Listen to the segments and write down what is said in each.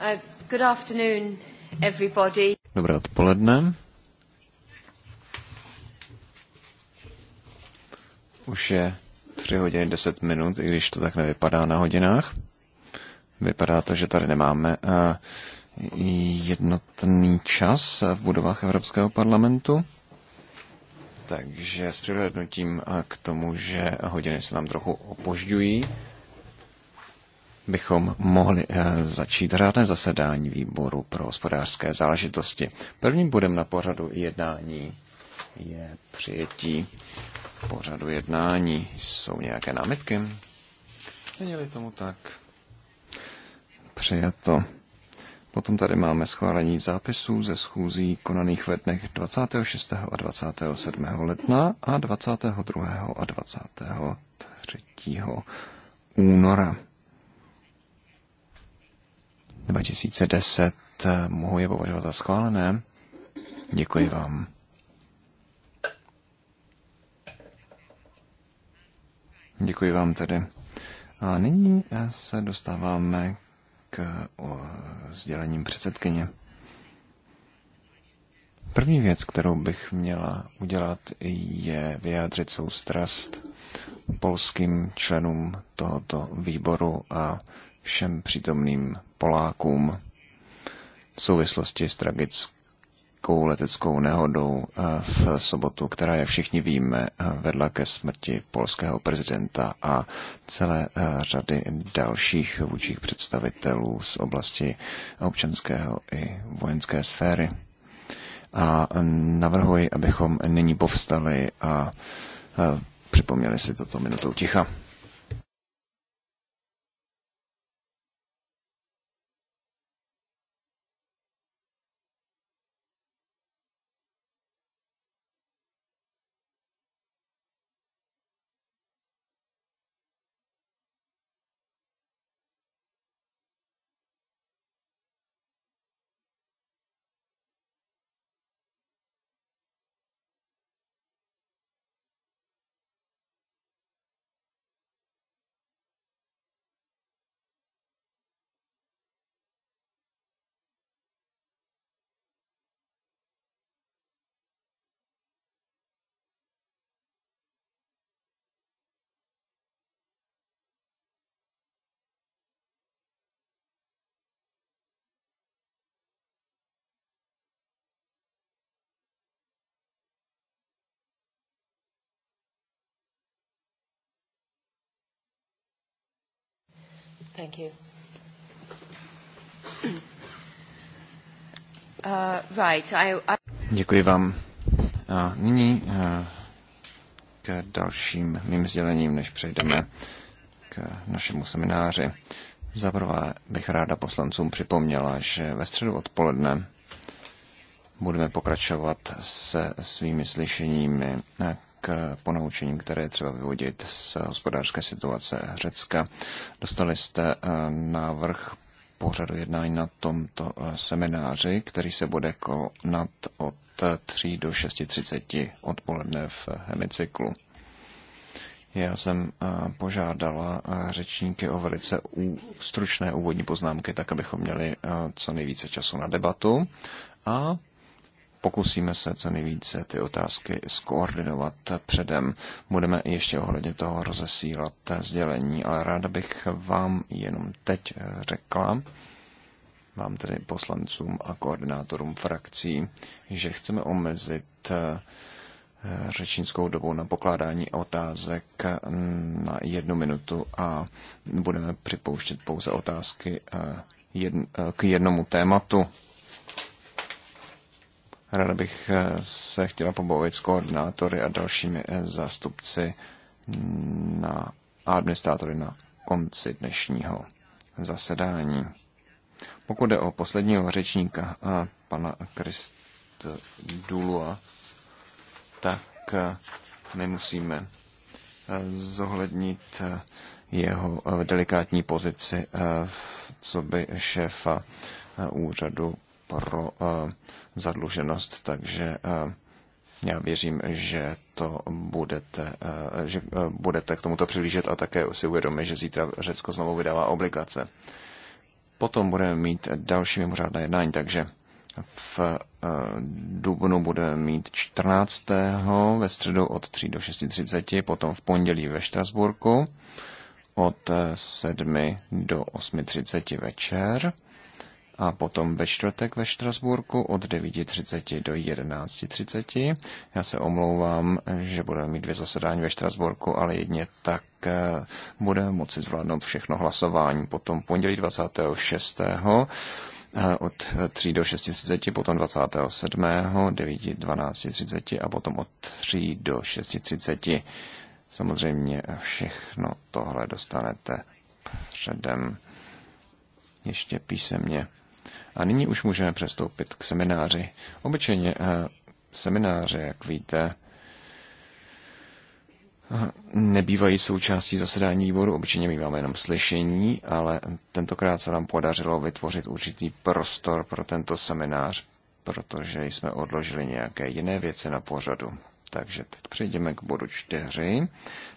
Uh, good afternoon, everybody. Dobré odpoledne. Už je 3 hodiny 10 minut, i když to tak nevypadá na hodinách. Vypadá to, že tady nemáme uh, jednotný čas v budovách Evropského parlamentu. Takže s přihlednutím uh, k tomu, že hodiny se nám trochu opožďují, bychom mohli eh, začít řádné zasedání výboru pro hospodářské záležitosti. Prvním bodem na pořadu jednání je přijetí pořadu jednání. Jsou nějaké námitky? Není-li tomu tak? Přijato. Potom tady máme schválení zápisů ze schůzí konaných ve dnech 26. a 27. ledna a 22. a 23. února. 2010. Eh, mohu je považovat za schválené. Děkuji vám. Děkuji vám tedy. A nyní eh, se dostáváme k eh, sdělením předsedkyně. První věc, kterou bych měla udělat, je vyjádřit soustrast polským členům tohoto výboru a všem přítomným Polákům v souvislosti s tragickou leteckou nehodou eh, v sobotu, která, jak všichni víme, eh, vedla ke smrti polského prezidenta a celé eh, řady dalších vůčích představitelů z oblasti občanského i vojenské sféry. A navrhuji, abychom nyní povstali a připomněli si toto minutou ticha. Thank you. Uh, right, I, I... Děkuji vám. A nyní uh, k dalším mým sdělením, než přejdeme k našemu semináři. Zaprvé bych ráda poslancům připomněla, že ve středu odpoledne budeme pokračovat se svými slyšeními k ponaučením, které je třeba vyvodit z hospodářské situace Řecka. Dostali jste eh, návrh pořadu jednání na tomto eh, semináři, který se bude konat od 3 eh, do 6.30 odpoledne v hemicyklu. Já jsem požádala řečníky o velice stručné úvodní poznámky, tak abychom měli co nejvíce času na debatu. A pokusíme se co nejvíce ty otázky skoordinovat předem. Budeme ještě ohledně toho rozesílat sdělení, ale ráda bych vám jenom teď řekla, vám tedy poslancům a koordinátorům frakcí, že chceme omezit eh, řečnickou dobu na pokládání otázek na jednu minutu a budeme připouštět pouze otázky eh, eh, k jednomu tématu. Ráda bych eh, se chtěla pobavit s koordinátory a dalšími eh, zástupci na, administrátory na konci dnešního zasedání. Pokud jde o posledního řečníka, a eh, pana Krist Dulua, tak my musíme zohlednit jeho delikátní pozici co by šéfa úřadu pro eh, zadluženost, takže eh, já věřím, že to budete, eh, že budete k tomuto přihlížet a také si uvědomit, že zítra Řecko znovu vydává obligace. Potom budeme mít další mimořádné jednání, takže v dubnu budeme mít 14. ve středu od 3 do 6.30, potom v pondělí ve Štrasburku od 7 do 8.30 večer a potom ve čtvrtek ve Štrasburku od 9.30 do 11.30. Já se omlouvám, že budeme mít dvě zasedání ve Štrasburku, ale jedně tak eh, budeme moci zvládnout všechno hlasování. Potom pondělí 26 eh, od 3 eh, do 6.30, potom 27. 9, 12.30 a potom od 3 do 6.30. Samozřejmě všechno tohle dostanete předem ještě písemně. A nyní už můžeme přestoupit k semináři. Obyčejně eh, semináře, jak víte, eh, nebývají součástí zasedání výboru, obyčejně my máme jenom slyšení, ale tentokrát se nám podařilo vytvořit určitý prostor pro tento seminář, protože jsme odložili nějaké jiné věci na pořadu. Takže teď přejdeme k bodu čtyři: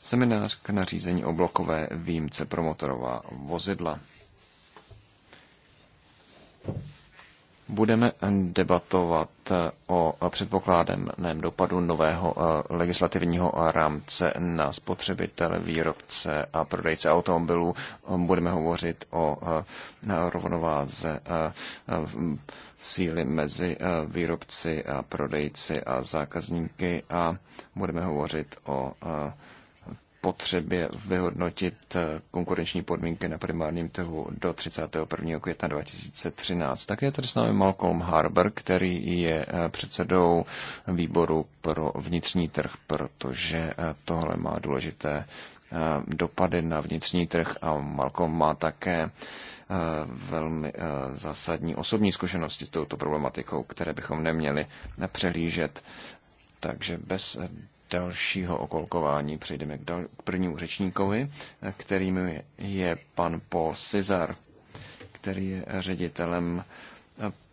Seminář k nařízení o blokové výjimce pro motorová vozidla. budeme debatovat o předpokládaném dopadu nového eh, legislativního rámce na spotřebitele, výrobce a prodejce automobilů. Budeme hovořit o eh, rovnováze eh, síly mezi výrobci a prodejci a zákazníky a budeme hovořit o potřebě vyhodnotit eh, konkurenční podmínky na primárním trhu do 31. května 2013. Také je tady s námi Malcolm Harbour, který je eh, předsedou výboru pro vnitřní trh, protože eh, tohle má důležité dopady na vnitřní trh a Malcolm má také velmi zásadní osobní zkušenosti s touto problematikou, které bychom neměli přehlížet. Takže bez dalšího okolkování přejdeme k, dal- k prvnímu řečníkovi, kterým je, je pan Paul Cizar, který je ředitelem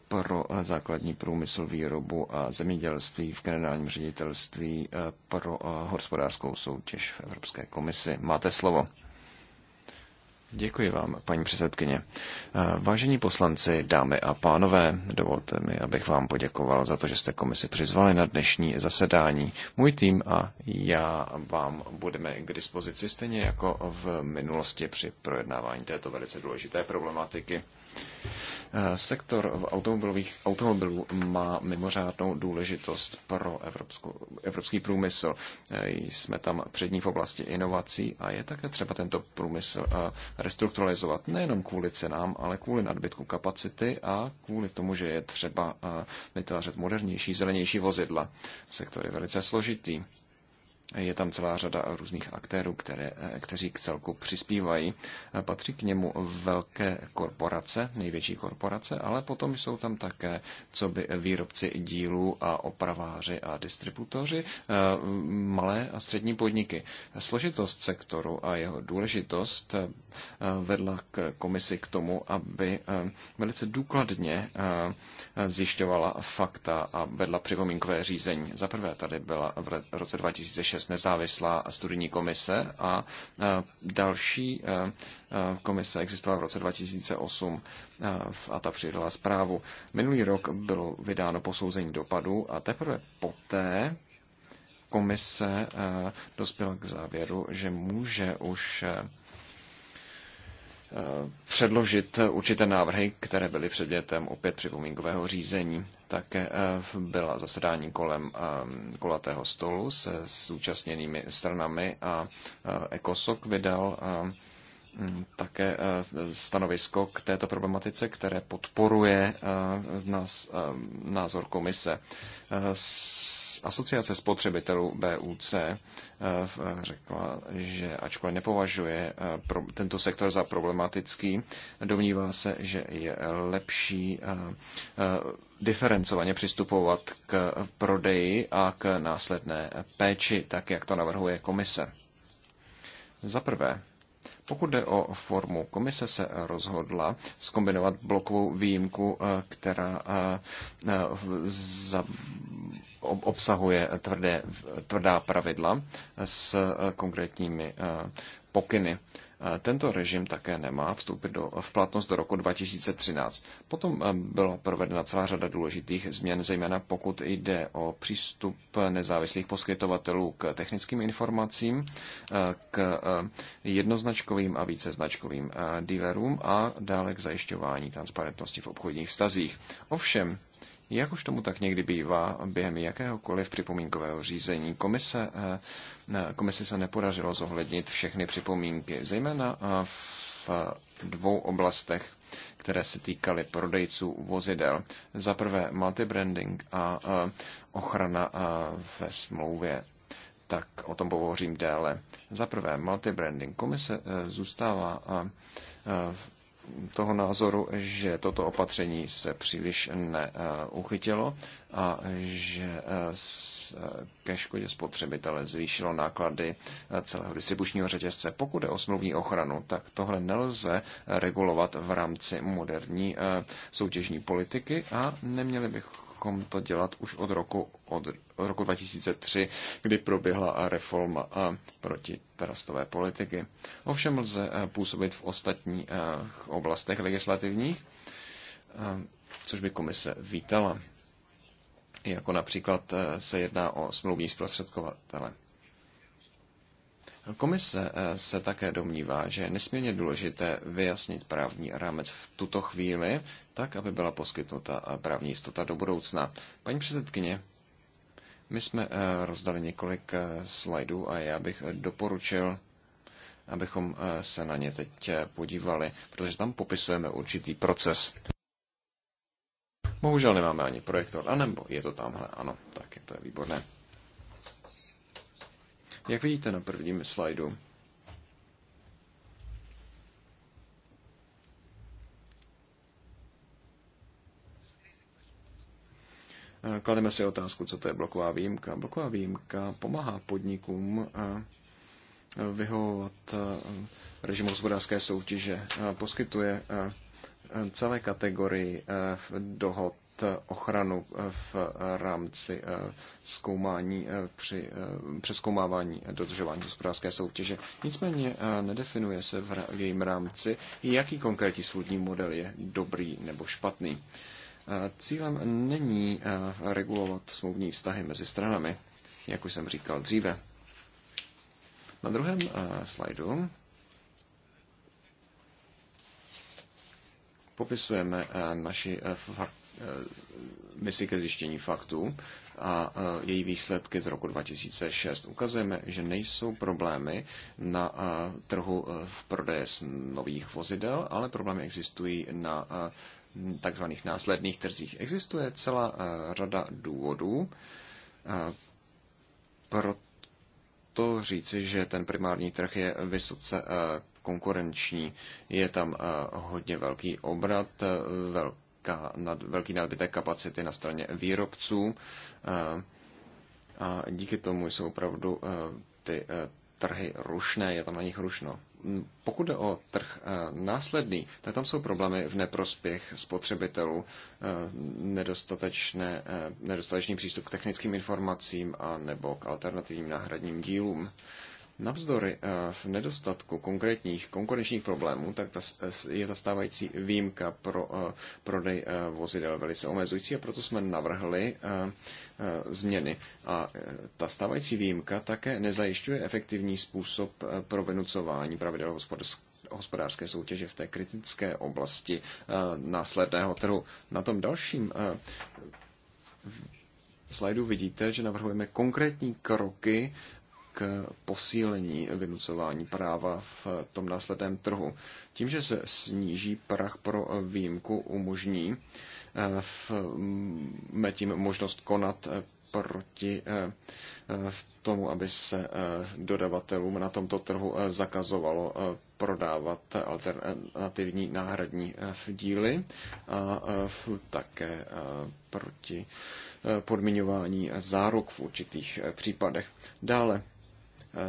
pro základní průmysl, výrobu a zemědělství v generálním ředitelství pro hospodářskou soutěž v Evropské komisi. Máte slovo. Děkuji vám, paní předsedkyně. Eh, vážení poslanci, dámy a pánové, dovolte mi, abych vám poděkoval za to, že jste komisi přizvali na dnešní zasedání. Můj tým a já vám budeme k dispozici stejně jako v minulosti při projednávání této velice důležité problematiky. Eh, sektor automobilových automobilů má mimořádnou důležitost pro evropskou, evropský průmysl. Eh, jsme tam přední v oblasti inovací a je také třeba tento průmysl eh, restrukturalizovat nejenom kvůli cenám, ale kvůli nadbytku kapacity a kvůli tomu, že je třeba vytvářet modernější, zelenější vozidla. Sektor je velice složitý je tam celá řada různých aktérů, které, kteří k celku přispívají. Patří k němu velké korporace, největší korporace, ale potom jsou tam také co by výrobci dílů a opraváři a distributoři, eh, malé a střední podniky. Složitost sektoru a jeho důležitost eh, vedla k komisi k tomu, aby eh, velice důkladně zjišťovala fakta a vedla připomínkové řízení. Za prvé tady byla v roce 2006 6 nezávislá studijní komise a další komise existovala v roce 2008 a ta přidala zprávu. Minulý rok bylo vydáno posouzení dopadu a teprve poté komise dospěla k závěru, že může už Eh, předložit určité návrhy, které byly předmětem opět připomínkového řízení. Také eh, byla zasedání kolem eh, kulatého stolu se zúčastněnými stranami a ECOSOC vydal také stanovisko k této problematice, které podporuje z nás názor komise asociace spotřebitelů BUC eh, řekla, že ačkoliv nepovažuje eh, tento sektor za problematický, domnívá se, že je lepší eh, diferencovaně přistupovat k prodeji a k následné péči, tak jak to navrhuje komise. Za prvé, pokud jde o formu, komise se rozhodla skombinovat blokovou výjimku, která obsahuje tvrdé, tvrdá pravidla s eh, konkrétními eh, pokyny. Eh, tento režim také nemá vstoupit do, v platnost do roku 2013. Potom byla provedena celá řada důležitých změn, zejména pokud jde o přístup nezávislých poskytovatelů k technickým informacím, k jednoznačkovým a víceznačkovým dealerům a dále k zajišťování transparentnosti v obchodních stazích. Ovšem, jak už tomu tak někdy bývá, během jakéhokoliv připomínkového řízení komise, eh, komise se nepodařilo zohlednit všechny připomínky, zejména eh, v dvou oblastech, které se týkaly prodejců vozidel. Za prvé multibranding a eh, ochrana ve smlouvě tak o tom pohovořím déle. Za prvé, multibranding. Komise zůstává toho názoru, že toto opatření se příliš neuchytilo a že ke škodě spotřebitele zvýšilo náklady celého distribučního řetězce. Pokud je o smluvní ochranu, tak tohle nelze regulovat v rámci moderní eh, soutěžní politiky a neměli bychom bychom to dělat už od roku, od roku 2003, kdy proběhla reforma eh, proti trastové politiky. Ovšem lze eh, působit v ostatních eh, oblastech legislativních, což by komise vítala. Jako například se jedná o smluvní zprostředkovatele. Komise se také domnívá, že je nesmírně důležité vyjasnit právní rámec v tuto chvíli, tak, aby byla poskytnuta právní jistota do budoucna. Paní předsedkyně, my jsme eh, rozdali několik eh, slajdů a já bych eh, doporučil, abychom se na ně teď podívali, protože tam popisujeme určitý proces. Bohužel nemáme ani projektor, anebo je to tamhle, ano, tak je to je výborné. Jak vidíte na prvním slajdu, Eh, klademe si otázku, co to je bloková výjimka. Bloková výjimka pomáhá podnikům eh, vyhovovat eh, režim hospodářské soutěže. Poskytuje celé kategorii dohod ochranu v rámci zkoumání při přeskoumávání dodržování hospodářské soutěže. Nicméně nedefinuje se v jejím rámci, jaký konkrétní soudní model je dobrý nebo špatný. Cílem není regulovat smluvní vztahy mezi stranami, jak už jsem říkal dříve. Na druhém slajdu popisujeme naši misi ke zjištění faktů a její výsledky z roku 2006. Ukazujeme, že nejsou problémy na trhu v prodeje nových vozidel, ale problémy existují na takzvaných následných trzích. Existuje celá eh, řada důvodů eh, pro to říci, že ten primární trh je vysoce eh, konkurenční. Je tam hodně velký obrat, velká, nad, velký nadbytek kapacity na straně výrobců a díky tomu jsou opravdu ty trhy rušné, je tam na nich rušno pokud jde o trh e, následný, tak tam jsou problémy v neprospěch spotřebitelů, e, nedostatečné, e, nedostatečný přístup k technickým informacím a nebo k alternativním náhradním dílům. Navzdory eh, v nedostatku konkrétních konkurenčních problémů, tak ta, je ta stávající výjimka pro eh, prodej eh, vozidel velice omezující a proto jsme navrhli změny. A ta stávající výjimka také nezajišťuje efektivní způsob pro vynucování pravidel hospodářské hospodářské soutěže v té kritické oblasti následného trhu. Na tom dalším slajdu vidíte, že navrhujeme konkrétní kroky k posílení vynucování práva v tom následném trhu. Tím, že se sníží prach pro výjimku, umožní eh, v, mm, tím možnost konat eh, proti eh, tomu, aby se dodavatelům na tomto trhu zakazovalo prodávat alternativní náhradní díly a také proti podmiňování záruk v určitých případech. Dále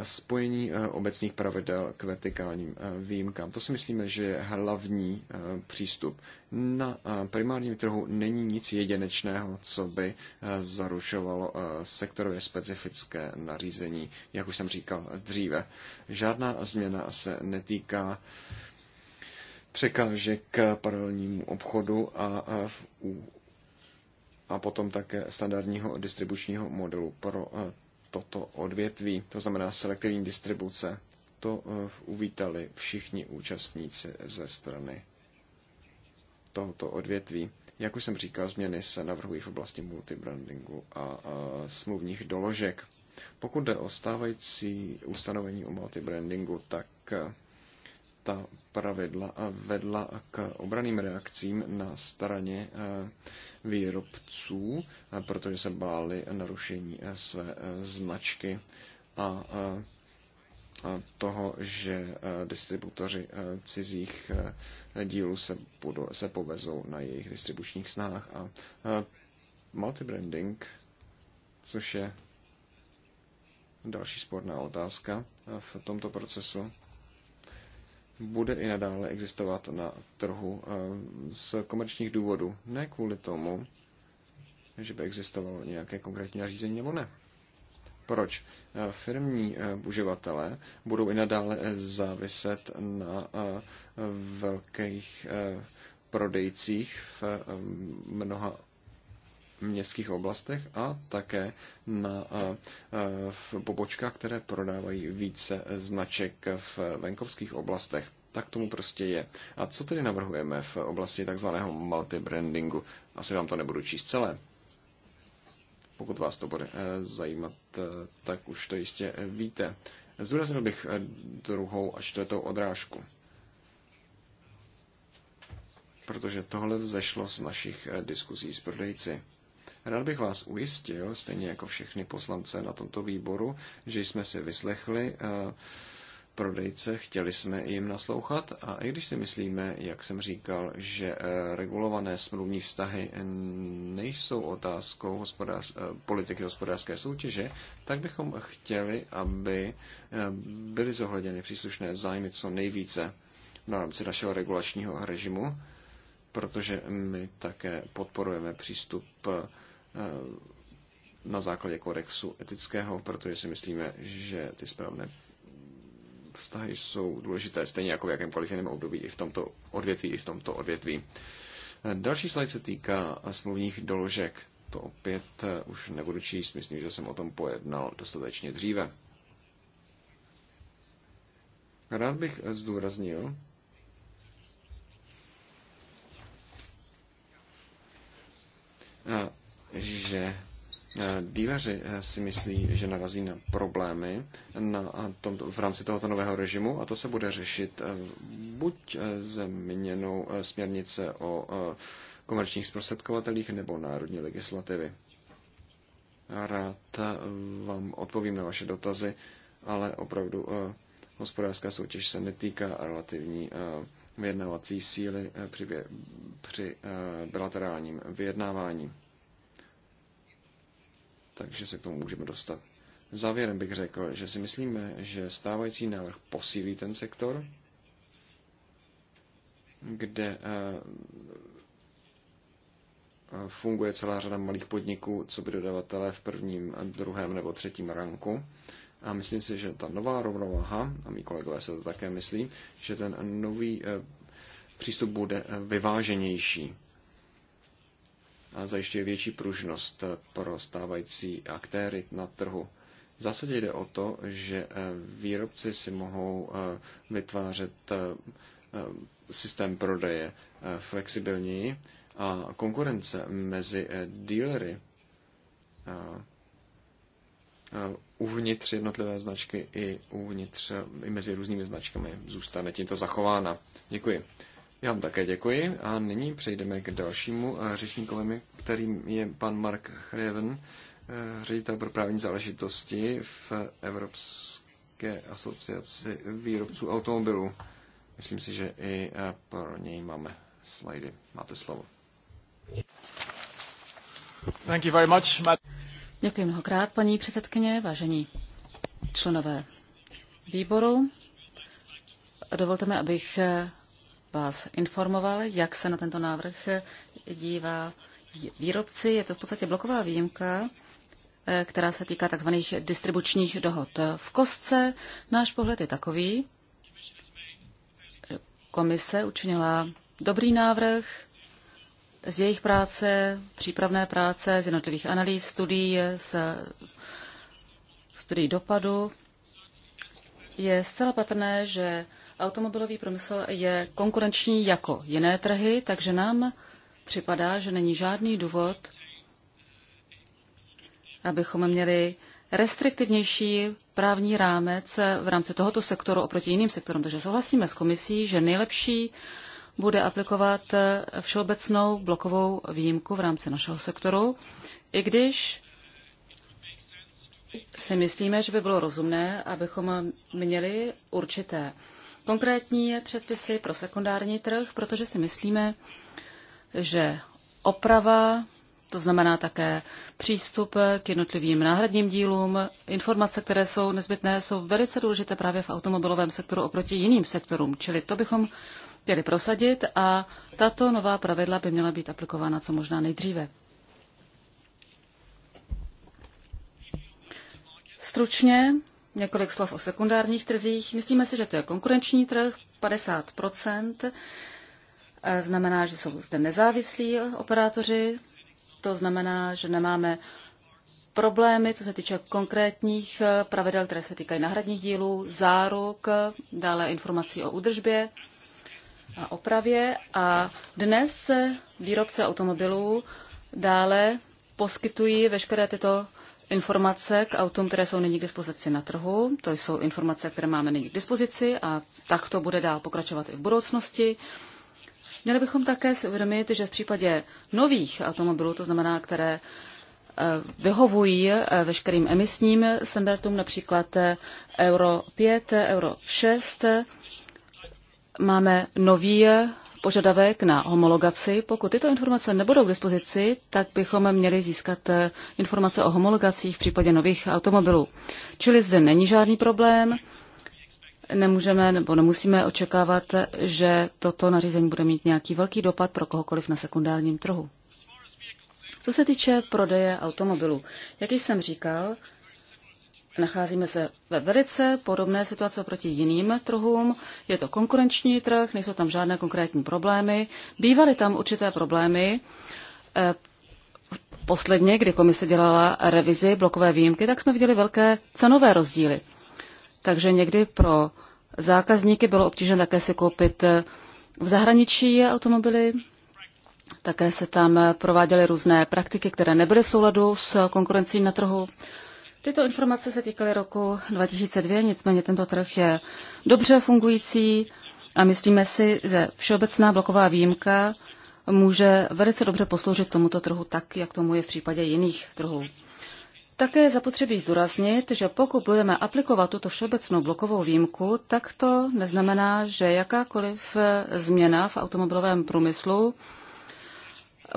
spojení eh, obecných pravidel k vertikálním eh, výjimkám. To si myslíme, že je hlavní eh, přístup. Na primárním trhu není nic jedinečného, co by zarušovalo sektorově specifické nařízení, jak už jsem říkal dříve. Žádná změna se netýká překážek paralelnímu obchodu a v a potom také standardního distribučního modelu pro toto odvětví, to znamená selektivní distribuce. To eh, uvítali všichni účastníci ze strany tohoto odvětví. Jak už jsem říkal, změny se navrhují v oblasti multibrandingu a, a smluvních doložek. Pokud jde o stávající ustanovení o multibrandingu, tak eh, ta pravidla vedla k obraným reakcím na straně eh, výrobců, eh, protože se báli narušení eh, své značky a toho, že distributoři cizích dílů se, budou, se povezou na jejich distribučních snách. A multibranding, což je další sporná otázka v tomto procesu, bude i nadále existovat na trhu eh, z komerčních důvodů. Ne kvůli tomu, že by existovalo nějaké konkrétní nařízení nebo ne. Proč? Eh, firmní eh, uživatelé budou i nadále záviset na velkých prodejcích v mnoha městských oblastech a také na v pobočkách, které prodávají více značek v venkovských oblastech. Tak tomu prostě je. A co tedy navrhujeme v oblasti takzvaného multibrandingu? Asi vám to nebudu číst celé. Pokud vás to bude eh, zajímat, eh, tak už to jistě eh, víte. Zdůraznil bych druhou a čtvrtou odrážku protože tohle vzešlo z našich diskuzí s prodejci. Rád bych vás ujistil, stejně jako všechny poslance na tomto výboru, že jsme si vyslechli eh, prodejce, chtěli jsme jim naslouchat a i když si myslíme, jak jsem říkal, že eh, regulované smluvní vztahy nejsou otázkou hospodář, eh, politiky hospodářské soutěže, tak bychom chtěli, aby byly zohledněny příslušné zájmy co nejvíce na rámci našeho regulačního režimu, protože my také podporujeme přístup Eh, na základě kodexu etického, protože si myslíme, že ty správné vztahy jsou důležité, stejně jako v jakémkoliv jiném období, i v tomto odvětví, i v tomto odvětví. Eh, další slide se týká smluvních doložek. To opět eh, už nebudu číst, myslím, že jsem o tom pojednal dostatečně dříve. Rád bych zdůraznil, že eh, Díleři eh, si myslí, že narazí na problémy na tom, v rámci tohoto nového režimu a to se bude řešit eh, buď změněnou směrnice o komerčních zprostředkovatelích nebo národní legislativy. Rád vám odpovím na vaše dotazy, ale opravdu hospodářská soutěž se netýká relativní vyjednávací síly při, při bilaterálním vyjednávání takže se k tomu můžeme dostat. Závěrem bych řekl, že si myslíme, že stávající návrh posílí ten sektor, kde eh, funguje celá řada malých podniků, co by dodavatelé v prvním, druhém nebo třetím ranku. A myslím si, že ta nová rovnováha, a mý kolegové se to také myslí, že ten nový eh, přístup bude eh, vyváženější a zajišťuje větší pružnost pro stávající aktéry na trhu. V zásadě jde o to, že eh, výrobci si mohou eh, vytvářet eh, systém prodeje flexibilněji a konkurence mezi dealery uvnitř jednotlivé značky i, uvnitř, i mezi různými značkami zůstane tímto zachována. Děkuji. Já vám také děkuji a nyní přejdeme k dalšímu eh, řečníkovi, kterým je pan Mark Hreven, eh, ředitel pro právní záležitosti v Evropské asociaci výrobců automobilů. Myslím si, že i eh, pro něj máme slajdy. Máte slovo. Thank you very much, Děkuji mnohokrát, paní předsedkyně, vážení členové výboru. Dovolte mi, abych vás informoval, jak se na tento návrh dívá výrobci. Je to v podstatě bloková výjimka, eh, která se týká tzv. distribučních dohod. V kostce náš pohled je takový, komise učinila dobrý návrh z jejich práce, přípravné práce, z jednotlivých analýz, studií, z studií dopadu. Je zcela patrné, že automobilový průmysl je konkurenční jako jiné trhy, takže nám připadá, že není žádný důvod, abychom měli restriktivnější právní rámec v rámci tohoto sektoru oproti jiným sektorům. Takže souhlasíme s komisí, že nejlepší bude aplikovat všeobecnou blokovou výjimku v rámci našeho sektoru, i když si myslíme, že by bylo rozumné, abychom měli určité konkrétní předpisy pro sekundární trh, protože si myslíme, že oprava, to znamená také přístup k jednotlivým náhradním dílům, informace, které jsou nezbytné, jsou velice důležité právě v automobilovém sektoru oproti jiným sektorům. Čili to bychom chtěli prosadit a tato nová pravidla by měla být aplikována co možná nejdříve. Stručně Několik slov o sekundárních trzích. Myslíme si, že to je konkurenční trh, 50 eh, Znamená, že jsou zde nezávislí operátoři, to znamená, že nemáme problémy, co se týče konkrétních eh, pravidel, které se týkají náhradních dílů, záruk, dále informací o údržbě a opravě. A dnes eh, výrobce automobilů dále poskytují veškeré tyto informace k autům, které jsou nyní k dispozici na trhu. To jsou informace, které máme nyní k dispozici a tak to bude dál pokračovat i v budoucnosti. Měli bychom také si uvědomit, že v případě nových automobilů, to znamená, které eh, vyhovují eh, veškerým emisním standardům, například eh, Euro 5, Euro 6, máme nový požadavek na homologaci. Pokud tyto informace nebudou k dispozici, tak bychom měli získat eh, informace o homologacích v případě nových automobilů. Čili zde není žádný problém. Nemůžeme nebo nemusíme očekávat, že toto nařízení bude mít nějaký velký dopad pro kohokoliv na sekundárním trhu. Co se týče prodeje automobilů, jak již jsem říkal, Nacházíme se ve velice podobné situaci oproti jiným trhům. Je to konkurenční trh, nejsou tam žádné konkrétní problémy. Bývaly tam určité problémy. Eh, posledně, kdy komise dělala revizi blokové výjimky, tak jsme viděli velké cenové rozdíly. Takže někdy pro zákazníky bylo obtížné také si koupit eh, v zahraničí automobily. Také se tam prováděly různé praktiky, které nebyly v souladu s konkurencí na trhu. Tyto informace se týkaly roku 2002, nicméně tento trh je dobře fungující a myslíme si, že všeobecná bloková výjimka může velice dobře posloužit tomuto trhu tak, jak tomu je v případě jiných trhů. Také je zapotřebí zdůraznit, že pokud budeme aplikovat tuto všeobecnou blokovou výjimku, tak to neznamená, že jakákoliv změna v automobilovém průmyslu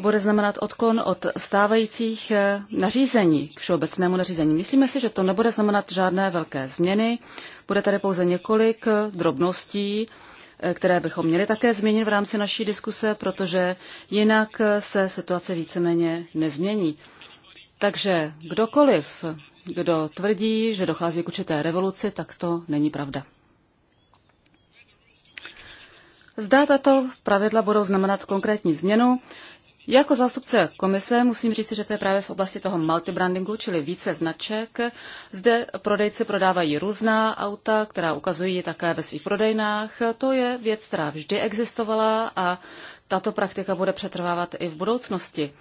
bude znamenat odklon od stávajících eh, nařízení k všeobecnému nařízení. Myslíme si, že to nebude znamenat žádné velké změny. Bude tady pouze několik eh, drobností, eh, které bychom měli také změnit v rámci naší diskuse, protože jinak se situace víceméně nezmění. Takže kdokoliv, kdo tvrdí, že dochází k určité revoluci, tak to není pravda. Zdá tato pravidla budou znamenat konkrétní změnu, jako zástupce komise musím říct, že to je právě v oblasti toho multibrandingu, čili více značek. Zde prodejci prodávají různá auta, která ukazují také ve svých prodejnách. To je věc, která vždy existovala a tato praktika bude přetrvávat i v budoucnosti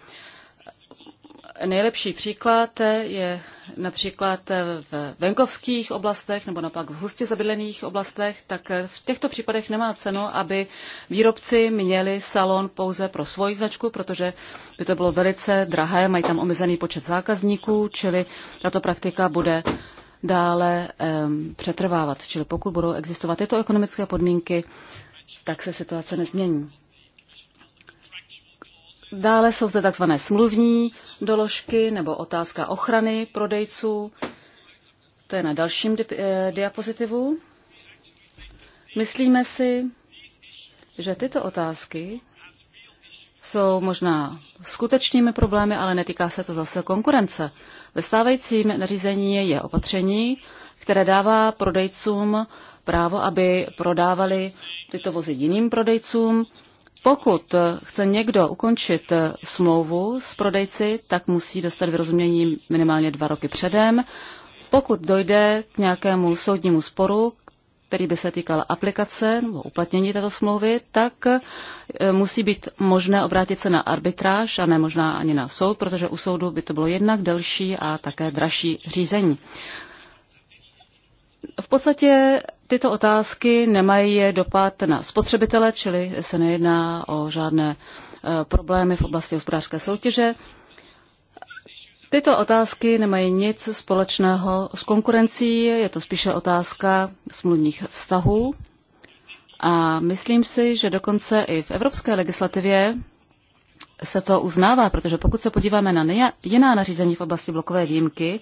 nejlepší příklad je například v venkovských oblastech nebo naopak v hustě zabydlených oblastech, tak v těchto případech nemá cenu, aby výrobci měli salon pouze pro svoji značku, protože by to bylo velice drahé, mají tam omezený počet zákazníků, čili tato praktika bude dále um, přetrvávat. Čili pokud budou existovat tyto ekonomické podmínky, tak se situace nezmění. Dále jsou zde takzvané smluvní doložky nebo otázka ochrany prodejců. To je na dalším di- eh, diapozitivu. Myslíme si, že tyto otázky jsou možná skutečnými problémy, ale netýká se to zase konkurence. Ve stávajícím nařízení je opatření, které dává prodejcům právo, aby prodávali tyto vozy jiným prodejcům. Pokud chce někdo ukončit eh, smlouvu s prodejci, tak musí dostat vyrozumění minimálně dva roky předem. Pokud dojde k nějakému soudnímu sporu, který by se týkal aplikace nebo uplatnění této smlouvy, tak eh, musí být možné obrátit se na arbitráž a ne možná ani na soud, protože u soudu by to bylo jednak delší a také dražší řízení v podstatě tyto otázky nemají dopad na spotřebitele, čili se nejedná o žádné e, problémy v oblasti hospodářské soutěže. Tyto otázky nemají nic společného s konkurencí, je to spíše otázka smluvních vztahů. A myslím si, že dokonce i v evropské legislativě se to uznává, protože pokud se podíváme na jiná nařízení v oblasti blokové výjimky,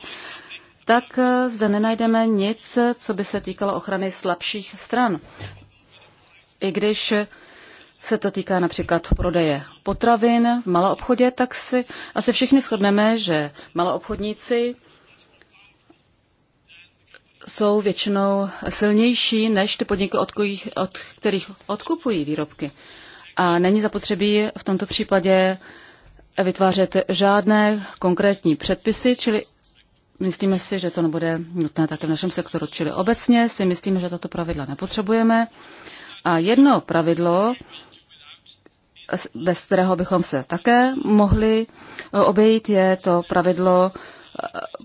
tak eh, zde nenajdeme nic, co by se týkalo ochrany slabších stran. I když se to týká například prodeje potravin v maloobchodě, tak si asi všichni shodneme, že maloobchodníci jsou většinou silnější než ty podniky, od, kterých od kterých odkupují výrobky. A není zapotřebí v tomto případě vytvářet žádné konkrétní předpisy, čili myslíme si, že to nebude nutné také v našem sektoru. Čili obecně si myslíme, že tato pravidla nepotřebujeme. A jedno pravidlo, bez kterého bychom se také mohli eh, obejít, je to pravidlo eh,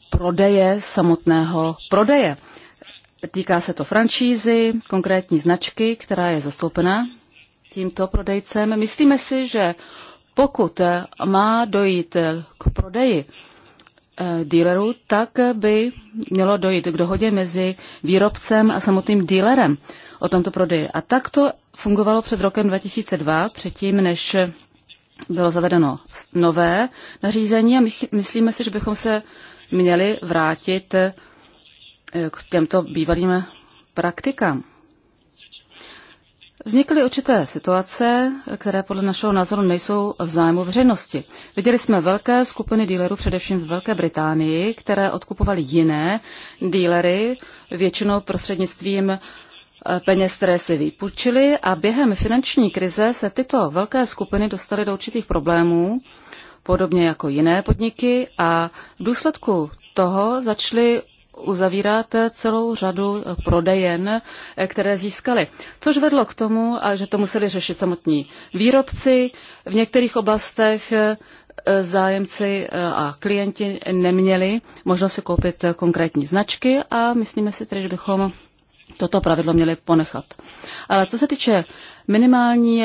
prodeje samotného prodeje. Týká se to franšízy, konkrétní značky, která je zastoupena tímto prodejcem. Myslíme si, že pokud má dojít k prodeji Eh, dealerů, tak by mělo dojít k dohodě mezi výrobcem a samotným dealerem o tomto prodeji. A tak to fungovalo před rokem 2002, předtím, než bylo zavedeno nové nařízení a my myslíme si, že bychom se měli vrátit eh, k těmto bývalým praktikám. Vznikly určité situace, které podle našeho názoru nejsou v zájmu veřejnosti. Viděli jsme velké skupiny dílerů, především v Velké Británii, které odkupovaly jiné dílery, většinou prostřednictvím eh, peněz, které si vypůjčili a během finanční krize se tyto velké skupiny dostaly do určitých problémů, podobně jako jiné podniky a v důsledku toho začaly uzavíráte celou řadu prodejen, eh, které získali. Což vedlo k tomu, a že to museli řešit samotní výrobci. V některých oblastech eh, zájemci eh, a klienti neměli možnost si koupit konkrétní značky a myslíme si tedy, že bychom toto pravidlo měli ponechat. Ale co se týče minimální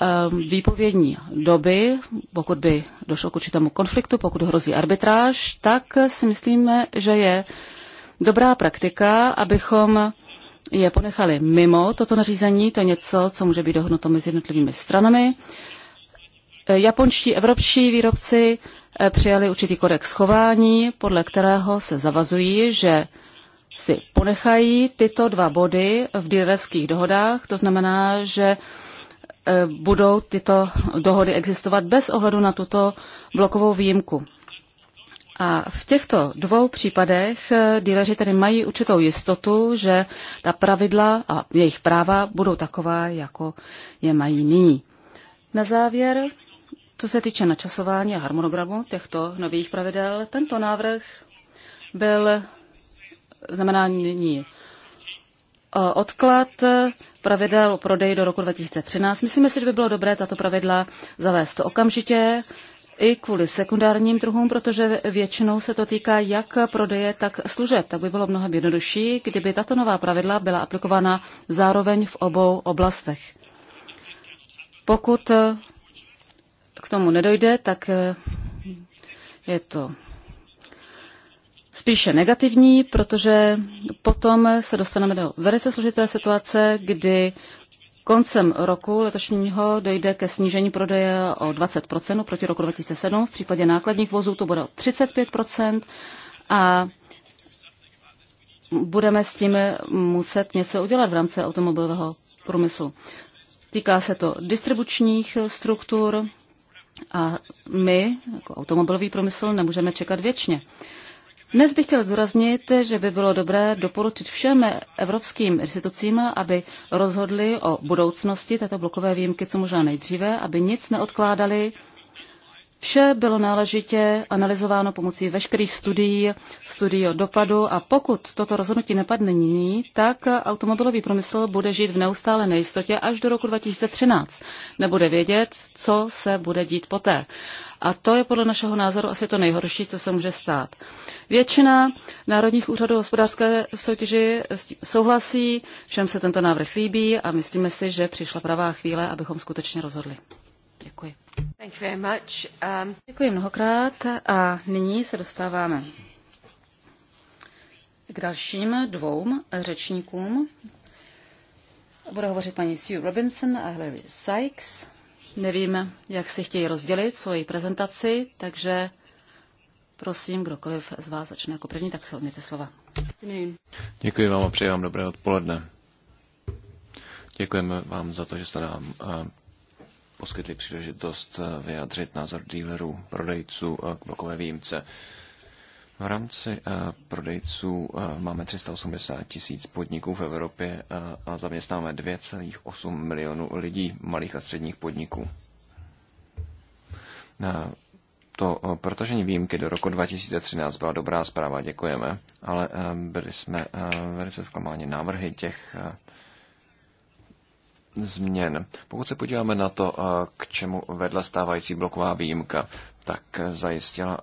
Ehm, výpovědní doby, pokud by došlo k určitému konfliktu, pokud hrozí arbitráž, tak si myslíme, že je dobrá praktika, abychom je ponechali mimo toto nařízení. To je něco, co může být dohodnuto mezi jednotlivými stranami. Eh, japonští, evropští výrobci eh, přijali určitý kodex chování, podle kterého se zavazují, že si ponechají tyto dva body v dealerských dohodách. To znamená, že Eh, budou tyto dohody existovat bez ohledu na tuto blokovou výjimku. A v těchto dvou případech eh, díleři tedy mají určitou jistotu, že ta pravidla a jejich práva budou taková, jako je mají nyní. Na závěr, co se týče načasování a harmonogramu těchto nových pravidel, tento návrh byl znamená nyní Eh, odklad pravidel o prodeji do roku 2013. Myslíme si, že by bylo dobré tato pravidla zavést okamžitě i kvůli sekundárním trhům, protože většinou se to týká jak prodeje, tak služeb. Tak by bylo mnohem jednodušší, kdyby tato nová pravidla byla aplikována zároveň v obou oblastech. Pokud k tomu nedojde, tak je to spíše negativní, protože potom se dostaneme do velice složité situace, kdy koncem roku letošního dojde ke snížení prodeje o 20 proti roku 2007. V případě nákladních vozů to bude o 35 a budeme s tím muset něco udělat v rámci automobilového průmyslu. Týká se to distribučních struktur a my, jako automobilový průmysl, nemůžeme čekat věčně. Dnes bych chtěl zdůraznit, že by bylo dobré doporučit všem evropským institucím, aby rozhodli o budoucnosti této blokové výjimky co možná nejdříve, aby nic neodkládali. Vše bylo náležitě analyzováno pomocí veškerých studií, studií o dopadu a pokud toto rozhodnutí nepadne nyní, tak automobilový průmysl bude žít v neustále nejistotě až do roku 2013. Nebude vědět, co se bude dít poté. A to je podle našeho názoru asi to nejhorší, co se může stát. Většina národních úřadů hospodářské soutěži souhlasí, všem se tento návrh líbí a myslíme si, že přišla pravá chvíle, abychom skutečně rozhodli. Děkuji. Thank you very much. Um... Děkuji mnohokrát a nyní se dostáváme k dalším dvou řečníkům. Bude hovořit paní Sue Robinson a Hilary Sykes. Nevím, jak si chtějí rozdělit svoji prezentaci, takže prosím, kdokoliv z vás začne jako první, tak se odměte slova. Děkuji vám a přeji vám dobré odpoledne. Děkujeme vám za to, že jste nám eh, poskytli příležitost eh, vyjádřit názor dílerů, prodejců eh, k blokové výjimce. V rámci eh, prodejců eh, máme 380 tisíc podniků v Evropě eh, a zaměstnáme 2,8 milionů lidí, malých a středních podniků. To protažení výjimky do roku 2013 byla dobrá zpráva, děkujeme, ale byli jsme velice zklamáni návrhy těch změn. Pokud se podíváme na to, k čemu vedla stávající bloková výjimka, tak zajistila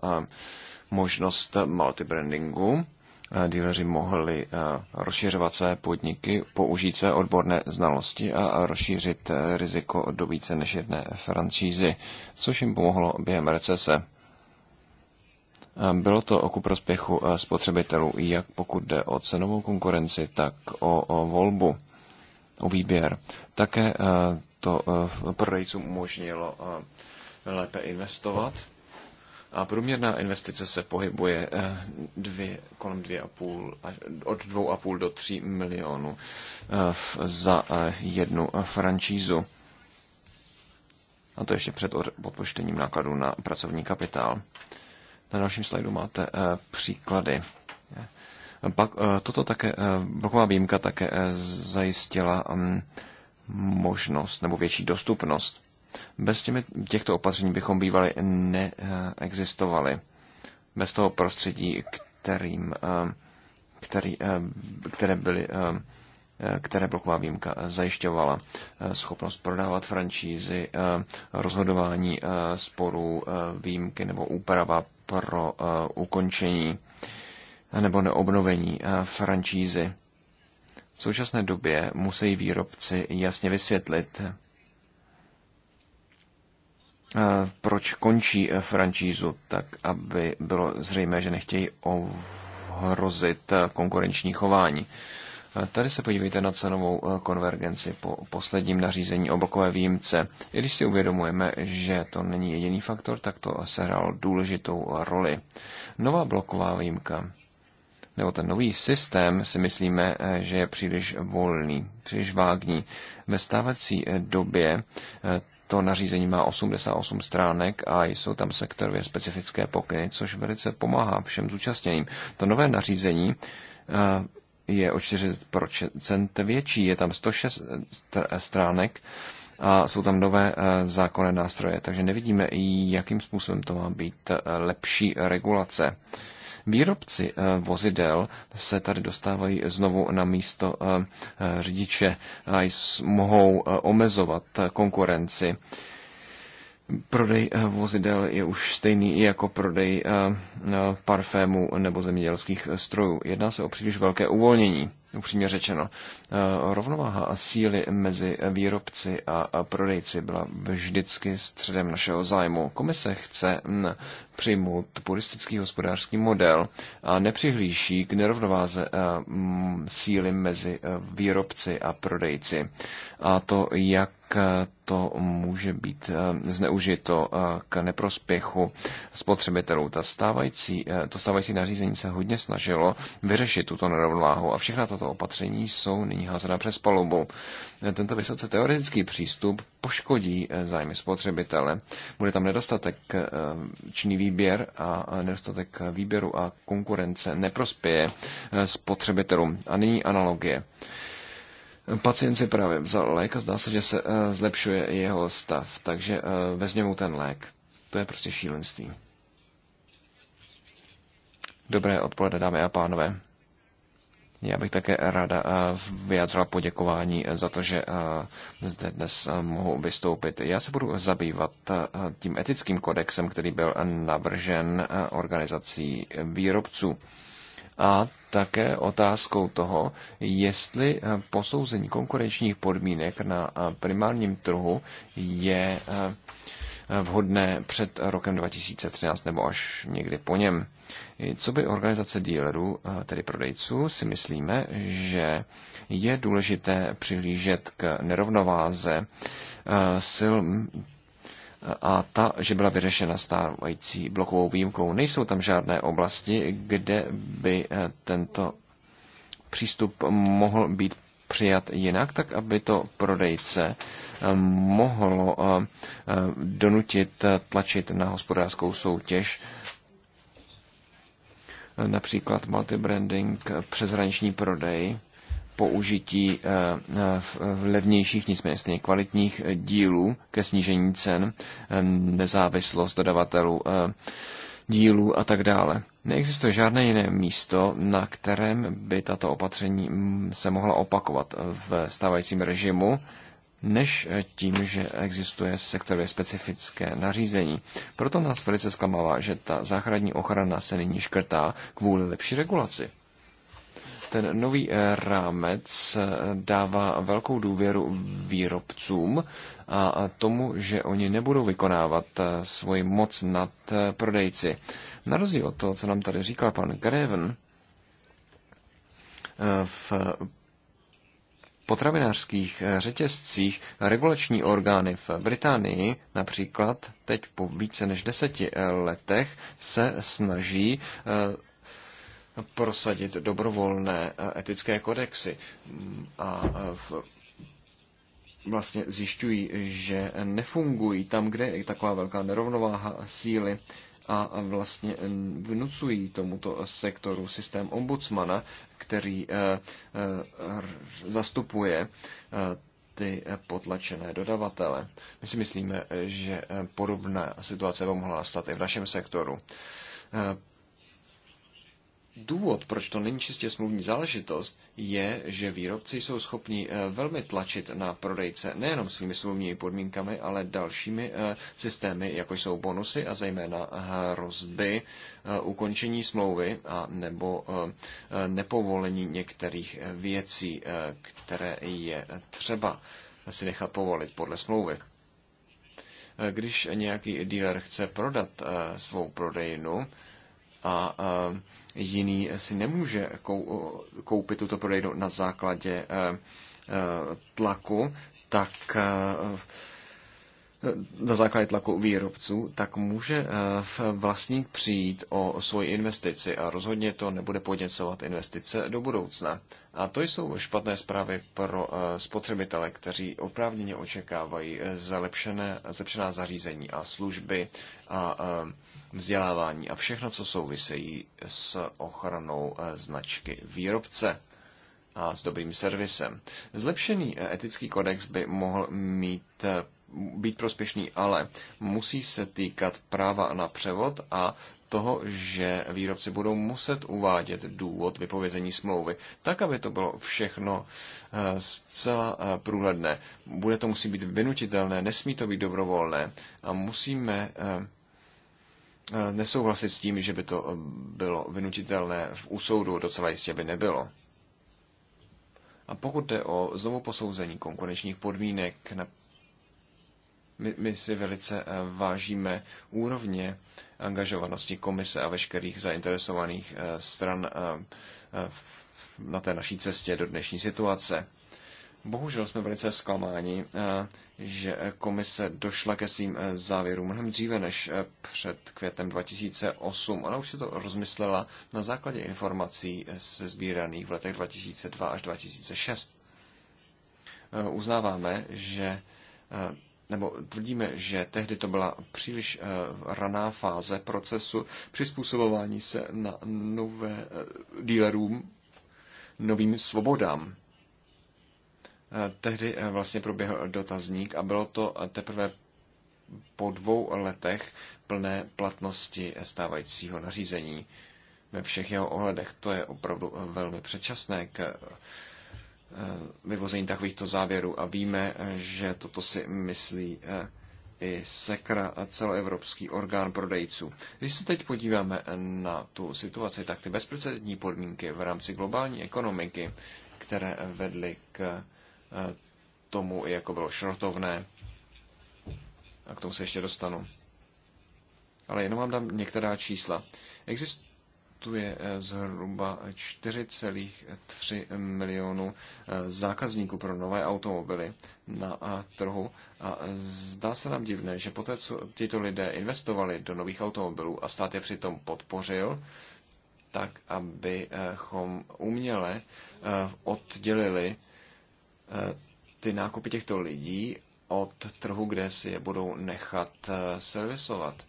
možnost multibrandingu. Eh, dealeři mohli eh, rozšiřovat své podniky, použít své odborné znalosti a rozšířit eh, riziko do více než jedné francízy, což jim pomohlo během recese. Bylo to ku prospěchu spotřebitelů, jak pokud jde o cenovou konkurenci, tak o, o volbu, o výběr. Také to prodejcům umožnilo lépe investovat a průměrná investice se pohybuje eh, dvě, kolem 2,5, od 2,5 do 3 milionů eh, za eh, jednu francízu. A to ještě před odpočtením nákladů na pracovní kapitál. Na dalším slajdu máte příklady. Pak, toto také, bloková výjimka také zajistila mm, možnost nebo větší dostupnost bez těmi, těchto opatření bychom bývali neexistovali. Bez toho prostředí, kterým, eh, který, eh, které, byly, eh, které bloková výjimka zajišťovala. Schopnost prodávat francízy, rozhodování sporů, výjimky nebo úprava pro ukončení nebo neobnovení francízy. V současné době musí výrobci jasně vysvětlit, Eh, proč končí eh, franšízu, tak aby bylo zřejmé, že nechtějí ohrozit eh, konkurenční chování. Tady se podívejte na cenovou konvergenci po posledním nařízení o blokové výjimce. I když si uvědomujeme, že to není jediný faktor, tak to sehrálo důležitou roli. Nová bloková výjimka nebo ten nový systém si myslíme, že je příliš volný, příliš vágní. Ve stávací době to nařízení má 88 stránek a jsou tam sektorově specifické pokyny, což velice pomáhá všem zúčastněným. To nové nařízení eh, je o 4% větší, je tam 106 stránek a jsou tam nové eh, zákonné nástroje, takže nevidíme, jakým způsobem to má být eh, lepší regulace. Výrobci eh, vozidel se tady dostávají znovu na místo eh, eh, řidiče a mohou omezovat konkurenci. Prodej vozidel je už stejný i jako prodej parfému nebo zemědělských strojů. Jedná se o příliš velké uvolnění upřímně řečeno. Eh, rovnováha a síly mezi výrobci a prodejci byla vždycky středem našeho zájmu. Komise chce hm, přijmout puristický hospodářský model a nepřihlíší k nerovnováze eh, hm, síly mezi eh, výrobci a prodejci. A to, jak to může být zneužito k neprospěchu spotřebitelů. Ta stávající, to stávající nařízení se hodně snažilo vyřešit tuto nerovnováhu a všechna tato tato opatření jsou nyní házena přes palubu. Tento vysoce teoretický přístup poškodí eh, zájmy spotřebitele. Bude tam nedostatek eh, činný výběr a nedostatek výběru a konkurence neprospěje eh, spotřebitelům. A nyní analogie. Pacient si právě vzal lék a zdá se, že se zlepšuje jeho stav, takže vezměme mu ten lék. To je prostě šílenství. Dobré odpoledne, dámy a pánové. Já bych také ráda eh, vyjádřila poděkování eh, za to, že eh, zde dnes mohu vystoupit. Já se budu zabývat tím etickým kodexem, který byl navržen organizací výrobců. A také otázkou toho, jestli posouzení konkurenčních podmínek na primárním trhu je vhodné před rokem 2013 nebo až někdy po něm. Co by organizace dílerů, eh, tedy prodejců, si myslíme, že je důležité přihlížet k nerovnováze eh, sil a ta, že byla vyřešena stávající blokovou výjimkou. Nejsou tam žádné oblasti, kde by eh, tento přístup mohl být přijat jinak, tak aby to prodejce mohlo donutit tlačit na hospodářskou soutěž například multibranding, přeshraniční prodej, použití eh, v levnějších, nicméně stejně kvalitních dílů ke snížení cen, eh, nezávislost dodavatelů eh, dílů a tak dále. Neexistuje žádné jiné místo, na kterém by tato opatření mm, se mohla opakovat v stávajícím režimu než eh, tím, že existuje sektorově specifické nařízení. Proto nás velice zklamává, že ta záchranní ochrana se nyní škrtá kvůli lepší regulaci. Ten nový eh, rámec eh, dává velkou důvěru výrobcům a tomu, že oni nebudou vykonávat svoji moc nad prodejci. Na rozdíl od toho, co nám tady říkal pan Greven, v potravinářských eh, řetězcích regulační orgány v Británii například teď po více než deseti eh, letech se snaží eh, prosadit dobrovolné etické kodexy a v vlastně zjišťují, že nefungují tam, kde je taková velká nerovnováha síly a vlastně vnucují tomuto sektoru systém ombudsmana, který eh, eh, zastupuje eh, ty potlačené dodavatele. My si myslíme, že podobná situace by mohla nastat i v našem sektoru. Důvod, proč to není čistě smluvní záležitost, je, že výrobci jsou schopni eh, velmi tlačit na prodejce nejenom svými smluvními podmínkami, ale dalšími eh, systémy, jako jsou bonusy a zejména eh, hrozby ukončení smlouvy a nebo nepovolení některých věcí, které je třeba si nechat povolit podle smlouvy. Když nějaký dealer chce prodat svou prodejnu, a jiný si nemůže koupit tuto prodejnu na základě e, e, tlaku, tak e, na základě tlaku výrobců, tak může vlastník přijít o svoji investici a rozhodně to nebude podněcovat investice do budoucna. A to jsou špatné zprávy pro spotřebitele, kteří oprávněně očekávají zlepšené, zlepšená zařízení a služby a vzdělávání a všechno, co souvisejí s ochranou eh, značky výrobce a s dobrým servisem. Zlepšený eh, etický kodex by mohl mít eh, být prospěšný, ale musí se týkat práva na převod a toho, že výrobci budou muset uvádět důvod vypovězení smlouvy, tak, aby to bylo všechno zcela průhledné. Bude to musí být vynutitelné, nesmí to být dobrovolné a musíme Eh, nesouhlasit s tím, že by to eh, bylo vynutitelné v úsoudu, docela jistě by nebylo. A pokud jde o znovu posouzení konkurenčních podmínek, na my, my si velice eh, vážíme úrovně angažovanosti komise a veškerých zainteresovaných stran na té naší cestě do dnešní situace. Bohužel jsme velice zklamáni, eh, že komise došla ke svým eh, závěrům mnohem dříve než eh, před květem 2008. Ona už se to rozmyslela na základě informací se sbíraných v letech 2002 až 2006. Uznáváme, že nebo tvrdíme, že tehdy to byla příliš raná fáze procesu přizpůsobování se na nové dealerům, novým svobodám Eh, tehdy eh, vlastně proběhl dotazník a bylo to eh, teprve po dvou letech plné platnosti stávajícího nařízení ve všech jeho ohledech. To je opravdu velmi předčasné k vyvození takovýchto závěrů a víme, že toto si myslí i SEKRA a celoevropský orgán prodejců. Když se teď podíváme na tu situaci, tak ty bezprecedentní podmínky v rámci globální ekonomiky, které vedly k Eh, tomu, i jako bylo šrotovné. A k tomu se ještě dostanu. Ale jenom vám dám některá čísla. Existuje eh, zhruba 4,3 milionu eh, zákazníků pro nové automobily na trhu a zdá se nám divné, že poté, co tyto lidé investovali do nových automobilů a stát je přitom podpořil, tak abychom uměle oddělili Eh, ty nákupy těchto lidí od trhu, kde si je budou nechat eh, servisovat.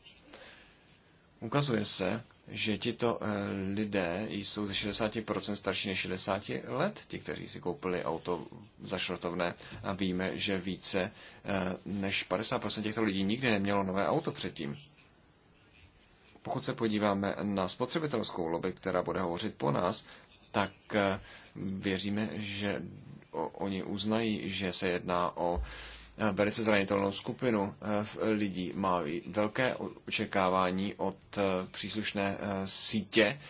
Ukazuje se, že tito eh, lidé jsou ze 60% starší než 60 let, ti, kteří si koupili auto za šrotovné a víme, že více než 50% těchto lidí nikdy nemělo nové auto předtím. Pokud se podíváme na spotřebitelskou lobby, která bude hovořit po nás, tak věříme, že oni uznají, že se jedná o eh, velice zranitelnou skupinu eh, lidí, má velké očekávání od eh, příslušné sítě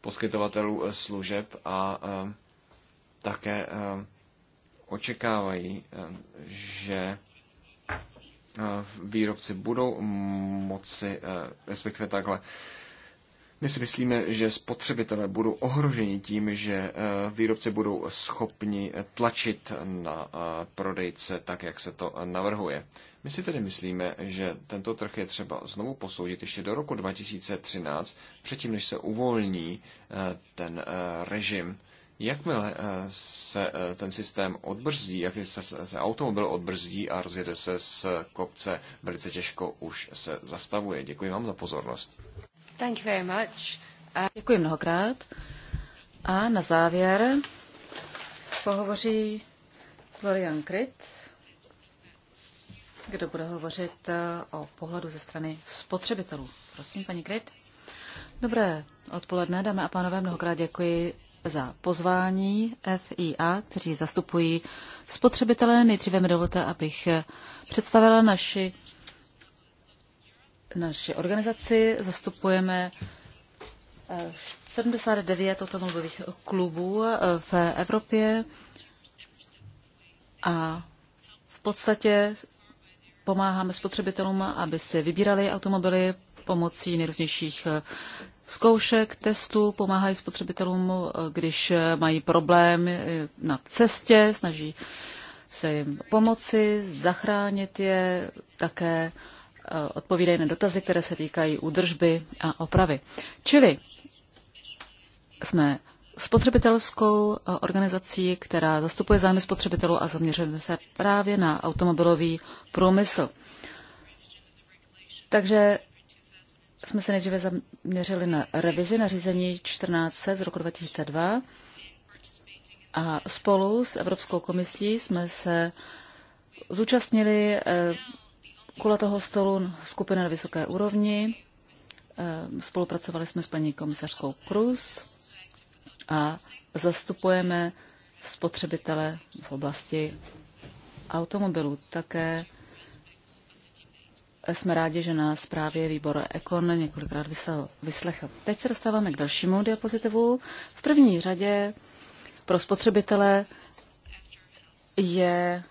poskytovatelů služeb a také očekávají, že výrobci budou moci, respektive takhle, my si myslíme, že spotřebitelé budou ohroženi tím, že eh, výrobci budou schopni eh, tlačit na eh, prodejce tak, jak se to navrhuje. My si tedy myslíme, že tento trh je třeba znovu posoudit ještě do roku 2013, předtím, než se uvolní ten režim. Jakmile se ten systém odbrzdí, jak se, se automobil odbrzdí a rozjede se z kopce, velice těžko už se zastavuje. Děkuji vám za pozornost. Thank you very much. Uh, děkuji mnohokrát. A na závěr pohovoří Florian Kryt, kdo bude hovořit uh, o pohledu ze strany spotřebitelů. Prosím, paní Kryt. Dobré odpoledne, dámy a pánové, mnohokrát děkuji za pozvání FIA, kteří zastupují spotřebitele. Nejdříve mi dovolte, abych představila naši naši organizaci zastupujeme 79 eh, automobilových klubů eh, v Evropě a v podstatě pomáháme spotřebitelům, aby si vybírali automobily pomocí nejrůznějších eh, zkoušek, testů, pomáhají spotřebitelům, když mají problém na cestě, snaží se jim pomoci, zachránit je, také odpovídají na dotazy, které se týkají údržby a opravy. Čili jsme spotřebitelskou eh, organizací, která zastupuje zájmy spotřebitelů a zaměřujeme se právě na automobilový průmysl. Takže jsme se nejdříve zaměřili na revizi nařízení 14 z roku 2002 a spolu s Evropskou komisí jsme se zúčastnili eh, kulatého stolu skupiny na vysoké úrovni. Eh, spolupracovali jsme s paní komisařkou Cruz a zastupujeme spotřebitele v oblasti automobilů. Také jsme rádi, že nás právě výbor Econ několikrát vyslechl. Teď se dostáváme k dalšímu diapozitivu. V první řadě pro spotřebitele je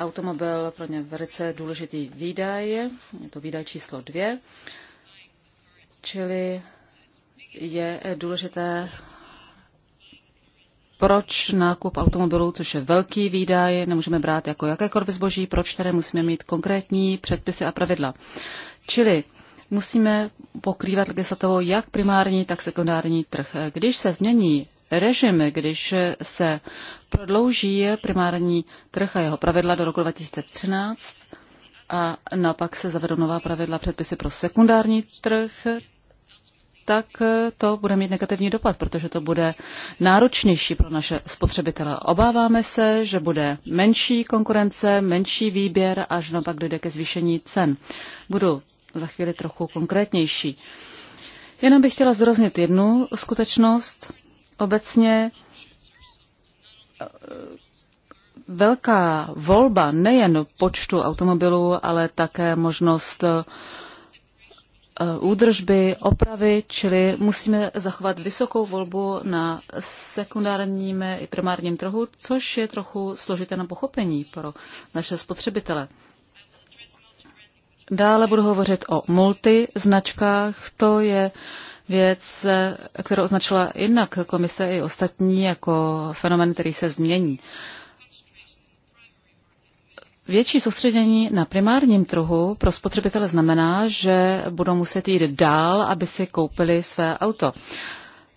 automobil pro ně velice důležitý výdaj, je to výdaj číslo dvě, čili je důležité, proč nákup automobilů, což je velký výdaj, nemůžeme brát jako jakékoliv zboží, proč tady musíme mít konkrétní předpisy a pravidla. Čili musíme pokrývat legislativou jak primární, tak sekundární trh. Když se změní režim, když se prodlouží primární trh a jeho pravidla do roku 2013 a naopak se zavedou nová pravidla předpisy pro sekundární trh, tak to bude mít negativní dopad, protože to bude náročnější pro naše spotřebitele. Obáváme se, že bude menší konkurence, menší výběr a že naopak dojde ke zvýšení cen. Budu za chvíli trochu konkrétnější. Jenom bych chtěla zdůraznit jednu skutečnost obecně eh, velká volba nejen počtu automobilů, ale také možnost eh, údržby, opravy, čili musíme zachovat vysokou volbu na sekundárním i primárním trhu, což je trochu složité na pochopení pro naše spotřebitele. Dále budu hovořit o multi značkách. To je uh, věc, eh, kterou označila jinak komise i ostatní jako fenomen, který se změní. Větší soustředění na primárním trhu pro spotřebitele znamená, že budou muset jít dál, aby si koupili své auto.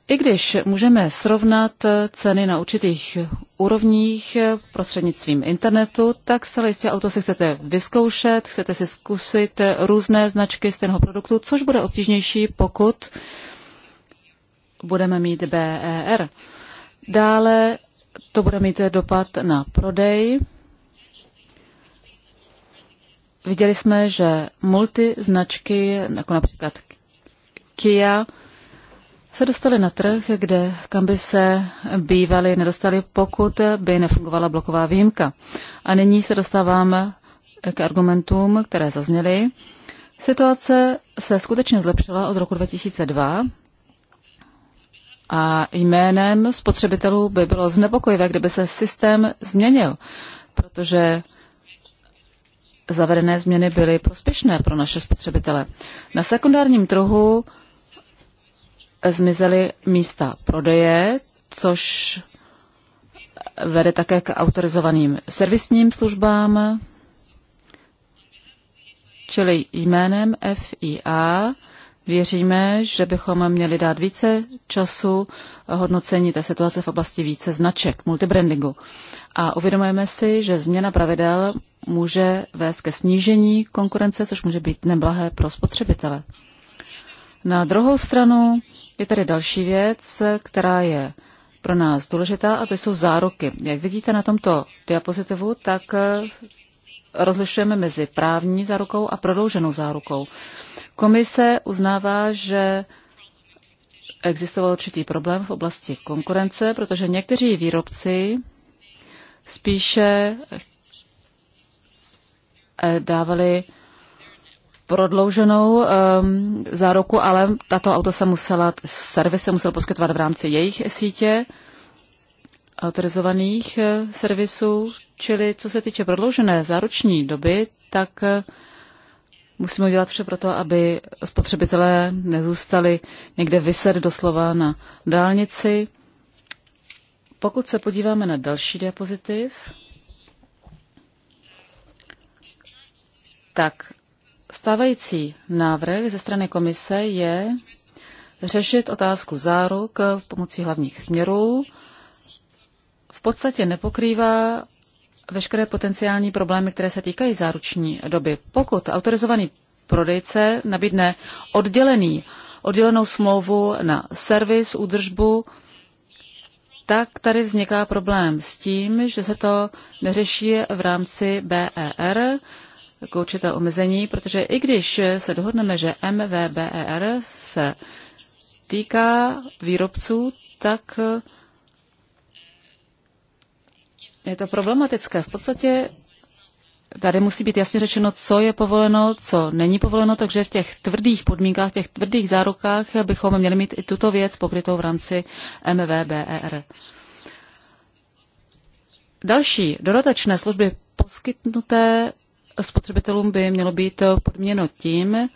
I když můžeme srovnat ceny na určitých úrovních prostřednictvím internetu, tak se jistě auto si chcete vyzkoušet, chcete si zkusit různé značky stejného produktu, což bude obtížnější, pokud budeme mít BER. Dále to bude mít dopad na prodej. Viděli jsme, že multi značky, jako například Kia, se dostali na trh, kde kam by se bývali nedostali, pokud by nefungovala bloková výjimka. A nyní se dostávám k argumentům, které zazněly. Situace se skutečně zlepšila od roku 2002 a jménem spotřebitelů by bylo znepokojivé, kdyby se systém změnil, protože zavedené změny byly prospěšné pro naše spotřebitele. Na sekundárním trhu zmizely místa prodeje, což vede také k autorizovaným servisním službám, čili jménem FIA Věříme, že bychom měli dát více času hodnocení té situace v oblasti více značek, multibrandingu. A uvědomujeme si, že změna pravidel může vést ke snížení konkurence, což může být neblahé pro spotřebitele. Na druhou stranu je tady další věc, která je pro nás důležitá, a to jsou záruky. Jak vidíte na tomto diapozitivu, tak rozlišujeme mezi právní zárukou a prodlouženou zárukou. Komise uznává, že existoval určitý problém v oblasti konkurence, protože někteří výrobci spíše dávali prodlouženou um, ehm, záruku, ale tato auto se musela, servis se musel poskytovat v rámci jejich sítě autorizovaných eh, servisů, čili co se týče prodloužené záruční doby, tak eh, musíme udělat vše pro to, aby spotřebitelé nezůstali někde vyset doslova na dálnici. Pokud se podíváme na další diapozitiv, tak Stávající návrh ze strany komise je řešit otázku záruk pomocí hlavních směrů. V podstatě nepokrývá veškeré potenciální problémy, které se týkají záruční doby. Pokud autorizovaný prodejce nabídne oddělený, oddělenou smlouvu na servis, údržbu, tak tady vzniká problém s tím, že se to neřeší v rámci BER, k jako určité omezení, protože i když se dohodneme, že MVBER se týká výrobců, tak eh, je to problematické. V podstatě tady musí být jasně řečeno, co je povoleno, co není povoleno, takže v těch tvrdých podmínkách, těch tvrdých zárukách bychom měli mít i tuto věc pokrytou v rámci MVBER. Další dodatečné služby poskytnuté spotřebitelům by mělo být eh, podměno tím,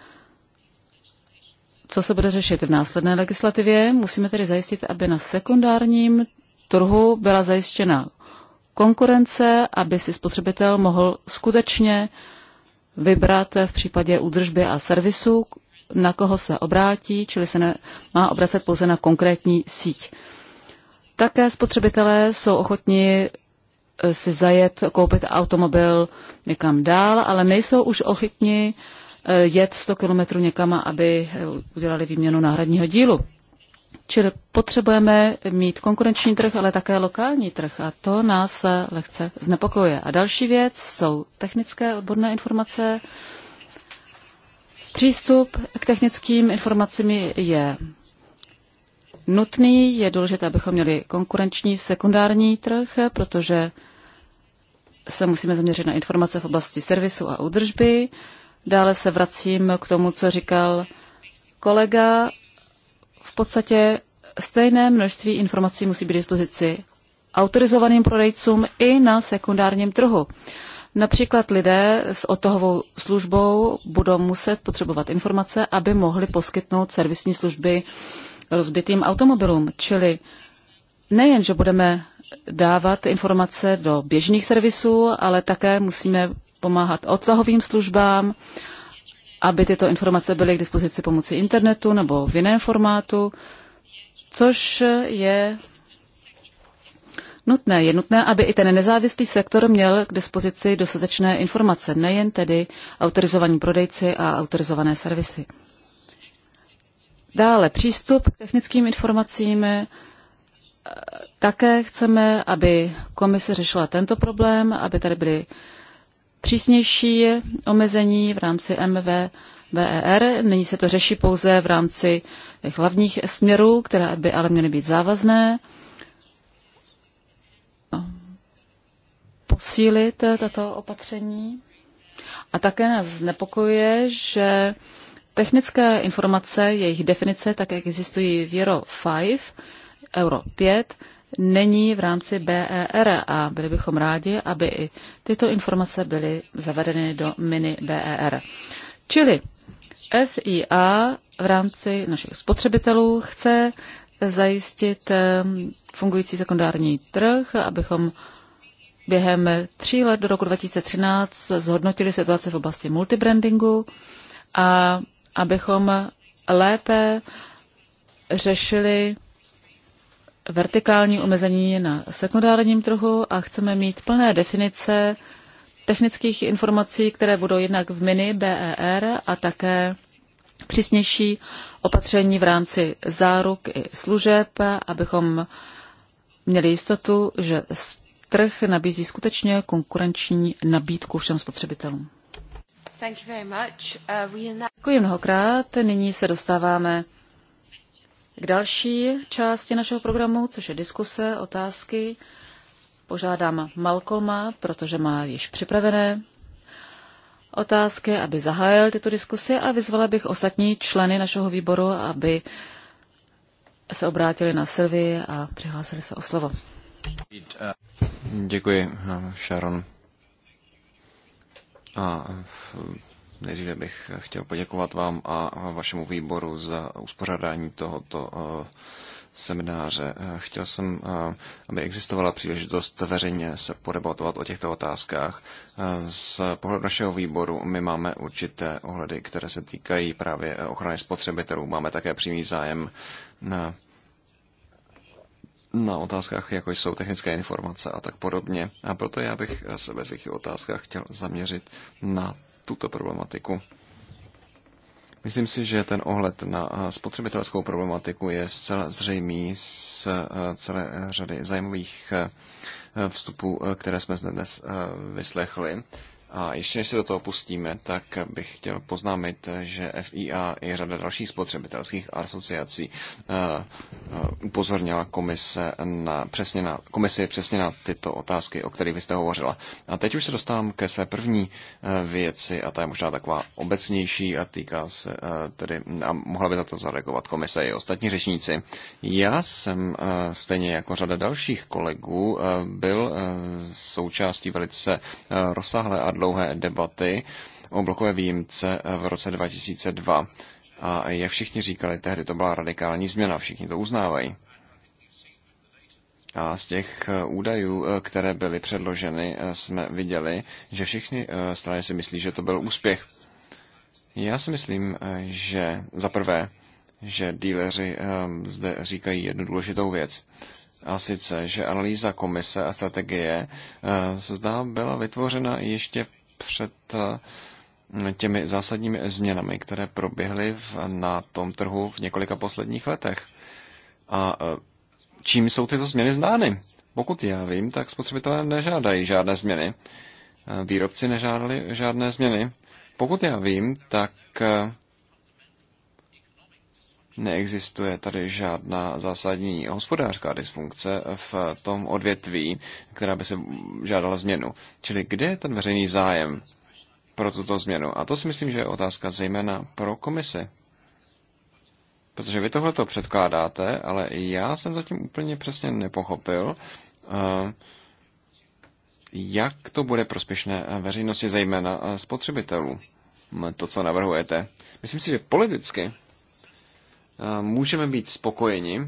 co se bude řešit v následné legislativě. Musíme tedy zajistit, aby na sekundárním trhu byla zajištěna konkurence, aby si spotřebitel mohl skutečně vybrat eh, v případě údržby a servisu, na koho se obrátí, čili se má obracet pouze na konkrétní síť. Také spotřebitelé jsou ochotní. Eh, si zajet, koupit automobil někam dál, ale nejsou už ochytni eh, jet 100 kilometrů někam, aby eh, udělali výměnu náhradního dílu. Čili potřebujeme mít konkurenční trh, ale také lokální trh a to nás lehce znepokojuje. A další věc jsou technické odborné informace. Přístup k technickým informacím je nutný. Je důležité, abychom měli konkurenční sekundární trh, protože se musíme zaměřit na informace v oblasti servisu a údržby. Dále se vracím k tomu, co říkal kolega. V podstatě stejné množství informací musí být dispozici autorizovaným prodejcům i na sekundárním trhu. Například lidé s otohovou službou budou muset potřebovat informace, aby mohli poskytnout servisní služby rozbitým automobilům. Čili nejen, že budeme dávat informace do běžných servisů, ale také musíme pomáhat odtahovým službám, aby tyto informace byly k dispozici pomocí internetu nebo v jiném formátu, což je nutné. Je nutné, aby i ten nezávislý sektor měl k dispozici dostatečné informace, nejen tedy autorizovaní prodejci a autorizované servisy. Dále přístup k technickým informacím, také chceme, aby komise řešila tento problém, aby tady byly přísnější omezení v rámci MV BER. Nyní se to řeší pouze v rámci těch hlavních směrů, které by ale měly být závazné. No, posílit tato opatření. A také nás znepokojuje, že technické informace, jejich definice, tak jak existují v Euro 5, Euro 5 není v rámci BER a byli bychom rádi, aby i tyto informace byly zavedeny do mini BER. Čili FIA v rámci našich spotřebitelů chce zajistit ehm, fungující sekundární trh, abychom během tří let do roku 2013 zhodnotili situaci v oblasti multibrandingu a abychom lépe řešili vertikální omezení na sekundárním trhu a chceme mít plné definice technických informací, které budou jednak v mini BER a také přísnější opatření v rámci záruk i služeb, abychom měli jistotu, že trh nabízí skutečně konkurenční nabídku všem spotřebitelům. Uh, Děkuji mnohokrát. Nyní se dostáváme k další části našeho programu, což je diskuse, otázky. Požádám Malcolma, protože má již připravené otázky, aby zahájil tyto diskuse a vyzvala bych ostatní členy našeho výboru, aby se obrátili na Silvi a přihlásili se o slovo. Děkuji, Sharon. A Nejdříve bych chtěl poděkovat vám a vašemu výboru za uspořádání tohoto eh, semináře. Eh, chtěl jsem, eh, aby existovala příležitost veřejně se podebatovat o těchto otázkách. Z pohledu našeho výboru my máme určité ohledy, které se týkají právě ochrany spotřebitelů. Máme také přímý zájem na, na otázkách, jako jsou technické informace a tak podobně. A proto já bych se ve svých otázkách chtěl zaměřit na tuto problematiku. Myslím si, že ten ohled na eh, spotřebitelskou problematiku je zcela zřejmý z eh, celé řady zajímavých eh, vstupů, které jsme dnes vyslechli. A ještě než se do toho pustíme, tak bych chtěl poznámit, že FIA i řada dalších spotřebitelských asociací eh, eh, upozornila komise na, přesně na, komisi přesně na tyto otázky, o kterých vy jste hovořila. A teď už se dostávám ke své první eh, věci a ta je možná taková obecnější a týká se tedy, a mohla by na to zareagovat komise i ostatní řečníci. Já jsem stejně jako řada dalších kolegů byl součástí velice rozsáhlé a dlouhé debaty o blokové výjimce v roce 2002. A jak všichni říkali, tehdy to byla radikální změna, všichni to uznávají. A z těch eh, údajů, eh, které byly předloženy, eh, jsme viděli, že všechny strany si myslí, že to byl úspěch. Já si myslím, že za prvé, že díleři zde říkají jednu důležitou věc a sice, že analýza komise a strategie eh, se zdá byla vytvořena ještě před eh, těmi zásadními změnami, které proběhly na tom trhu v několika posledních letech. A eh, čím jsou tyto změny zdány? Pokud já vím, tak spotřebitelé nežádají žádné změny. Výrobci nežádali žádné změny. Pokud já vím, tak Neexistuje tady žádná zásadní hospodářská dysfunkce v tom odvětví, která by se žádala změnu. Čili kde je ten veřejný zájem pro tuto změnu? A to si myslím, že je otázka zejména pro komisi. Protože vy tohle to předkládáte, ale já jsem zatím úplně přesně nepochopil, eh, jak to bude prospěšné veřejnosti, zejména eh, spotřebitelů, to, co navrhujete. Myslím si, že politicky Eh, můžeme být spokojeni,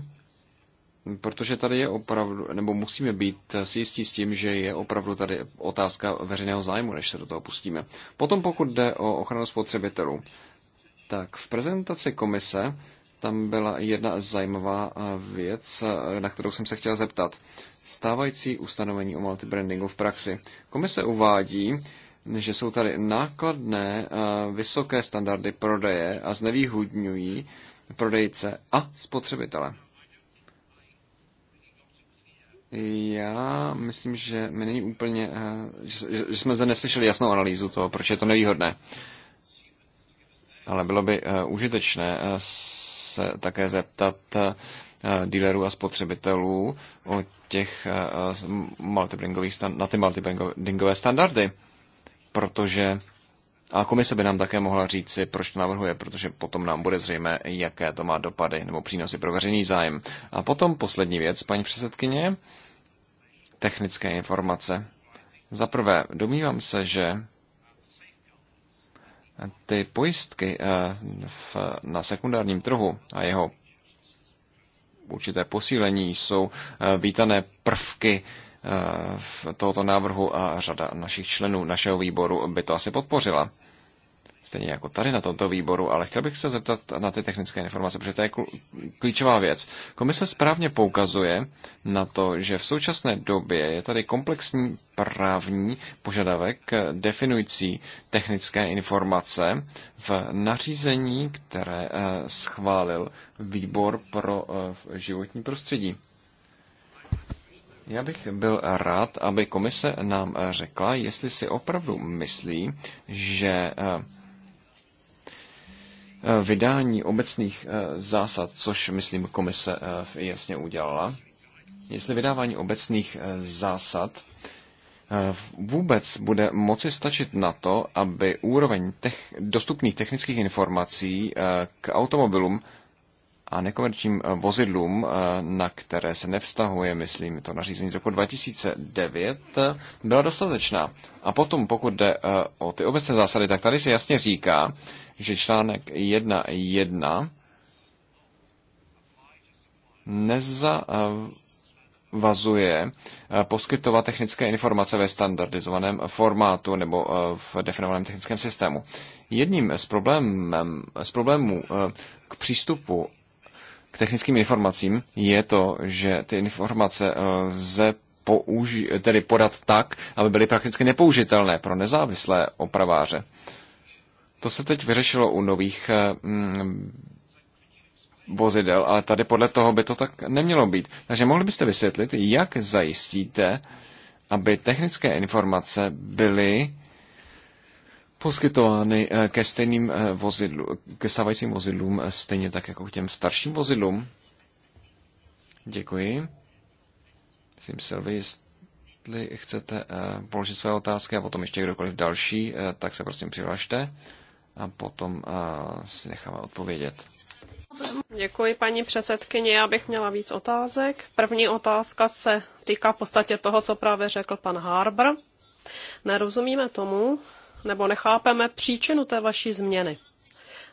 protože tady je opravdu, nebo musíme být si jistí s tím, že je opravdu tady otázka veřejného zájmu, než se do toho pustíme. Potom pokud jde o ochranu spotřebitelů, tak v prezentaci komise tam byla jedna zajímavá eh, věc, eh, na kterou jsem se chtěl zeptat. Stávající ustanovení o multibrandingu v praxi. Komise uvádí, že jsou tady nákladné eh, vysoké standardy prodeje a znevýhodňují prodejce a spotřebitele. Já myslím, že my není úplně, eh, že, jsme zde neslyšeli jasnou analýzu toho, proč je to nevýhodné. Ale bylo by eh, užitečné se také zeptat dealerů a spotřebitelů o těch na ty multibringové standardy protože a komise by nám také mohla říci, proč to navrhuje, protože potom nám bude zřejmé, jaké to má dopady nebo přínosy pro veřejný zájem. A potom poslední věc, paní předsedkyně, technické informace. Za prvé, domnívám se, že ty pojistky eh, v, na sekundárním trhu a jeho určité posílení jsou eh, vítané prvky tohoto návrhu a řada našich členů našeho výboru by to asi podpořila. Stejně jako tady na tomto výboru, ale chtěl bych se zeptat na ty technické informace, protože to je klíčová věc. Komise správně poukazuje na to, že v současné době je tady komplexní právní požadavek definující technické informace v nařízení, které eh, schválil výbor pro eh, životní prostředí. Já bych byl rád, aby komise nám eh, řekla, jestli si opravdu myslí, že eh, eh, vydání obecných zásad, což myslím komise jasně udělala, jestli vydávání obecných zásad vůbec bude moci stačit na to, aby úroveň tech, dostupných technických informací k automobilům a nekomerčním eh, vozidlům, eh, na které se nevztahuje, myslím, to nařízení z roku 2009, eh, byla dostatečná. A potom, pokud jde o ty obecné zásady, tak tady se jasně říká, že článek 1.1 nezavazuje poskytovat technické informace ve standardizovaném formátu nebo v definovaném technickém systému. Jedním z, problém, z problémů k přístupu technickým informacím, je to, že ty informace eh, lze použi- tedy podat tak, aby byly prakticky nepoužitelné pro nezávislé opraváře. To se teď vyřešilo u nových eh, mm, vozidel, ale tady podle toho by to tak nemělo být. Takže mohli byste vysvětlit, jak zajistíte, aby technické informace byly poskytovány eh, ke stejným eh, vozidlu, ke stávajícím vozidlům, eh, stejně tak jako k těm starším vozidlům? Děkuji. Myslím, Silvi, jestli chcete položit své otázky a potom ještě kdokoliv další, tak se prosím přihlašte a potom si necháme odpovědět. Děkuji, paní předsedkyně. Já bych měla víc otázek. První otázka se týká v podstatě toho, co právě řekl pan Harbr. Nerozumíme tomu, nebo nechápeme příčinu té vaší změny.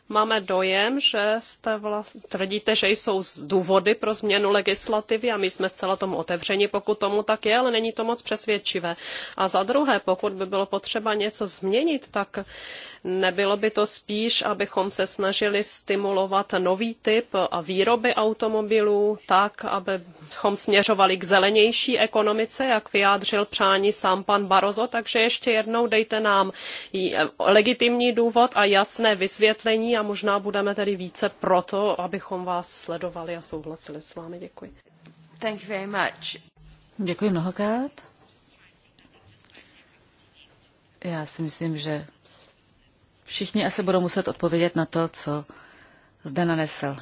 Máme dojem, že jste vlast... tvrdíte, že jsou z důvody pro změnu legislativy a my jsme zcela tomu otevřeni, pokud tomu tak je, ale není to moc přesvědčivé. A za druhé, pokud by bylo potřeba něco změnit, tak nebylo by to spíš, abychom se snažili stimulovat nový typ a výroby automobilů tak, abychom směřovali k zelenější ekonomice, jak vyjádřil přání sám pan Barozo. Takže ještě jednou dejte nám legitimní důvod a jasné vysvětlení a možná budeme tedy více proto, abychom vás sledovali a souhlasili s vámi. Děkuji. Thank you very much. Děkuji mnohokrát. Já si myslím, že všichni asi budou muset odpovědět na to, co zde nanesl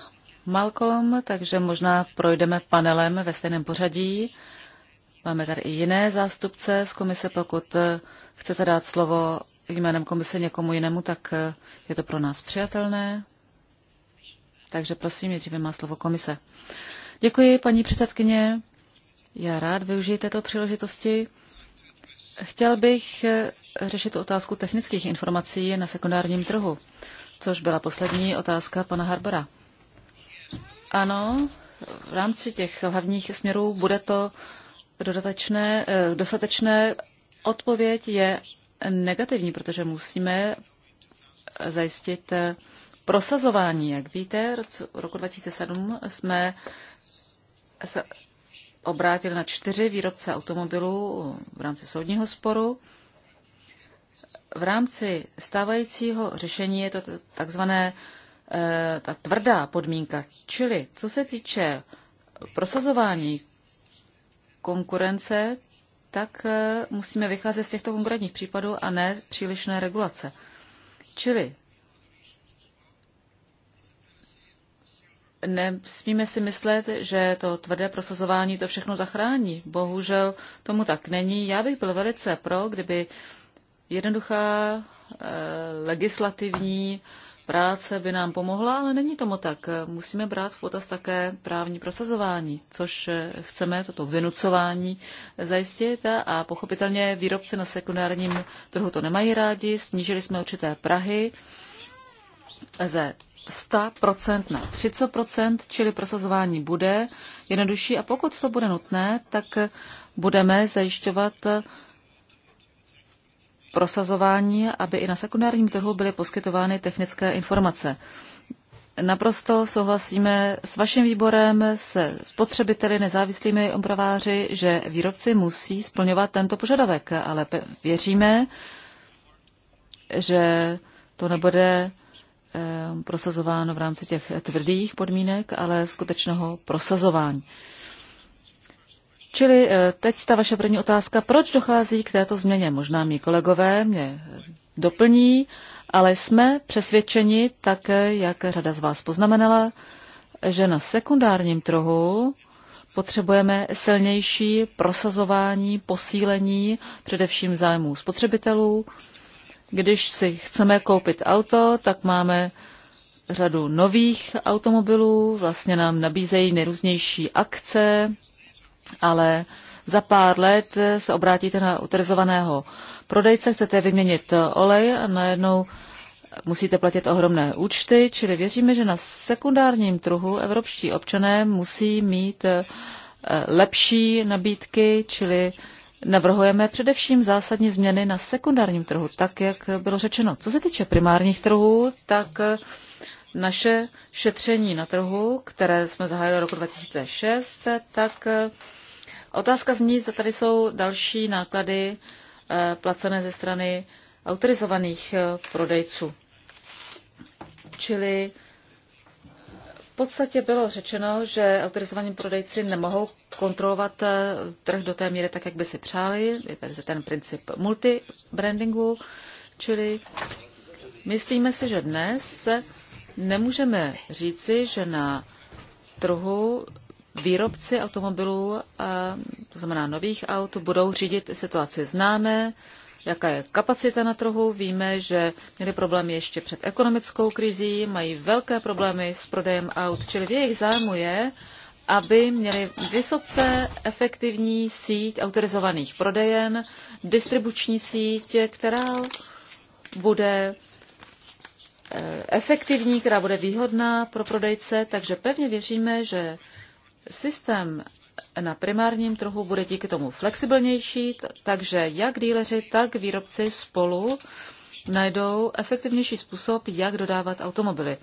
Malcolm, takže možná projdeme panelem ve stejném pořadí. Máme tady i jiné zástupce z komise, pokud chcete dát slovo jménem komise někomu jinému, tak eh, je to pro nás přijatelné. Takže prosím, nejdříve má slovo komise. Děkuji, paní předsedkyně. Já rád využiji této příležitosti. Chtěl bych eh, řešit otázku technických informací na sekundárním trhu, což byla poslední otázka pana Harbora. Ano, v rámci těch hlavních směrů bude to dodatečné, eh, dostatečné. Odpověď je negativní, protože musíme zajistit prosazování. Jak víte, v roku 2007 jsme se obrátili na čtyři výrobce automobilů v rámci soudního sporu. V rámci stávajícího řešení je to takzvané eh, ta tvrdá podmínka. Čili co se týče prosazování konkurence, tak eh, musíme vycházet z těchto konkrétních případů a ne přílišné regulace. Čili nesmíme si myslet, že to tvrdé prosazování to všechno zachrání. Bohužel tomu tak není. Já bych byl velice pro, kdyby jednoduchá eh, legislativní práce by nám pomohla, ale není tomu tak. Musíme brát v potaz také právní prosazování, což chceme toto vynucování zajistit a pochopitelně výrobci na sekundárním trhu to nemají rádi. Snížili jsme určité Prahy ze 100% na 30%, čili prosazování bude jednodušší a pokud to bude nutné, tak budeme zajišťovat prosazování, aby i na sekundárním trhu byly poskytovány technické informace. Naprosto souhlasíme s vaším výborem, se spotřebiteli, nezávislými obraváři, že výrobci musí splňovat tento požadavek, ale věříme, že to nebude eh, prosazováno v rámci těch tvrdých podmínek, ale skutečného prosazování. Čili eh, teď ta vaše první otázka, proč dochází k této změně? Možná mý kolegové mě doplní, ale jsme přesvědčeni také, jak řada z vás poznamenala, že na sekundárním trhu potřebujeme silnější prosazování, posílení především zájmů spotřebitelů. Když si chceme koupit auto, tak máme řadu nových automobilů, vlastně nám nabízejí nejrůznější akce, ale za pár let se obrátíte na utrzovaného prodejce, chcete vyměnit olej a najednou musíte platit ohromné účty, čili věříme, že na sekundárním trhu evropští občané musí mít eh, lepší nabídky, čili navrhujeme především zásadní změny na sekundárním trhu, tak jak bylo řečeno. Co se týče primárních trhů, tak eh, naše šetření na trhu, které jsme zahájili roku 2006, tak eh, otázka zní, zda tady jsou další náklady eh, placené ze strany autorizovaných eh, prodejců. Čili v podstatě bylo řečeno, že autorizovaní prodejci nemohou kontrolovat trh do té míry tak, jak by si přáli. Je tady ten princip multibrandingu, čili myslíme si, že dnes Nemůžeme říci, že na trhu výrobci automobilů, eh, to znamená nových aut, budou řídit situaci. Známe, jaká je kapacita na trhu, víme, že měli problémy ještě před ekonomickou krizí, mají velké problémy s prodejem aut, čili v jejich zájmu je, aby měli vysoce efektivní síť autorizovaných prodejen, distribuční síť, která bude Eh, efektivní, která bude výhodná pro prodejce, takže pevně věříme, že systém na primárním trhu bude díky tomu flexibilnější, takže jak díleři, tak výrobci spolu najdou efektivnější způsob, jak dodávat automobily.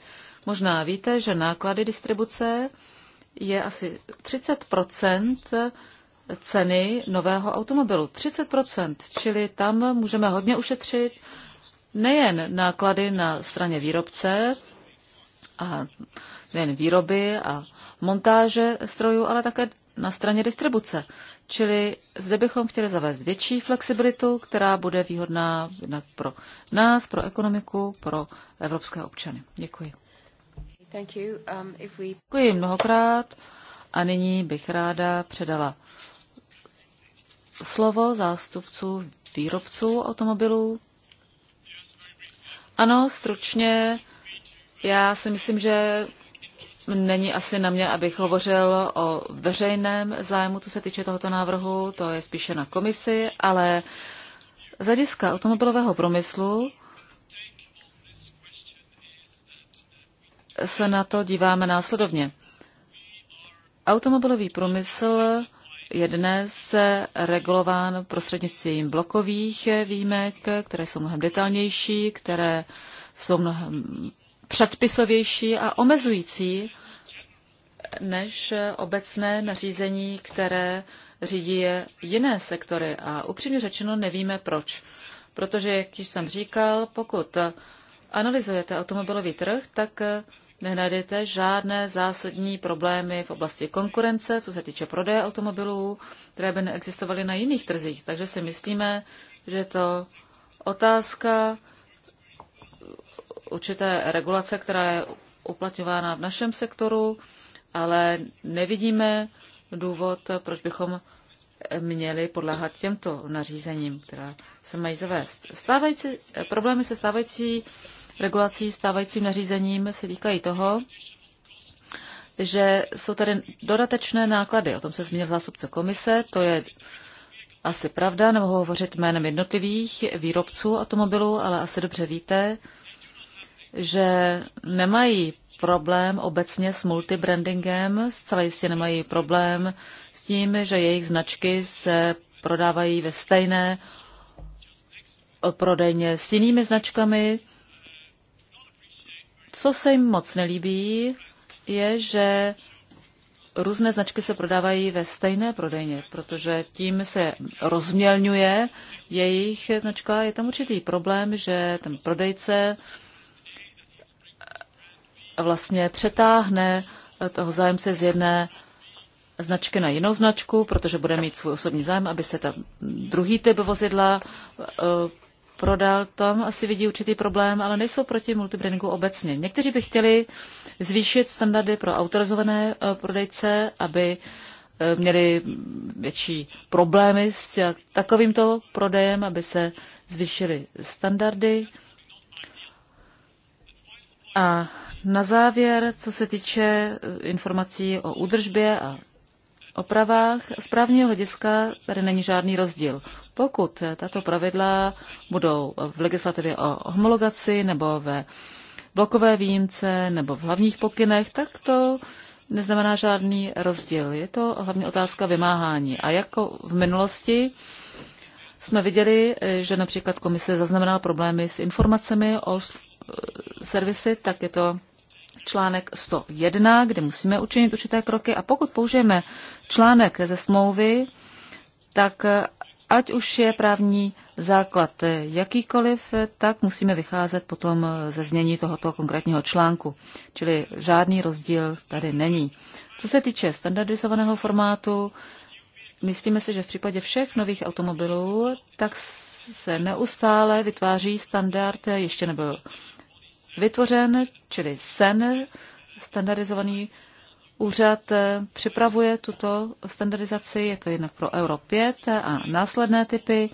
Možná víte, že náklady distribuce je asi 30 ceny nového automobilu. 30 čili tam můžeme hodně ušetřit nejen náklady na straně výrobce a nejen výroby a montáže strojů, ale také na straně distribuce. Čili zde bychom chtěli zavést větší flexibilitu, která bude výhodná jednak pro nás, pro ekonomiku, pro evropské občany. Děkuji. Um, Děkuji mnohokrát a nyní bych ráda předala slovo zástupců výrobců automobilů. Ano, stručně, já si myslím, že není asi na mě, abych hovořil o veřejném zájmu, co se týče tohoto návrhu, to je spíše na komisi, ale z hlediska automobilového promyslu se na to díváme následovně. Automobilový průmysl je dnes regulován prostřednictvím blokových výjimek, které jsou mnohem detailnější, které jsou mnohem předpisovější a omezující než obecné nařízení, které řídí jiné sektory. A upřímně řečeno nevíme proč. Protože, jak již jsem říkal, pokud analyzujete automobilový trh, tak nenajdete žádné zásadní problémy v oblasti konkurence, co se týče prodeje automobilů, které by neexistovaly na jiných trzích. Takže si myslíme, že je to otázka určité regulace, která je uplatňována v našem sektoru, ale nevidíme důvod, proč bychom měli podléhat těmto nařízením, která se mají zavést. Stávající, problémy se stávající regulací stávajícím nařízením se týkají toho, že jsou tady dodatečné náklady. O tom se zmínil zástupce komise, to je asi pravda, nemohu hovořit jménem jednotlivých výrobců automobilů, ale asi dobře víte, že nemají problém obecně s multibrandingem, zcela jistě nemají problém s tím, že jejich značky se prodávají ve stejné prodejně s jinými značkami. Co se jim moc nelíbí, je, že různé značky se prodávají ve stejné prodejně, protože tím se rozmělňuje jejich značka. Je tam určitý problém, že ten prodejce vlastně přetáhne toho zájemce z jedné značky na jinou značku, protože bude mít svůj osobní zájem, aby se ta druhý typ vozidla eh, prodal, tam asi vidí určitý problém, ale nejsou proti multibrandingu obecně. Někteří by chtěli zvýšit standardy pro autorizované eh, prodejce, aby eh, měli větší problémy s takovýmto prodejem, aby se zvýšily standardy. A na závěr, co se týče eh, informací o údržbě a opravách, z právního hlediska tady není žádný rozdíl. Pokud tato pravidla budou v legislativě o homologaci nebo ve blokové výjimce nebo v hlavních pokynech, tak to neznamená žádný rozdíl. Je to hlavně otázka vymáhání. A jako v minulosti jsme viděli, že například komise zaznamenala problémy s informacemi o servisy, tak je to článek 101, kde musíme učinit určité kroky a pokud použijeme článek ze smlouvy, tak ať už je právní základ jakýkoliv, tak musíme vycházet potom ze znění tohoto konkrétního článku. Čili žádný rozdíl tady není. Co se týče standardizovaného formátu, myslíme si, že v případě všech nových automobilů, tak se neustále vytváří standard, ještě nebyl vytvořen, čili SEN, standardizovaný úřad eh, připravuje tuto standardizaci, je to jednak pro Euro 5 a následné typy.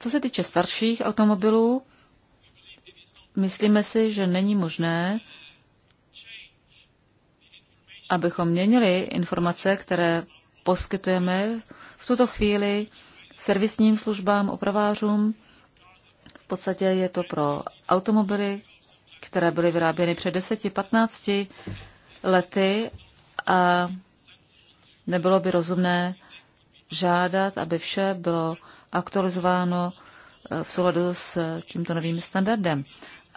Co se týče starších automobilů, myslíme si, že není možné, abychom měnili informace, které poskytujeme v tuto chvíli servisním službám, opravářům. V podstatě je to pro automobily, které byly vyráběny před 10-15 lety a nebylo by rozumné žádat, aby vše bylo aktualizováno eh, v souladu s eh, tímto novým standardem.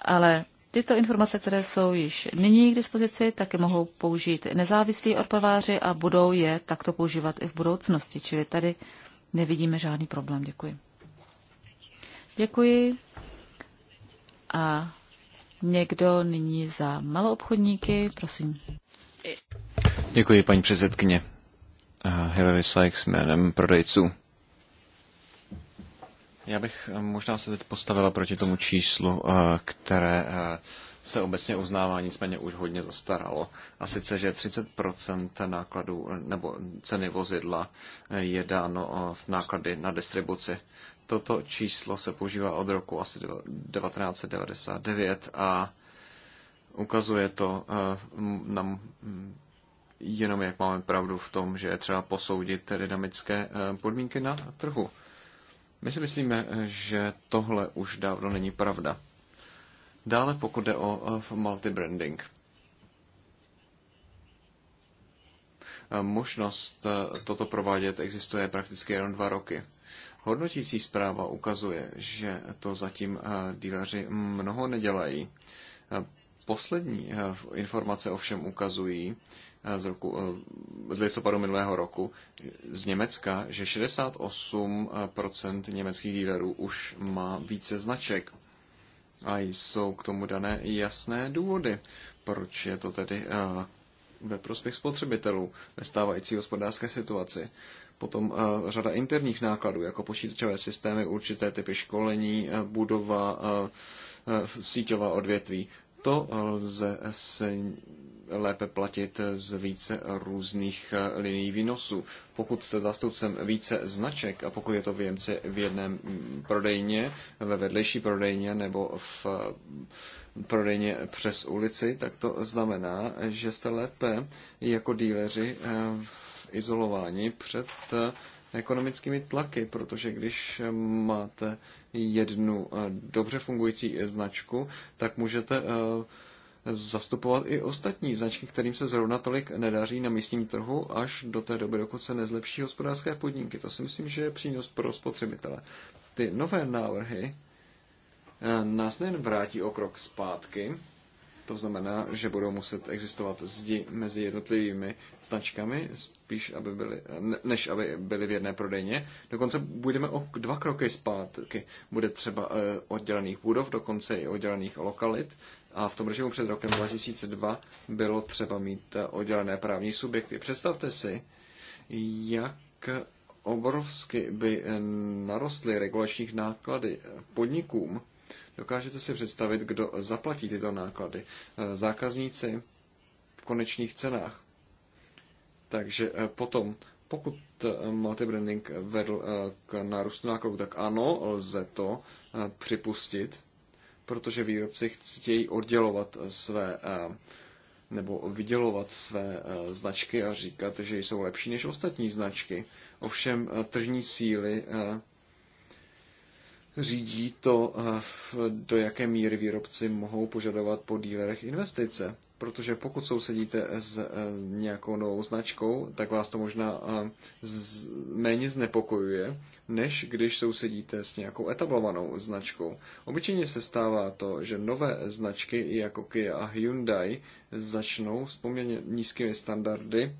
Ale tyto informace, které jsou již nyní k dispozici, taky mohou použít nezávislí odpaváři a budou je takto používat i v budoucnosti. Čili tady nevidíme žádný problém. Děkuji. Děkuji. A někdo nyní za maloobchodníky, prosím. Děkuji, paní předsedkyně. Eh, Hilary Sykes jménem prodejců. Já bych eh, možná se teď postavila proti tomu číslu, eh, které se obecně uznává, nicméně už hodně zastaralo. A sice, že 30% nákladů nebo ceny vozidla je dáno v náklady na distribuci. Toto číslo se používá od roku asi 1999 a ukazuje to eh, nám mm, jenom, jak máme pravdu v tom, že je třeba posoudit dynamické eh, podmínky na trhu. My si myslíme, eh, že tohle už dávno není pravda. Dále pokud jde o multibranding. Možnost toto provádět existuje prakticky jenom dva roky. Hodnotící zpráva ukazuje, že to zatím eh, díleři mnoho nedělají. Eh, poslední eh, informace ovšem ukazují z, roku, z listopadu minulého roku z Německa, že 68% německých dílerů už má více značek. A jsou k tomu dané jasné důvody, proč je to tedy ve prospěch spotřebitelů ve stávající hospodářské situaci. Potom eh, řada interních nákladů, jako počítačové systémy, určité typy školení, eh, budova, eh, síťová odvětví. To lze se lépe platit z více různých linií výnosu. Pokud jste zastupcem více značek a pokud je to věmce v jedné prodejně, ve vedlejší prodejně nebo v prodejně přes ulici, tak to znamená, že jste lépe jako díleři v izolováni před eh, ekonomickými tlaky, protože když máte jednu eh, dobře fungující značku, tak můžete eh, zastupovat i ostatní značky, kterým se zrovna tolik nedaří na místním trhu, až do té doby, dokud se nezlepší hospodářské podniky. To si myslím, že je přínos pro spotřebitele. Ty nové návrhy nás nejen vrátí o krok zpátky, to znamená, že budou muset existovat zdi mezi jednotlivými značkami, spíš aby byly, než aby byly v jedné prodejně. Dokonce budeme o dva kroky zpátky. Bude třeba eh, oddělených budov, dokonce i oddělených lokalit. A v tom režimu před rokem 2002 bylo třeba mít eh, oddělené právní subjekty. Představte si, jak obrovsky by eh, narostly regulačních náklady podnikům, Dokážete si představit, kdo zaplatí tyto náklady? Eh, zákazníci v konečných cenách. Takže eh, potom, pokud eh, multibranding vedl k nárůstu nákladů, tak ano, lze to připustit, protože výrobci chtějí oddělovat své nebo vydělovat své značky a říkat, že jsou lepší než ostatní značky. Ovšem tržní síly řídí to, eh, do jaké míry výrobci mohou požadovat po dílerech investice. Protože pokud sousedíte s eh, nějakou novou značkou, tak vás to možná eh, méně znepokojuje, než když sousedíte s nějakou etablovanou značkou. Obyčejně se stává to, že nové značky jako Kia a Hyundai začnou s poměrně nízkými standardy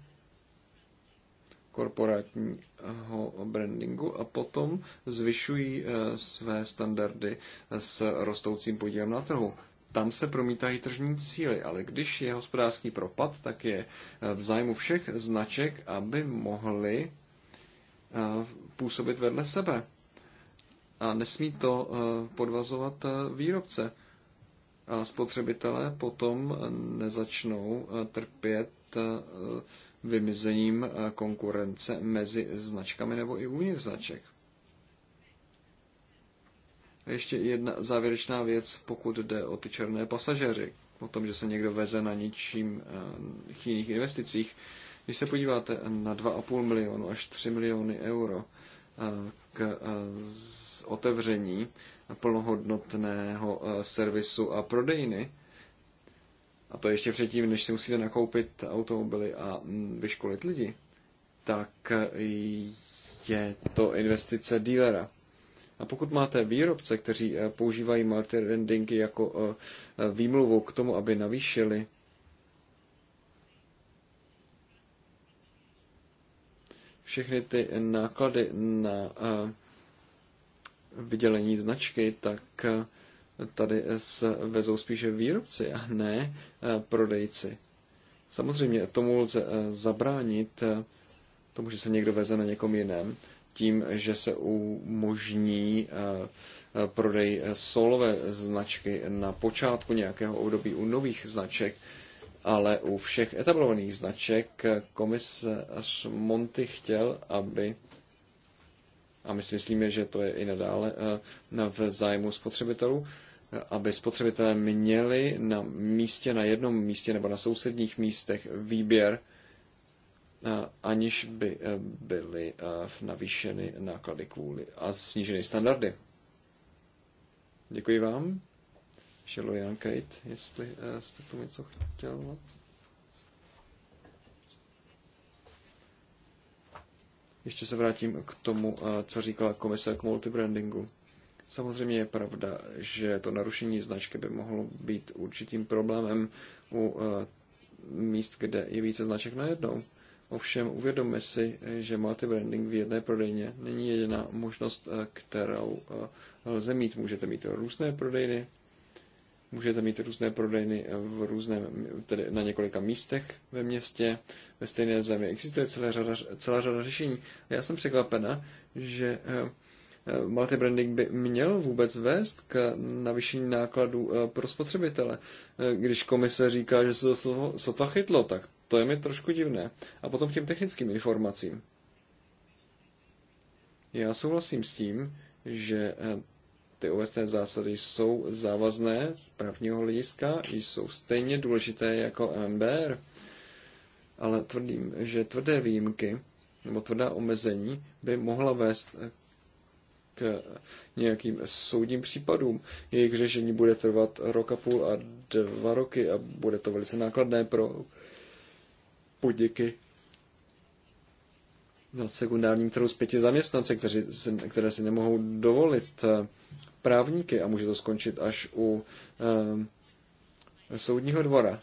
korporátního brandingu a potom zvyšují eh, své standardy eh, s rostoucím podílem na trhu. Tam se promítají tržní cíly, ale když je hospodářský propad, tak je eh, v zájmu všech značek, aby mohly působit vedle sebe. A nesmí to podvazovat výrobce a spotřebitelé potom nezačnou trpět Eh, vymizením eh, konkurence mezi značkami nebo i uvnitř značek. Ještě jedna závěrečná věc, pokud jde o ty černé pasažéry, o tom, že se někdo veze na ničím eh, jiných investicích. Když se podíváte na 2,5 milionu až 3 miliony euro k otevření plnohodnotného servisu a prodejny, a to ještě předtím, než si musíte nakoupit automobily a mm, vyškolit lidi, tak eh, je to investice dílera. A pokud máte výrobce, kteří eh, používají multirendingy jako eh, výmluvu k tomu, aby navýšili všechny ty náklady na vydělení značky, tak tady vezou spíše výrobci a ne eh, prodejci. Samozřejmě tomu lze eh, zabránit, eh, tomu, že se někdo veze na někom jiném, tím, že se umožní prodej solové značky na počátku nějakého období u nových značek, ale u všech etablovaných značek komisař Monty chtěl, aby a my si myslíme, že to je i nadále v zájmu spotřebitelů, aby spotřebitelé měli na místě, na jednom místě nebo na sousedních místech výběr, aniž by e, byly e, navýšeny náklady kvůli a sníženy standardy. Děkuji vám. Jan Kate, jestli e, jste tu něco chtěl. Ještě se vrátím k tomu, co říkala komise k multibrandingu. Samozřejmě je pravda, že to narušení značky by mohlo být určitým problémem u eh, míst, kde je více značek najednou. Ovšem uvědomme si, že multibranding v jedné prodejně není jediná možnost, eh, kterou eh, lze mít. Můžete mít různé prodejny, můžete mít různé prodejny v různém, tedy na několika místech ve městě, ve stejné zemi. Existuje celá řada, celá řada řešení. Já jsem překvapena, že Eh, multibranding by měl vůbec vést k navýšení nákladů eh, pro spotřebitele. Eh, když komise říká, že se to slovo sotva chytlo, tak to je mi trošku divné. A potom k těm technickým informacím. Já souhlasím s tím, že ty obecné zásady jsou závazné z právního hlediska, jsou stejně důležité jako MBR, ale tvrdím, že tvrdé výjimky nebo tvrdá omezení by mohla vést k nějakým soudním případům. Jejich řešení bude trvat rok a půl a dva roky a bude to velice nákladné pro podniky na sekundárním trhu s pěti zaměstnance, kteří, které si nemohou dovolit eh, právníky a může to skončit až u um, soudního dvora.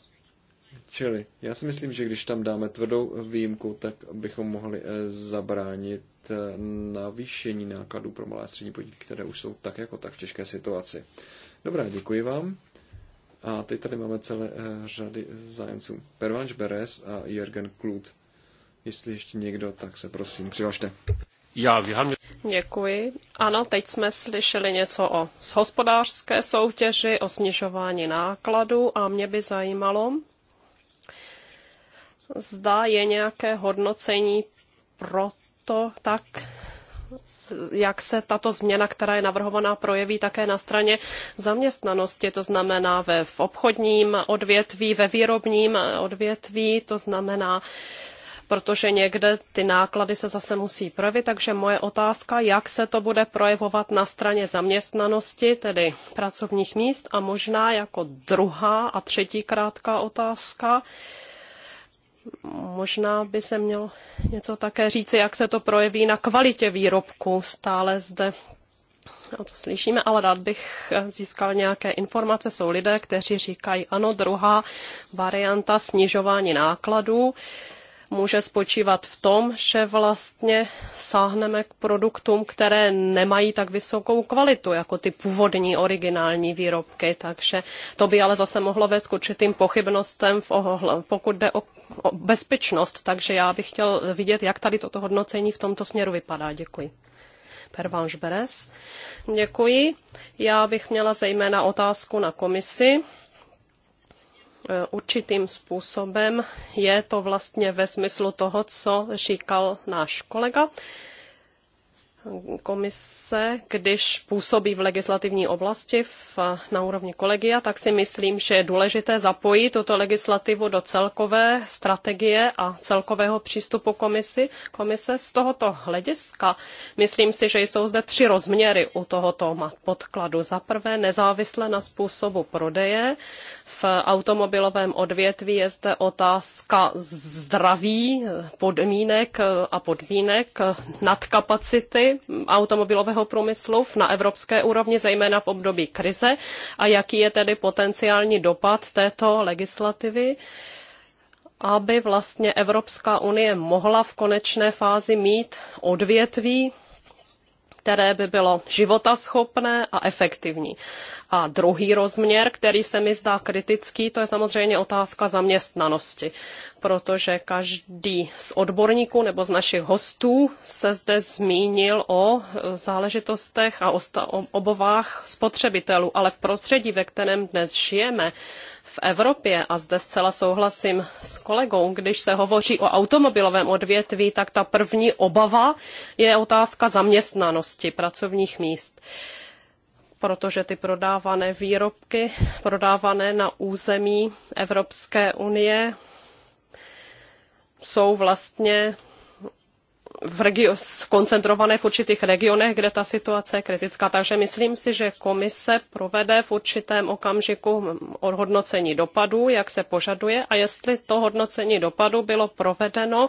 Čili já si myslím, že když tam dáme tvrdou výjimku, tak bychom mohli eh, zabránit eh, navýšení nákladů pro malé a střední podniky, které už jsou tak jako tak v těžké situaci. Dobrá, děkuji vám. A teď tady máme celé eh, řady zájemců. Pervanš Beres a Jürgen Klut. Jestli ještě někdo, tak se prosím přihlašte. Já vyhám... Děkuji. Ano, teď jsme slyšeli něco o hospodářské soutěži, o snižování nákladů, a mě by zajímalo, Zda je nějaké hodnocení pro to tak, jak se tato změna, která je navrhovaná, projeví také na straně zaměstnanosti, to znamená ve v obchodním odvětví, ve výrobním odvětví, to znamená, protože někde ty náklady se zase musí projevit, takže moje otázka, jak se to bude projevovat na straně zaměstnanosti, tedy pracovních míst a možná jako druhá a třetí krátká otázka, Možná by se mělo něco také říci, jak se to projeví na kvalitě výrobku. Stále zde a to slyšíme, ale rád bych získal nějaké informace. Jsou lidé, kteří říkají, ano, druhá varianta snižování nákladů může spočívat v tom, že vlastně sáhneme k produktům, které nemají tak vysokou kvalitu, jako ty původní originální výrobky, takže to by ale zase mohlo vést k určitým pochybnostem, v ohohle, pokud jde o, o bezpečnost, takže já bych chtěl vidět, jak tady toto hodnocení v tomto směru vypadá. Děkuji. Pervanš Beres. Děkuji. Já bych měla zejména otázku na komisi E, určitým způsobem je to vlastně ve smyslu toho, co říkal náš kolega komise, když působí v legislativní oblasti v, na úrovni kolegia, tak si myslím, že je důležité zapojit tuto legislativu do celkové strategie a celkového přístupu komisi. komise. Z tohoto hlediska myslím si, že jsou zde tři rozměry u tohoto podkladu. Za prvé nezávisle na způsobu prodeje. V automobilovém odvětví je zde otázka zdraví podmínek a podmínek nadkapacity automobilového průmyslu na evropské úrovni, zejména v období krize a jaký je tedy potenciální dopad této legislativy aby vlastně Evropská unie mohla v konečné fázi mít odvětví které by bylo životaschopné a efektivní. A druhý rozměr, který se mi zdá kritický, to je samozřejmě otázka zaměstnanosti, protože každý z odborníků nebo z našich hostů se zde zmínil o e, záležitostech a o obovách spotřebitelů, ale v prostředí, ve kterém dnes žijeme, v Evropě, a zde zcela souhlasím s kolegou, když se hovoří o automobilovém odvětví, tak ta první obava je otázka zaměstnanosti pracovních míst protože ty prodávané výrobky, prodávané na území Evropské unie, jsou vlastně v regio- skoncentrované v určitých regionech, kde ta situace je kritická. Takže myslím si, že komise provede v určitém okamžiku hodnocení dopadů, jak se požaduje a jestli to hodnocení dopadů bylo provedeno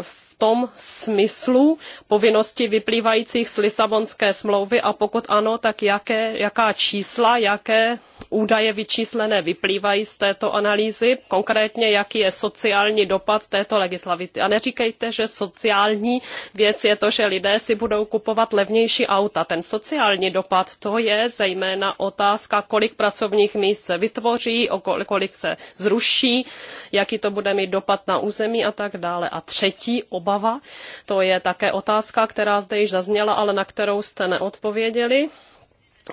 v tom smyslu povinnosti vyplývajících z Lisabonské smlouvy a pokud ano, tak jaké, jaká čísla, jaké údaje vyčíslené vyplývají z této analýzy, konkrétně jaký je sociální dopad této legislativy. A neříkejte, že sociální věc je to, že lidé si budou kupovat levnější auta. Ten sociální dopad to je zejména otázka, kolik pracovních míst se vytvoří, kolik se zruší, jaký to bude mít dopad na území a tak dále. A třetí ob obava. To je také otázka, která zde již zazněla, ale na kterou jste neodpověděli.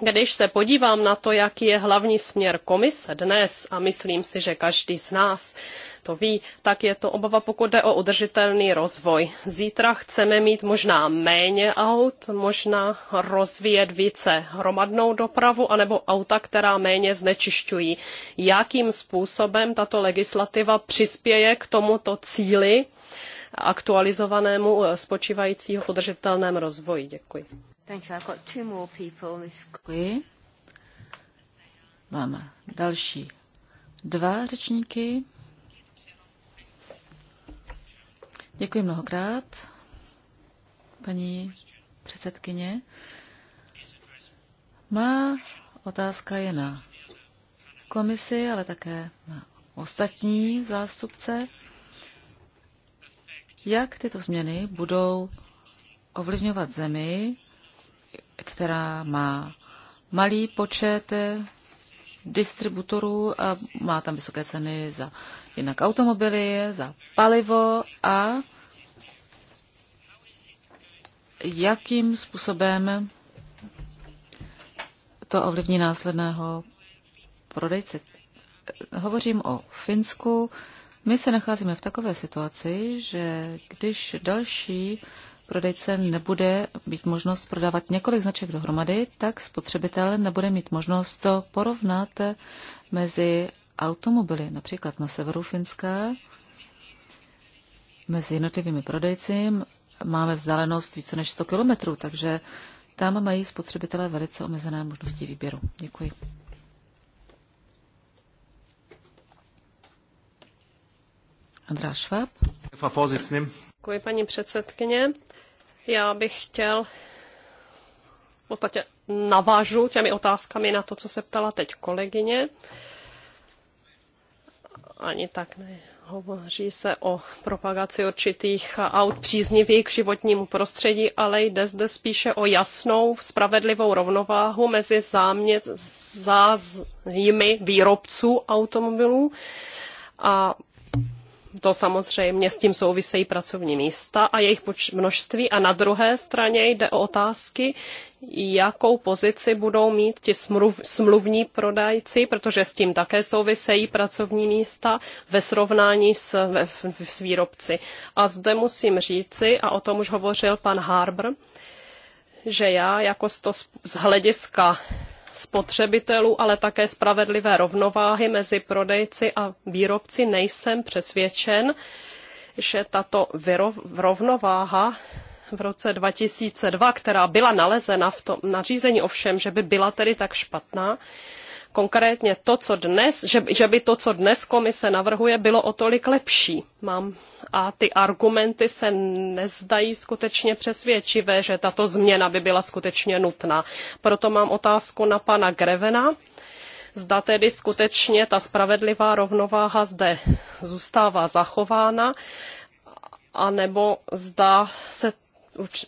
Když se podívám na to, jaký je hlavní směr komise dnes, a myslím si, že každý z nás to ví, tak je to obava, pokud jde o udržitelný rozvoj. Zítra chceme mít možná méně aut, možná rozvíjet více hromadnou dopravu, anebo auta, která méně znečišťují. Jakým způsobem tato legislativa přispěje k tomuto cíli aktualizovanému eh, spočívajícího v udržitelném rozvoji? Děkuji. Thank you. I've got two more people. Děkuji. Máme další dva řečníky. Děkuji mnohokrát, paní předsedkyně. Má otázka je na komisi, ale také na ostatní zástupce. Jak tyto změny budou ovlivňovat zemi, která má malý počet eh, distributorů a má tam vysoké ceny za jednak automobily, za palivo a jakým způsobem to ovlivní následného prodejce. Hovořím o Finsku. My se nacházíme v takové situaci, že když další prodejce nebude mít možnost prodávat několik značek dohromady, tak spotřebitel nebude mít možnost to porovnat mezi automobily, například na severu Finska, mezi jednotlivými prodejci máme vzdálenost více než 100 kilometrů, takže tam mají spotřebitelé velice omezené možnosti výběru. Děkuji. Andrá Schwab. Děkuji, paní předsedkyně. Já bych chtěl v podstatě navážu těmi otázkami na to, co se ptala teď kolegyně. Ani tak ne. Hovoří se o propagaci určitých aut příznivých k životnímu prostředí, ale jde zde spíše o jasnou, spravedlivou rovnováhu mezi zámět, zájmy výrobců automobilů a to samozřejmě s tím souvisejí pracovní místa a jejich množství. A na druhé straně jde o otázky, jakou pozici budou mít ti smluv, smluvní prodajci, protože s tím také souvisejí pracovní místa ve srovnání s, ve, s výrobci. A zde musím říci, a o tom už hovořil pan Harbour, že já jako z hlediska spotřebitelů, ale také spravedlivé rovnováhy mezi prodejci a výrobci, nejsem přesvědčen, že tato rovnováha v roce 2002, která byla nalezena v tom nařízení ovšem, že by byla tedy tak špatná, konkrétně to, co dnes, že, že by to, co dnes komise navrhuje, bylo o tolik lepší. Mám a ty argumenty se nezdají skutečně přesvědčivé, že tato změna by byla skutečně nutná. Proto mám otázku na pana Grevena zda tedy skutečně ta spravedlivá rovnováha zde zůstává zachována, anebo zda se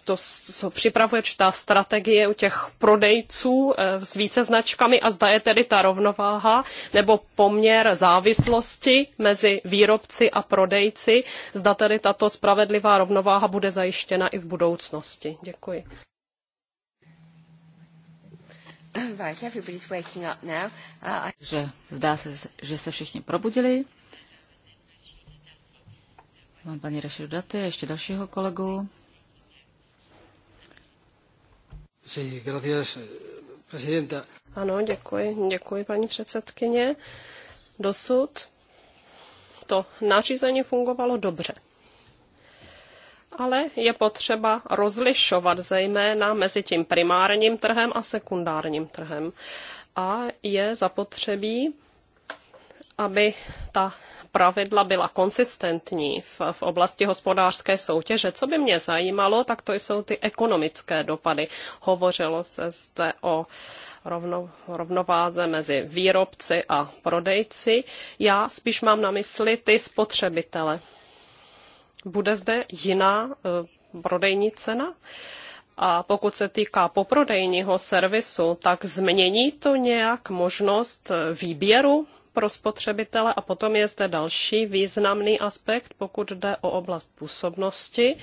to připravuje ta strategie u těch prodejců eh, s více značkami a zda je tedy ta rovnováha nebo poměr závislosti mezi výrobci a prodejci, zda tedy tato spravedlivá rovnováha bude zajištěna i v budoucnosti. Děkuji. Uh, že, zdá se, že se všichni probudili. Mám paní Rašidu Daty, ještě dalšího kolegu. Ano, děkuji, děkuji paní předsedkyně. Dosud to nařízení fungovalo dobře. Ale je potřeba rozlišovat zejména mezi tím primárním trhem a sekundárním trhem. A je zapotřebí, aby ta pravidla byla konsistentní v, v oblasti hospodářské soutěže. Co by mě zajímalo, tak to jsou ty ekonomické dopady. Hovořilo se zde o rovno, rovnováze mezi výrobci a prodejci. Já spíš mám na mysli ty spotřebitele. Bude zde jiná uh, prodejní cena? A pokud se týká poprodejního servisu, tak změní to nějak možnost eh, výběru pro spotřebitele a potom je zde další významný aspekt, pokud jde o oblast působnosti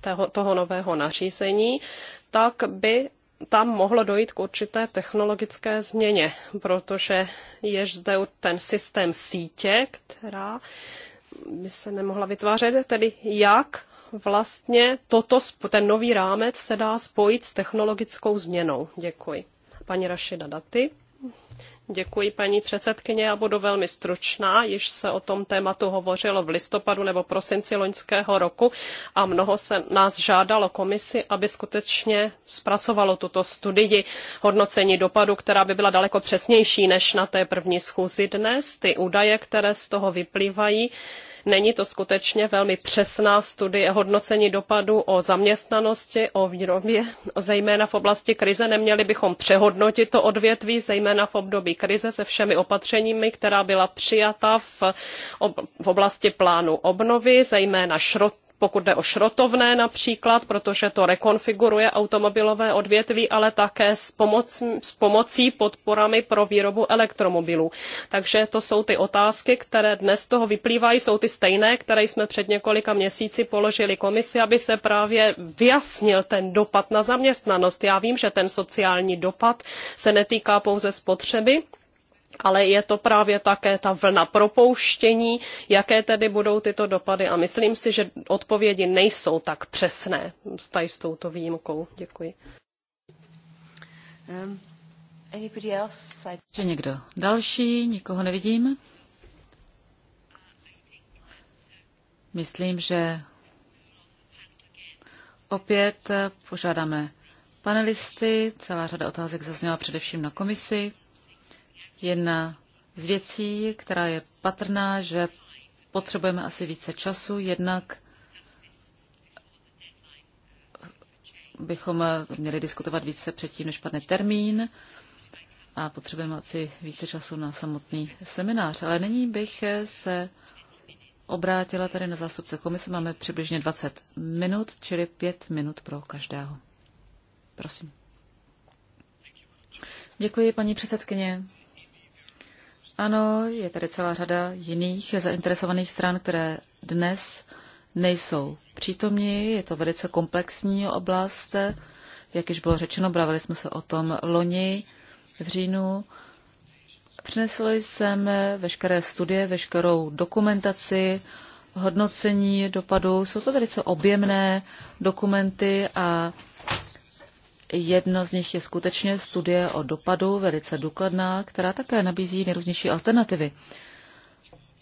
toho, toho nového nařízení, tak by tam mohlo dojít k určité technologické změně, protože je zde ten systém sítě, která by se nemohla vytvářet, tedy jak vlastně toto, ten nový rámec se dá spojit s technologickou změnou. Děkuji. Paní Rašida Daty. Děkuji, paní předsedkyně. Já budu velmi stručná. Již se o tom tématu hovořilo v listopadu nebo prosinci loňského roku a mnoho se nás žádalo komisi, aby skutečně zpracovalo tuto studii hodnocení dopadu, která by byla daleko přesnější než na té první schůzi dnes. Ty údaje, které z toho vyplývají, Není to skutečně velmi přesná studie hodnocení dopadu o zaměstnanosti, o výrobě, zejména v oblasti krize. Neměli bychom přehodnotit to odvětví, zejména v období krize se všemi opatřeními, která byla přijata v, oblasti plánu obnovy, zejména šrot pokud jde o šrotovné například, protože to rekonfiguruje automobilové odvětví, ale také s, pomoc, s pomocí podporami pro výrobu elektromobilů. Takže to jsou ty otázky, které dnes z toho vyplývají, jsou ty stejné, které jsme před několika měsíci položili komisi, aby se právě vyjasnil ten dopad na zaměstnanost. Já vím, že ten sociální dopad se netýká pouze spotřeby, ale je to právě také ta vlna propouštění, jaké tedy budou tyto dopady. A myslím si, že odpovědi nejsou tak přesné s touto výjimkou. Děkuji. Ještě um, někdo další? Nikoho nevidím? Myslím, že opět požádáme panelisty. Celá řada otázek zazněla především na komisi. Jedna z věcí, která je patrná, že potřebujeme asi více času, jednak bychom měli diskutovat více předtím, než padne termín a potřebujeme asi více času na samotný seminář. Ale nyní bych se obrátila tady na zástupce komise. Máme přibližně 20 minut, čili 5 minut pro každého. Prosím. Děkuji, paní předsedkyně. Ano, je tady celá řada jiných zainteresovaných stran, které dnes nejsou přítomní. Je to velice komplexní oblast. Jak již bylo řečeno, bavili jsme se o tom loni v říjnu. Přinesli jsem veškeré studie, veškerou dokumentaci, hodnocení dopadu. Jsou to velice objemné dokumenty a Jedna z nich je skutečně studie o dopadu, velice důkladná, která také nabízí nejrůznější alternativy,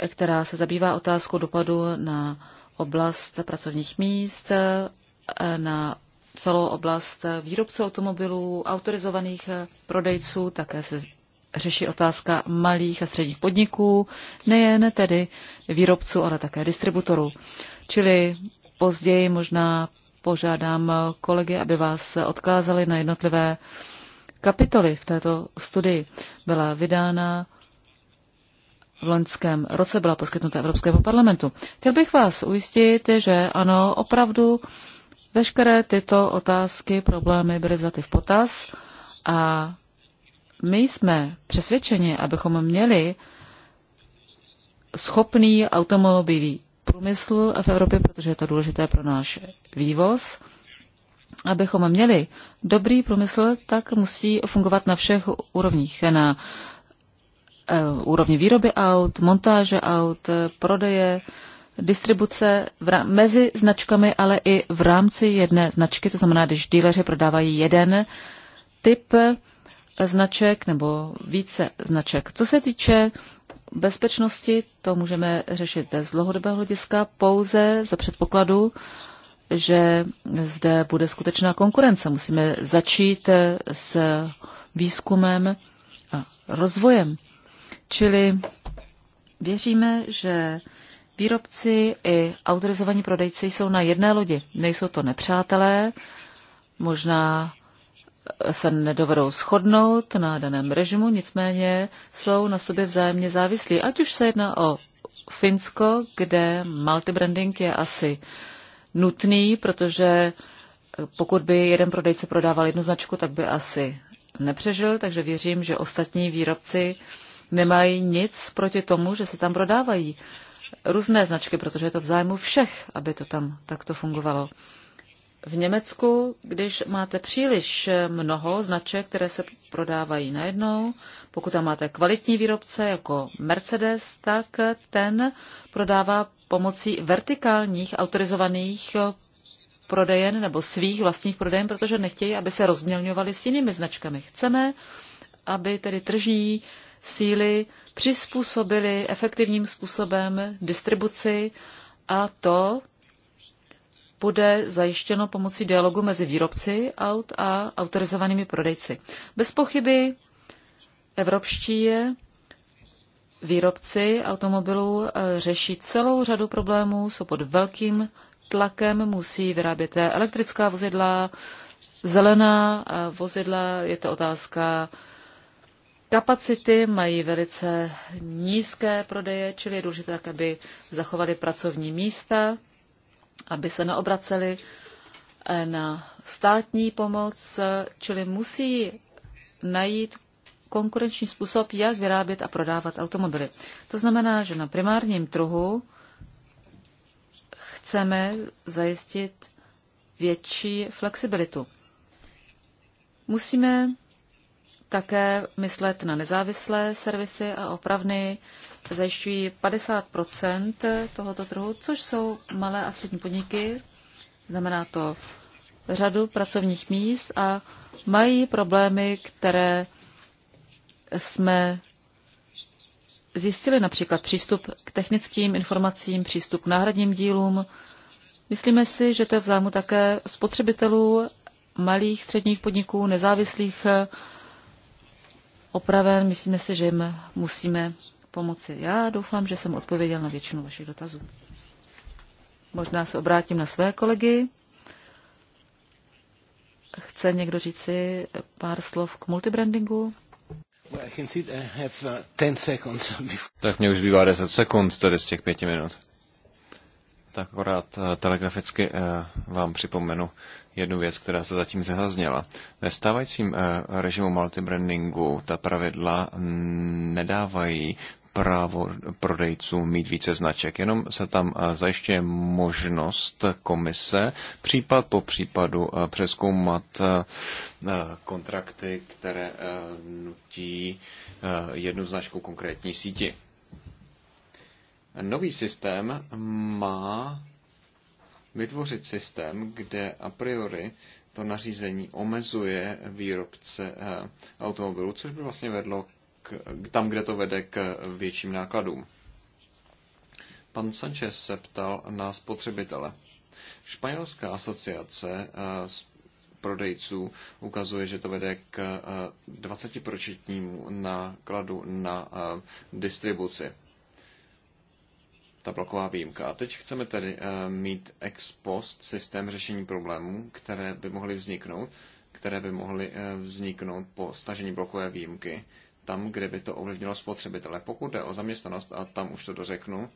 která se zabývá otázkou dopadu na oblast pracovních míst, na celou oblast výrobců automobilů, autorizovaných prodejců, také se řeší otázka malých a středních podniků, nejen tedy výrobců, ale také distributorů. Čili později možná požádám kolegy, aby vás odkázali na jednotlivé kapitoly v této studii. Byla vydána v loňském roce, byla poskytnuta Evropskému parlamentu. Chtěl bych vás ujistit, že ano, opravdu veškeré tyto otázky, problémy byly vzaty v potaz a my jsme přesvědčeni, abychom měli schopný automobilový průmysl v Evropě, protože je to důležité pro náš vývoz. Abychom měli dobrý průmysl, tak musí fungovat na všech úrovních, na eh, úrovni výroby aut, montáže aut, prodeje, distribuce v mezi značkami, ale i v rámci jedné značky, to znamená, když díleři prodávají jeden typ značek nebo více značek. Co se týče bezpečnosti, to můžeme řešit z dlouhodobého hlediska pouze za předpokladu, že zde bude skutečná konkurence. Musíme začít s výzkumem a rozvojem. Čili věříme, že výrobci i autorizovaní prodejci jsou na jedné lodi. Nejsou to nepřátelé, možná se nedovedou shodnout na daném režimu, nicméně jsou na sobě vzájemně závislí. Ať už se jedná o Finsko, kde multibranding je asi nutný, protože pokud by jeden prodejce prodával jednu značku, tak by asi nepřežil, takže věřím, že ostatní výrobci nemají nic proti tomu, že se tam prodávají různé značky, protože je to v zájmu všech, aby to tam takto fungovalo v Německu, když máte příliš mnoho značek, které se prodávají najednou, pokud tam máte kvalitní výrobce jako Mercedes, tak ten prodává pomocí vertikálních autorizovaných prodejen nebo svých vlastních prodejen, protože nechtějí, aby se rozmělňovali s jinými značkami. Chceme, aby tedy tržní síly přizpůsobily efektivním způsobem distribuci a to bude zajištěno pomocí dialogu mezi výrobci aut a autorizovanými prodejci. Bez pochyby evropští výrobci automobilů eh, řeší celou řadu problémů, jsou pod velkým tlakem, musí vyrábět elektrická vozidla, zelená eh, vozidla, je to otázka kapacity, mají velice nízké prodeje, čili je důležité tak, aby zachovali pracovní místa aby se neobraceli eh, na státní pomoc, čili musí najít konkurenční způsob, jak vyrábět a prodávat automobily. To znamená, že na primárním trhu chceme zajistit větší flexibilitu. Musíme také myslet na nezávislé servisy a opravny zajišťují 50 tohoto trhu, což jsou malé a střední podniky. Znamená to řadu pracovních míst a mají problémy, které jsme zjistili, například přístup k technickým informacím, přístup k náhradním dílům. Myslíme si, že to je v zájmu také spotřebitelů malých středních podniků, nezávislých opraven. Myslíme si, že jim musíme pomoci. Já doufám, že jsem odpověděl na většinu vašich dotazů. Možná se obrátím na své kolegy. Chce někdo říci pár slov k multibrandingu? Uh, tak mě už zbývá 10 sekund tady z těch pěti minut. Tak akorát eh, telegraficky eh, vám připomenu, jednu věc, která se zatím zehazněla. Ve stávajícím eh, režimu multibrandingu ta pravidla nedávají právo prodejcům mít více značek, jenom se tam eh, zajišťuje možnost komise případ po případu eh, přeskoumat kontrakty, které nutí jednu značku konkrétní síti. Nový systém má vytvořit systém, kde a priori to nařízení omezuje výrobce eh, automobilů, což by vlastně vedlo k, tam, kde to vede k větším nákladům. Pan Sanchez se ptal na spotřebitele. Španělská asociace eh, prodejců ukazuje, že to vede k 20% eh, nákladu na distribuci ta bloková výjimka. A teď chceme tedy eh, mít ex post systém řešení problémů, které by mohly vzniknout, které by mohly eh, vzniknout po stažení blokové výjimky, tam, kde by to ovlivnilo spotřebitele. Pokud jde o zaměstnanost, a tam už to dořeknu,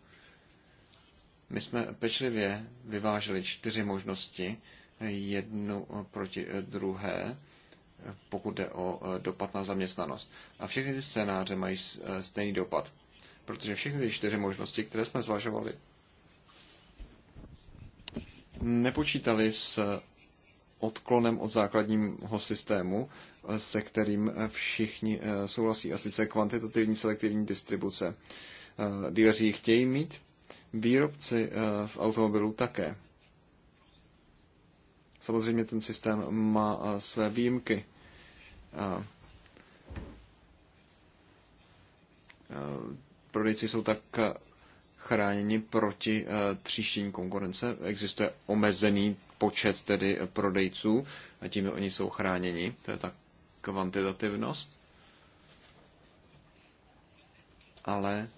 my jsme pečlivě vyvážili čtyři možnosti, jednu proti druhé, pokud jde o eh, dopad na zaměstnanost. A všechny ty scénáře mají stejný dopad protože všechny ty čtyři možnosti, které jsme zvažovali, nepočítali s odklonem od základního systému, se kterým všichni eh, souhlasí, a sice kvantitativní selektivní distribuce. Eh, díleři ji chtějí mít, výrobci eh, v automobilu také. Samozřejmě ten systém má své výjimky prodejci jsou tak chráněni proti eh, tříštění konkurence. Existuje omezený počet tedy prodejců a tím oni jsou chráněni. To je ta kvantitativnost. Ale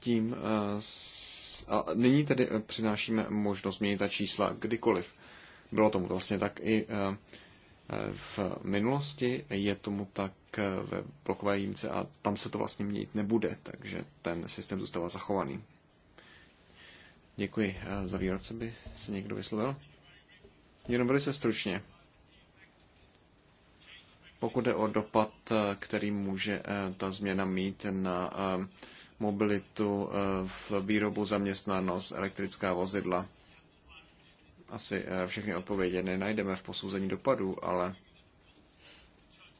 tím eh, a nyní tedy eh, přinášíme možnost měnit ta čísla kdykoliv. Bylo tomu vlastně tak i v minulosti je tomu tak ve blokové jímce a tam se to vlastně měnit nebude, takže ten systém zůstává zachovaný. Děkuji. Za výrobce by se někdo vyslovil? Jenom velice stručně. Pokud jde o dopad, který může eh, ta změna mít na eh, mobilitu, eh, v výrobu zaměstnanost, elektrická vozidla, asi eh, všechny odpovědi nenajdeme v posouzení dopadů, ale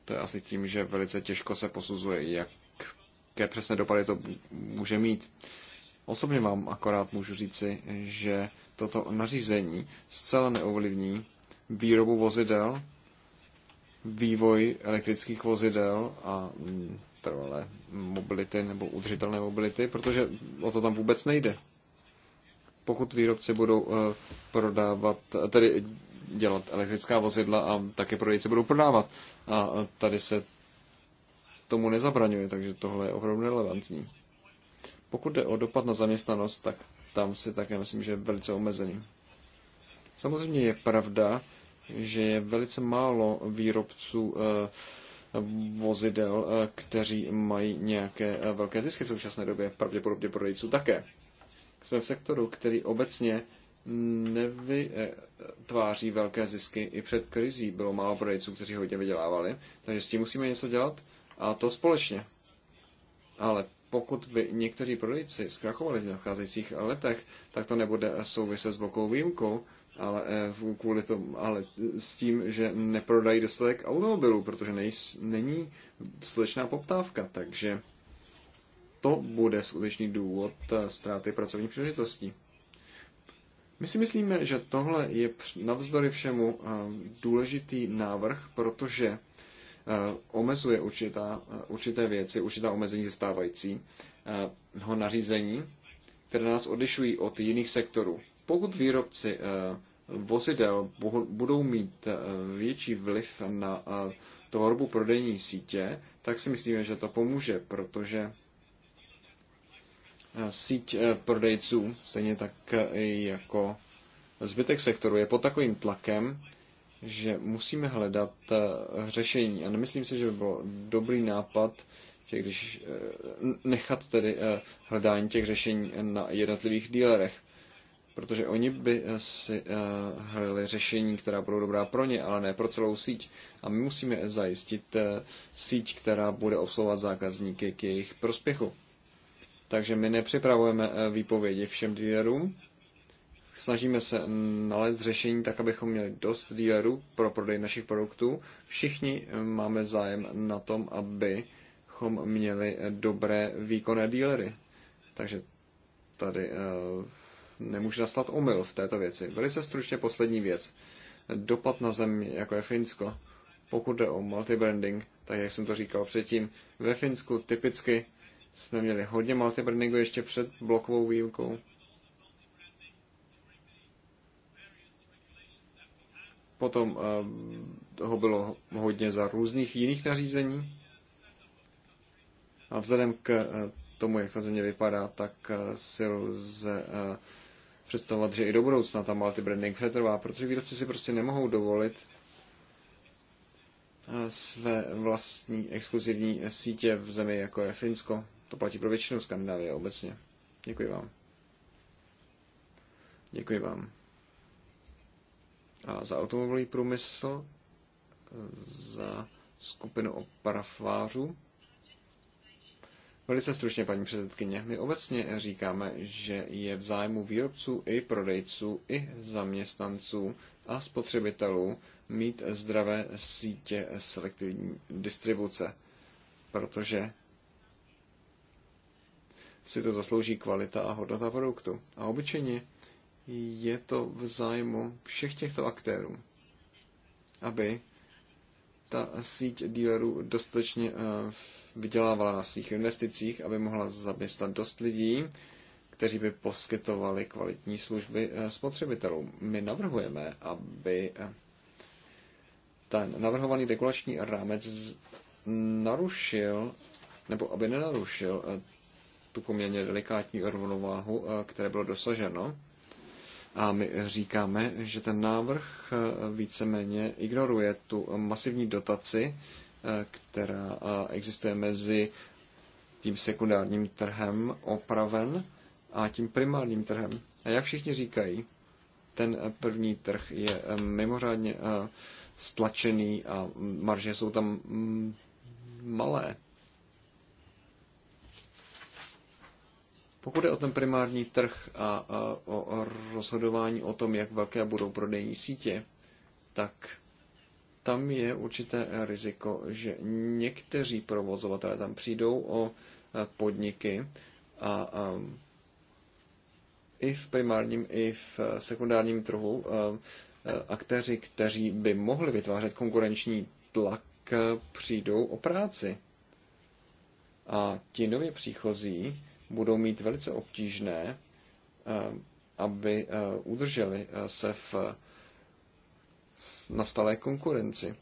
to je asi tím, že velice těžko se posuzuje, jaké přesné dopady to může mít. Osobně vám akorát můžu říci, že toto nařízení zcela neovlivní výrobu vozidel, vývoj elektrických vozidel a mm, trvalé mobility nebo udržitelné mobility, protože o to tam vůbec nejde pokud výrobci budou eh, prodávat, tedy dělat elektrická vozidla a také prodejci budou prodávat. A tady se tomu nezabraňuje, takže tohle je opravdu relevantní. Pokud jde o dopad na zaměstnanost, tak tam si také myslím, že je velice omezený. Samozřejmě je pravda, že je velice málo výrobců eh, vozidel, eh, kteří mají nějaké velké zisky v současné době, pravděpodobně prodejců také. Jsme v sektoru, který obecně nevytváří velké zisky. I před krizí bylo málo prodejců, kteří hodně vydělávali, takže s tím musíme něco dělat a to společně. Ale pokud by někteří prodejci zkrachovali v nadcházejících letech, tak to nebude souviset s bokou výjimkou, ale, eh, kvůli tomu, ale s tím, že neprodají dostatek automobilů, protože nej, není slečná poptávka. Takže to bude skutečný důvod eh, ztráty pracovních příležitostí. My si myslíme, že tohle je navzdory všemu eh, důležitý návrh, protože eh, omezuje určitá, určité věci, určitá omezení stávajícího nařízení, které nás odlišují od jiných sektorů. Pokud výrobci vozidel budou mít větší vliv na tvorbu prodejní sítě, tak si myslíme, že to pomůže, protože Eh, síť eh, prodejců, stejně tak eh, i jako zbytek sektoru, je pod takovým tlakem, že musíme hledat řešení. A nemyslím si, že by bylo dobrý nápad, že když nechat tedy hledání těch řešení na jednotlivých dílerech, protože oni by si hledali řešení, která budou dobrá pro ně, ale ne pro celou síť. A my musíme zajistit síť, která bude obsluhovat zákazníky k jejich prospěchu. Takže my nepřipravujeme eh, výpovědi všem dealerům. Snažíme se nalézt řešení tak, abychom měli dost dealerů pro prodej našich produktů. Všichni eh, máme zájem na tom, abychom měli eh, dobré výkonné dealery. Takže tady nemůže nastat omyl v této věci. Velice stručně poslední věc. Dopad na země, jako je Finsko. Pokud jde o multibranding, tak jak jsem to říkal předtím, ve Finsku typicky jsme měli hodně multibrandingu ještě před blokovou výjimkou. Potom eh, toho bylo hodně za různých jiných nařízení. A vzhledem k eh, tomu, jak ta země vypadá, tak eh, si lze představovat, že i do budoucna tam multibranding přetrvá, protože výrobci si prostě nemohou dovolit své vlastní exkluzivní sítě v zemi, jako je Finsko. To platí pro většinu Skandinávie obecně. Děkuji vám. Děkuji vám. A za automobilový průmysl, za skupinu opravářů. Velice stručně, paní předsedkyně, my obecně říkáme, že je v zájmu výrobců i prodejců, i zaměstnanců a spotřebitelů mít zdravé sítě selektivní distribuce, protože si to zaslouží kvalita a hodnota produktu. A obyčejně je to v zájmu všech těchto aktérů, aby ta síť dealerů dostatečně eh, vydělávala na svých investicích, aby mohla zaměstnat dost lidí, kteří by poskytovali kvalitní služby eh, spotřebitelům. My navrhujeme, aby eh, ten navrhovaný regulační rámec narušil, nebo aby nenarušil tu poměrně delikátní rovnováhu, eh, které bylo dosaženo. A my říkáme, že ten návrh eh, víceméně ignoruje tu masivní dotaci, eh, která existuje mezi tím sekundárním trhem opraven a tím primárním trhem. A jak všichni říkají, ten první trh je mimořádně stlačený a marže jsou tam mm, malé. Pokud je o ten primární trh a, a o rozhodování o tom, jak velké budou prodejní sítě, tak tam je určité riziko, že někteří provozovatelé tam přijdou o e, podniky a, a i v primárním, i v sekundárním trhu e, e, aktéři, kteří by mohli vytvářet konkurenční tlak, přijdou o práci. A ti nově příchozí budou mít velice obtížné, eh, aby eh, udrželi eh, se v nastalé konkurenci.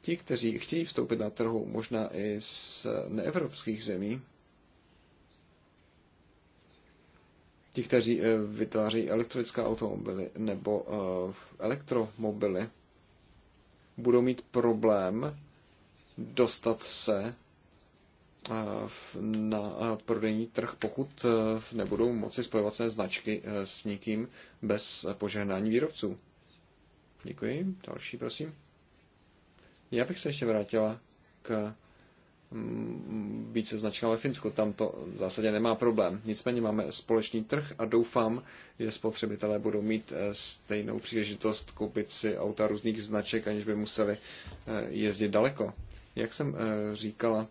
Ti, kteří chtějí vstoupit na trhu, možná i z neevropských zemí, ti, kteří vytváří elektrické automobily nebo elektromobily, budou mít problém dostat se na prodejní trh, pokud e, nebudou moci spojovat své značky e, s nikým bez požehnání výrobců. Děkuji. Další, prosím. Já bych se ještě vrátila k více značkám ve Finsku. Tam to v zásadě nemá problém. Nicméně máme společný trh a doufám, že spotřebitelé budou mít e, stejnou příležitost koupit si auta různých značek, aniž by museli jezdit daleko. Jak jsem říkala,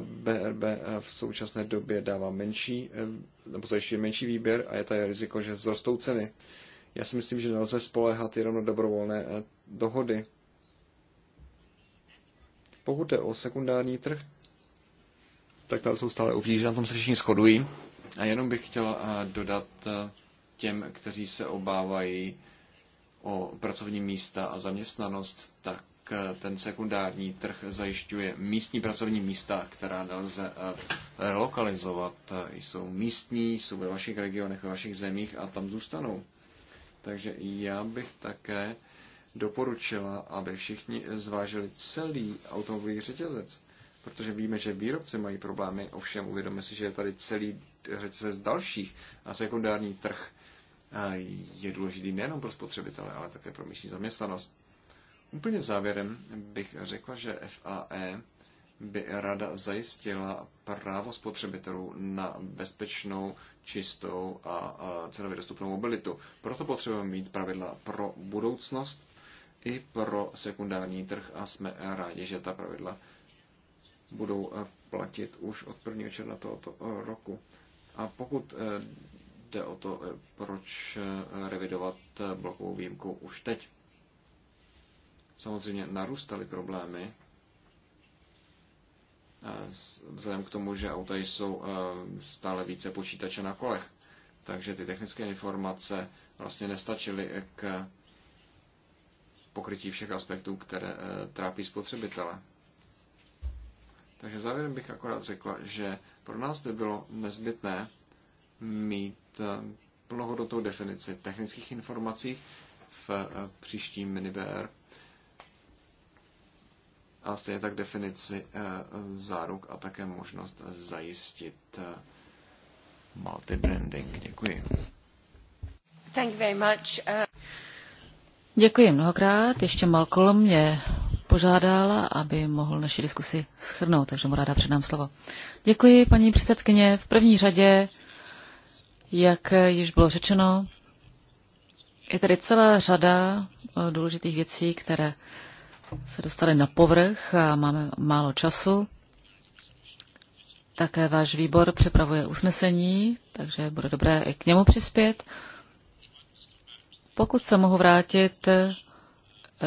BRB v současné době dává menší, eh, nebo zajišťuje menší výběr a je tady riziko, že vzrostou ceny. Já si myslím, že nelze spolehat jenom na dobrovolné eh, dohody. Pokud jde o sekundární trh, tak tam jsou stále obtíže, na tom se všichni shodují. A jenom bych chtěl eh, dodat těm, kteří se obávají o pracovní místa a zaměstnanost, tak Eh, ten sekundární trh zajišťuje místní pracovní místa, která nelze eh, relokalizovat. Eh, jsou místní, jsou ve vašich regionech, ve vašich zemích a tam zůstanou. Takže já bych také doporučila, aby všichni zvážili celý automobilový řetězec, protože víme, že výrobci mají problémy, ovšem uvědomíme si, že je tady celý řetězec dalších a sekundární trh je důležitý nejenom pro spotřebitele, ale také pro místní zaměstnanost. Úplně závěrem bych řekla, že FAE by rada zajistila právo spotřebitelů na bezpečnou, čistou a cenově dostupnou mobilitu. Proto potřebujeme mít pravidla pro budoucnost i pro sekundární trh a jsme rádi, že ta pravidla budou e, platit už od 1. června tohoto e, roku. A pokud e, jde o to, proč revidovat blokovou výjimku už teď, samozřejmě narůstaly problémy, eh, vzhledem k tomu, že auta jsou eh, stále více počítače na kolech. Takže ty technické informace vlastně nestačily k pokrytí všech aspektů, které eh, trápí spotřebitele. Takže závěrem bych akorát řekla, že pro nás by bylo nezbytné mít plnohodnotou definici technických informací v příštím mini-BR a stejně tak definici eh, záruk a také možnost zajistit eh, multibranding. Děkuji. Thank you very much. Eh. Děkuji mnohokrát. Ještě Malcolm mě požádal, aby mohl naši diskusi schrnout, takže mu ráda předám slovo. Děkuji, paní předsedkyně. V první řadě, jak již bylo řečeno, je tady celá řada důležitých věcí, které se dostali na povrch a máme málo času. Také váš výbor připravuje usnesení, takže bude dobré i k němu přispět. Pokud se mohu vrátit eh,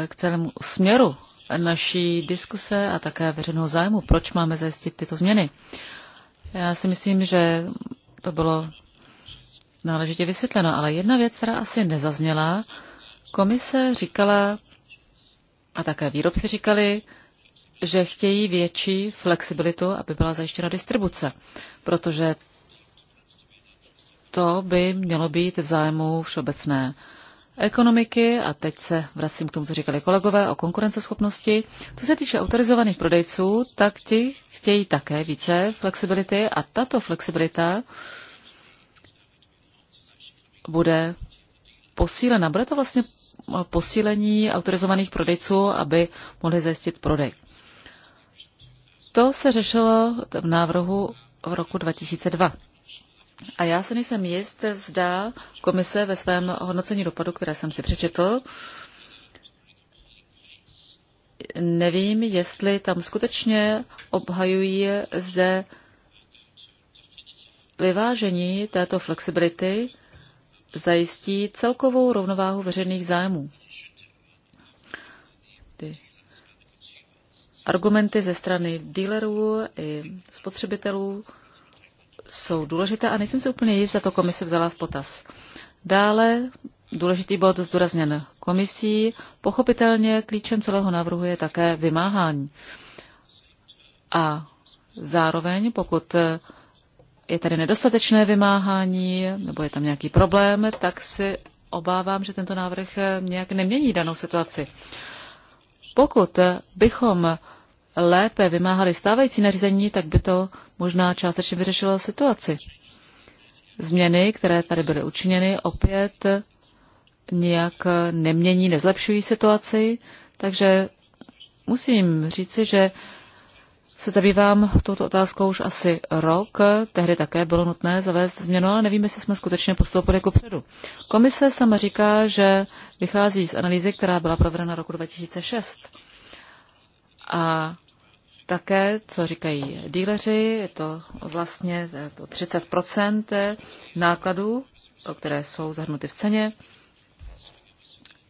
k celému směru naší diskuse a také veřejného zájmu, proč máme zajistit tyto změny. Já si myslím, že to bylo náležitě vysvětleno, ale jedna věc, která asi nezazněla, komise říkala, a také výrobci říkali, že chtějí větší flexibilitu, aby byla zajištěna distribuce, protože to by mělo být v zájmu všeobecné ekonomiky a teď se vracím k tomu, co říkali kolegové o konkurenceschopnosti. Co se týče autorizovaných prodejců, tak ti chtějí také více flexibility a tato flexibilita bude posílena. Bude to vlastně posílení autorizovaných prodejců, aby mohli zajistit prodej. To se řešilo v návrhu v roku 2002. A já se nejsem jist, zda komise ve svém hodnocení dopadu, které jsem si přečetl, nevím, jestli tam skutečně obhajují zde vyvážení této flexibility zajistí celkovou rovnováhu veřejných zájmů. Ty argumenty ze strany dealerů i spotřebitelů jsou důležité a nejsem si úplně jistá, to komise vzala v potaz. Dále důležitý bod zdůrazněn komisí. Pochopitelně klíčem celého návrhu je také vymáhání. A zároveň, pokud je tady nedostatečné vymáhání nebo je tam nějaký problém, tak si obávám, že tento návrh nějak nemění danou situaci. Pokud bychom lépe vymáhali stávající nařízení, tak by to možná částečně vyřešilo situaci. Změny, které tady byly učiněny, opět nijak nemění, nezlepšují situaci, takže musím říci, že se zabývám touto otázkou už asi rok. Tehdy také bylo nutné zavést změnu, ale nevím, jestli jsme skutečně postoupili jako předu. Komise sama říká, že vychází z analýzy, která byla provedena roku 2006. A také, co říkají díleři, je to vlastně to 30 nákladů, které jsou zahrnuty v ceně.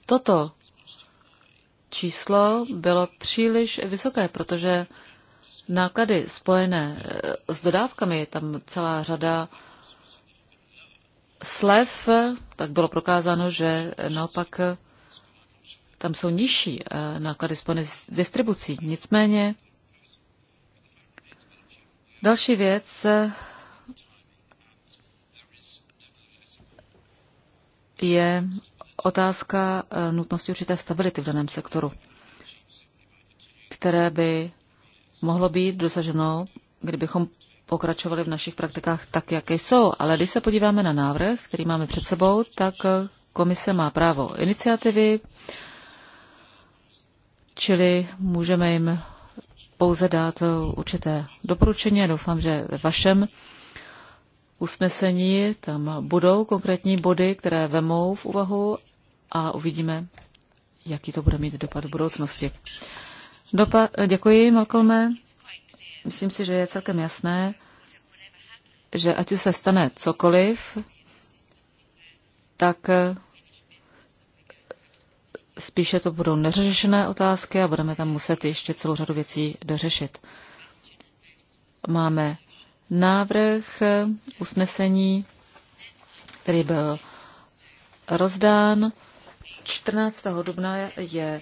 Toto číslo bylo příliš vysoké, protože náklady spojené eh, s dodávkami, je tam celá řada slev, tak bylo prokázáno, že naopak eh, tam jsou nižší eh, náklady spojené s distribucí. Nicméně další věc je otázka nutnosti určité stability v daném sektoru, které by mohlo být dosaženo, kdybychom pokračovali v našich praktikách tak, jaké jsou. Ale když se podíváme na návrh, který máme před sebou, tak komise má právo iniciativy, čili můžeme jim pouze dát určité doporučení a doufám, že ve vašem usnesení tam budou konkrétní body, které vemou v úvahu a uvidíme, jaký to bude mít dopad v budoucnosti. Dopa- děkuji, Malcolme. Myslím si, že je celkem jasné, že ať už se stane cokoliv, tak eh, spíše to budou neřešené otázky a budeme tam muset ještě celou řadu věcí dořešit. Máme návrh eh, usnesení, který byl rozdán. 14. dubna je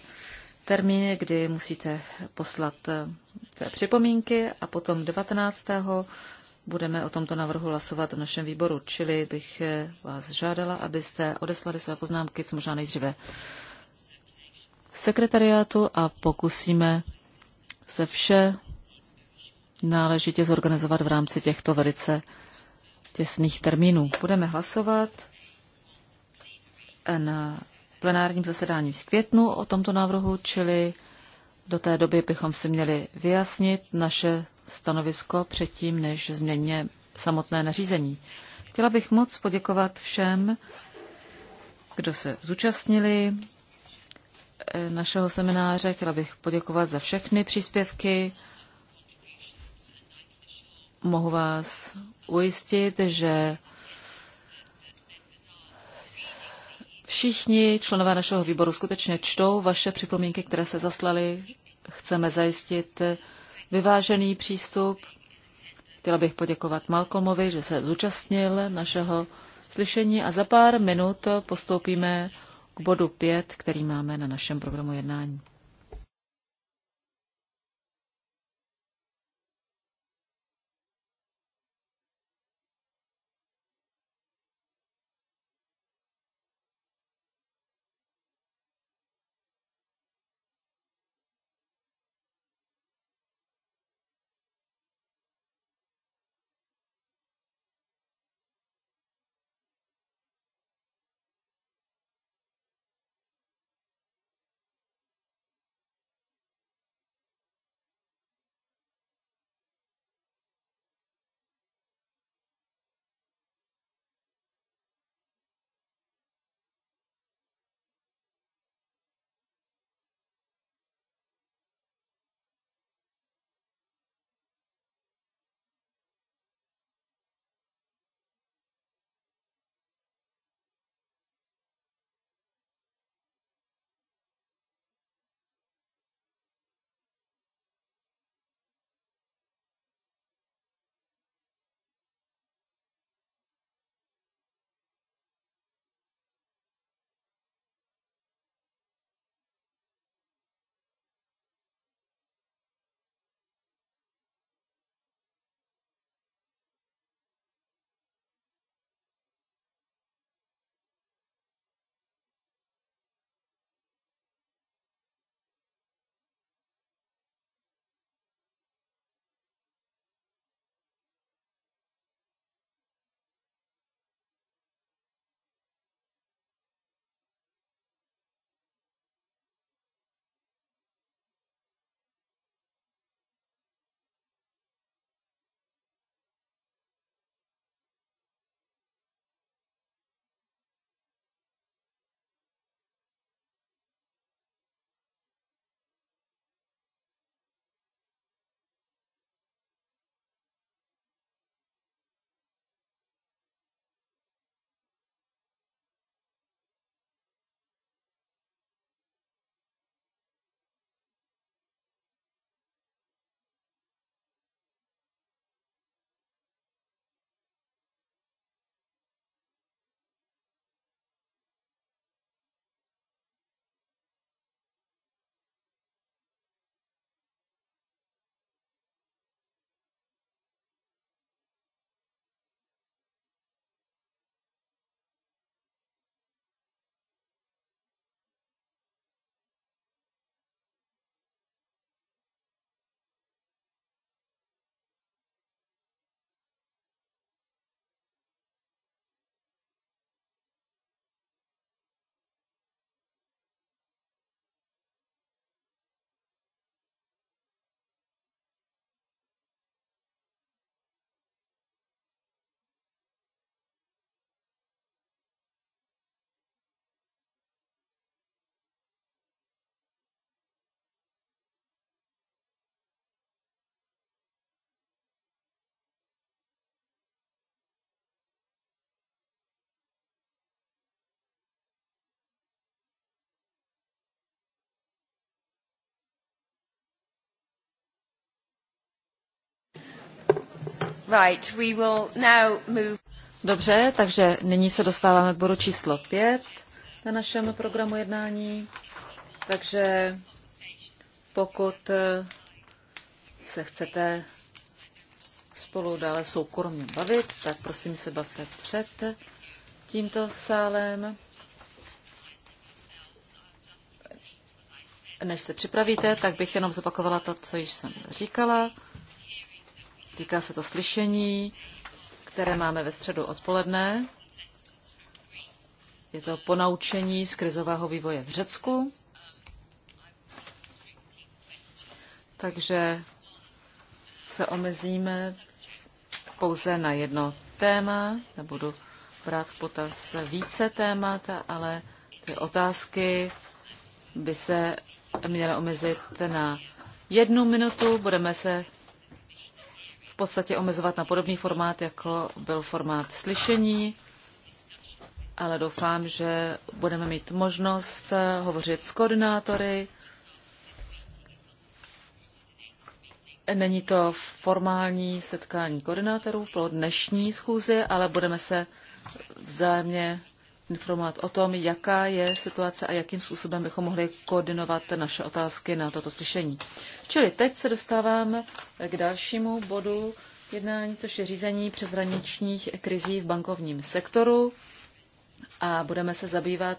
termíny, kdy musíte poslat eh, své připomínky a potom 19. budeme o tomto návrhu hlasovat v našem výboru, čili bych eh, vás žádala, abyste odeslali své poznámky co možná nejdříve sekretariátu a pokusíme se vše náležitě zorganizovat v rámci těchto velice těsných termínů. Budeme hlasovat na plenárním zasedání v květnu o tomto návrhu, čili do té doby bychom si měli vyjasnit naše stanovisko předtím, než změně samotné nařízení. Chtěla bych moc poděkovat všem, kdo se zúčastnili eh, našeho semináře. Chtěla bych poděkovat za všechny příspěvky. Mohu vás ujistit, že Všichni členové našeho výboru skutečně čtou vaše připomínky, které se zaslaly. Chceme zajistit vyvážený přístup. Chtěla bych poděkovat Malcolmovi, že se zúčastnil našeho slyšení a za pár minut postoupíme k bodu 5, který máme na našem programu jednání. Right, we will now move. Dobře, takže nyní se dostáváme k bodu číslo 5 na našem programu jednání. Takže pokud eh, se chcete spolu dále soukromně bavit, tak prosím se bavte před tímto sálem. Než se připravíte, tak bych jenom zopakovala to, co již jsem říkala. Týká se to slyšení, které máme ve středu odpoledne. Je to ponaučení z krizového vývoje v Řecku. Takže se omezíme pouze na jedno téma. Nebudu brát v potaz více témat, ale ty otázky by se měly omezit na jednu minutu. Budeme se v podstatě omezovat na podobný formát, jako byl formát slyšení, ale doufám, že budeme mít možnost eh, hovořit s koordinátory. Není to formální setkání koordinátorů pro dnešní schůzi, ale budeme se vzájemně informovat o tom, jaká je situace a jakým způsobem bychom mohli koordinovat naše otázky na toto slyšení. Čili teď se dostáváme k dalšímu bodu jednání, což je řízení přeshraničních krizí v bankovním sektoru. A budeme se zabývat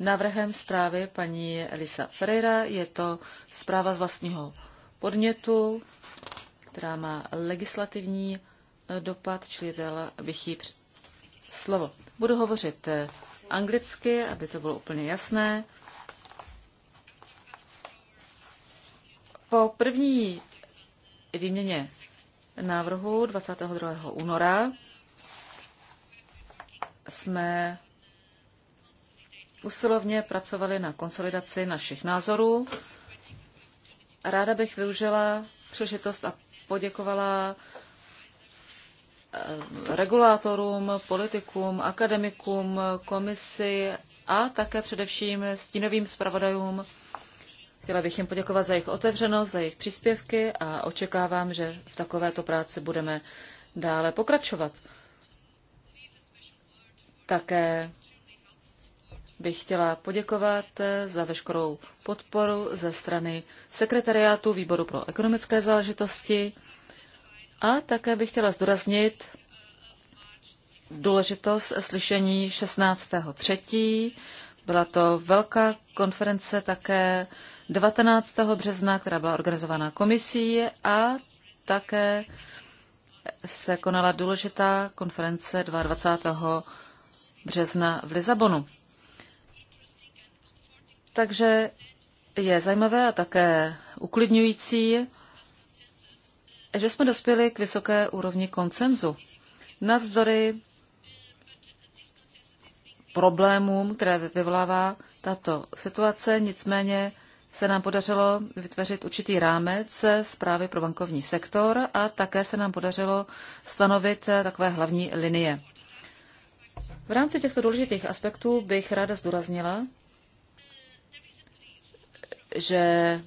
návrhem zprávy paní Elisa Ferreira. Je to zpráva z vlastního podnětu, která má legislativní dopad, čili dala bych jí slovo. Budu hovořit eh, anglicky, aby to bylo úplně jasné. Po první výměně návrhu 22. února jsme usilovně pracovali na konsolidaci našich názorů. Ráda bych využila přežitost a poděkovala regulátorům, politikům, akademikům, komisi a také především stínovým zpravodajům. Chtěla bych jim poděkovat za jejich otevřenost, za jejich příspěvky a očekávám, že v takovéto práci budeme dále pokračovat. Také bych chtěla poděkovat za veškerou podporu ze strany sekretariátu Výboru pro ekonomické záležitosti, a také bych chtěla zdůraznit důležitost slyšení 16.3. Byla to velká konference také 19. března, která byla organizována komisí a také se konala důležitá konference 22. března v Lisabonu. Takže je zajímavé a také uklidňující že jsme dospěli k vysoké úrovni koncenzu. Navzdory problémům, které vyvolává tato situace, nicméně se nám podařilo vytvořit určitý rámec zprávy pro bankovní sektor a také se nám podařilo stanovit takové hlavní linie. V rámci těchto důležitých aspektů bych ráda zdůraznila, že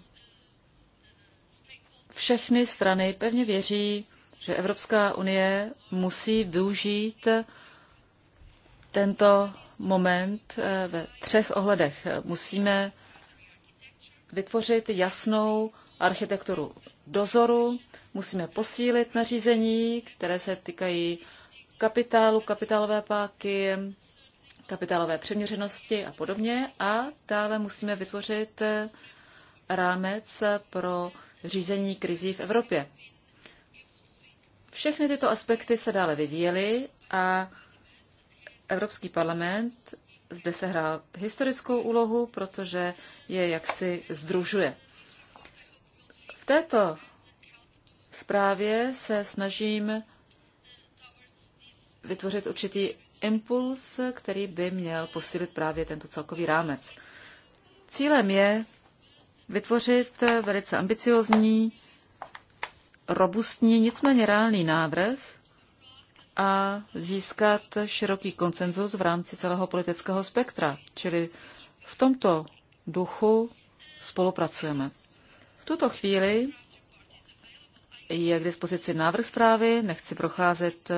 všechny strany pevně věří, že Evropská unie musí využít tento moment eh, ve třech ohledech. Musíme vytvořit jasnou architekturu dozoru, musíme posílit nařízení, které se týkají kapitálu, kapitálové páky, kapitálové přeměřenosti a podobně. A dále musíme vytvořit eh, rámec pro řízení krizí v Evropě. Všechny tyto aspekty se dále vyvíjely a Evropský parlament zde se hrál historickou úlohu, protože je jaksi združuje. V této zprávě se snažím vytvořit určitý impuls, který by měl posílit právě tento celkový rámec. Cílem je vytvořit velice ambiciozní, robustní, nicméně reálný návrh a získat široký konsenzus v rámci celého politického spektra. Čili v tomto duchu spolupracujeme. V tuto chvíli je k dispozici návrh zprávy, nechci procházet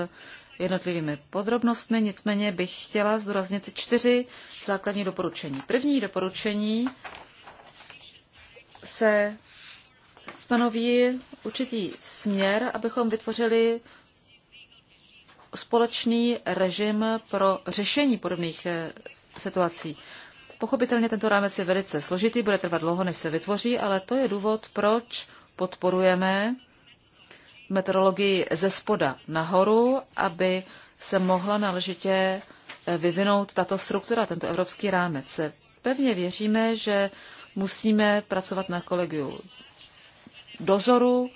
jednotlivými podrobnostmi, nicméně bych chtěla zdůraznit čtyři základní doporučení. První doporučení se stanoví určitý směr, abychom vytvořili společný režim pro řešení podobných eh, situací. Pochopitelně tento rámec je velice složitý, bude trvat dlouho, než se vytvoří, ale to je důvod, proč podporujeme meteorologii ze spoda nahoru, aby se mohla náležitě eh, vyvinout tato struktura, tento evropský rámec. Pevně věříme, že musíme pracovat na kolegiu dozoru,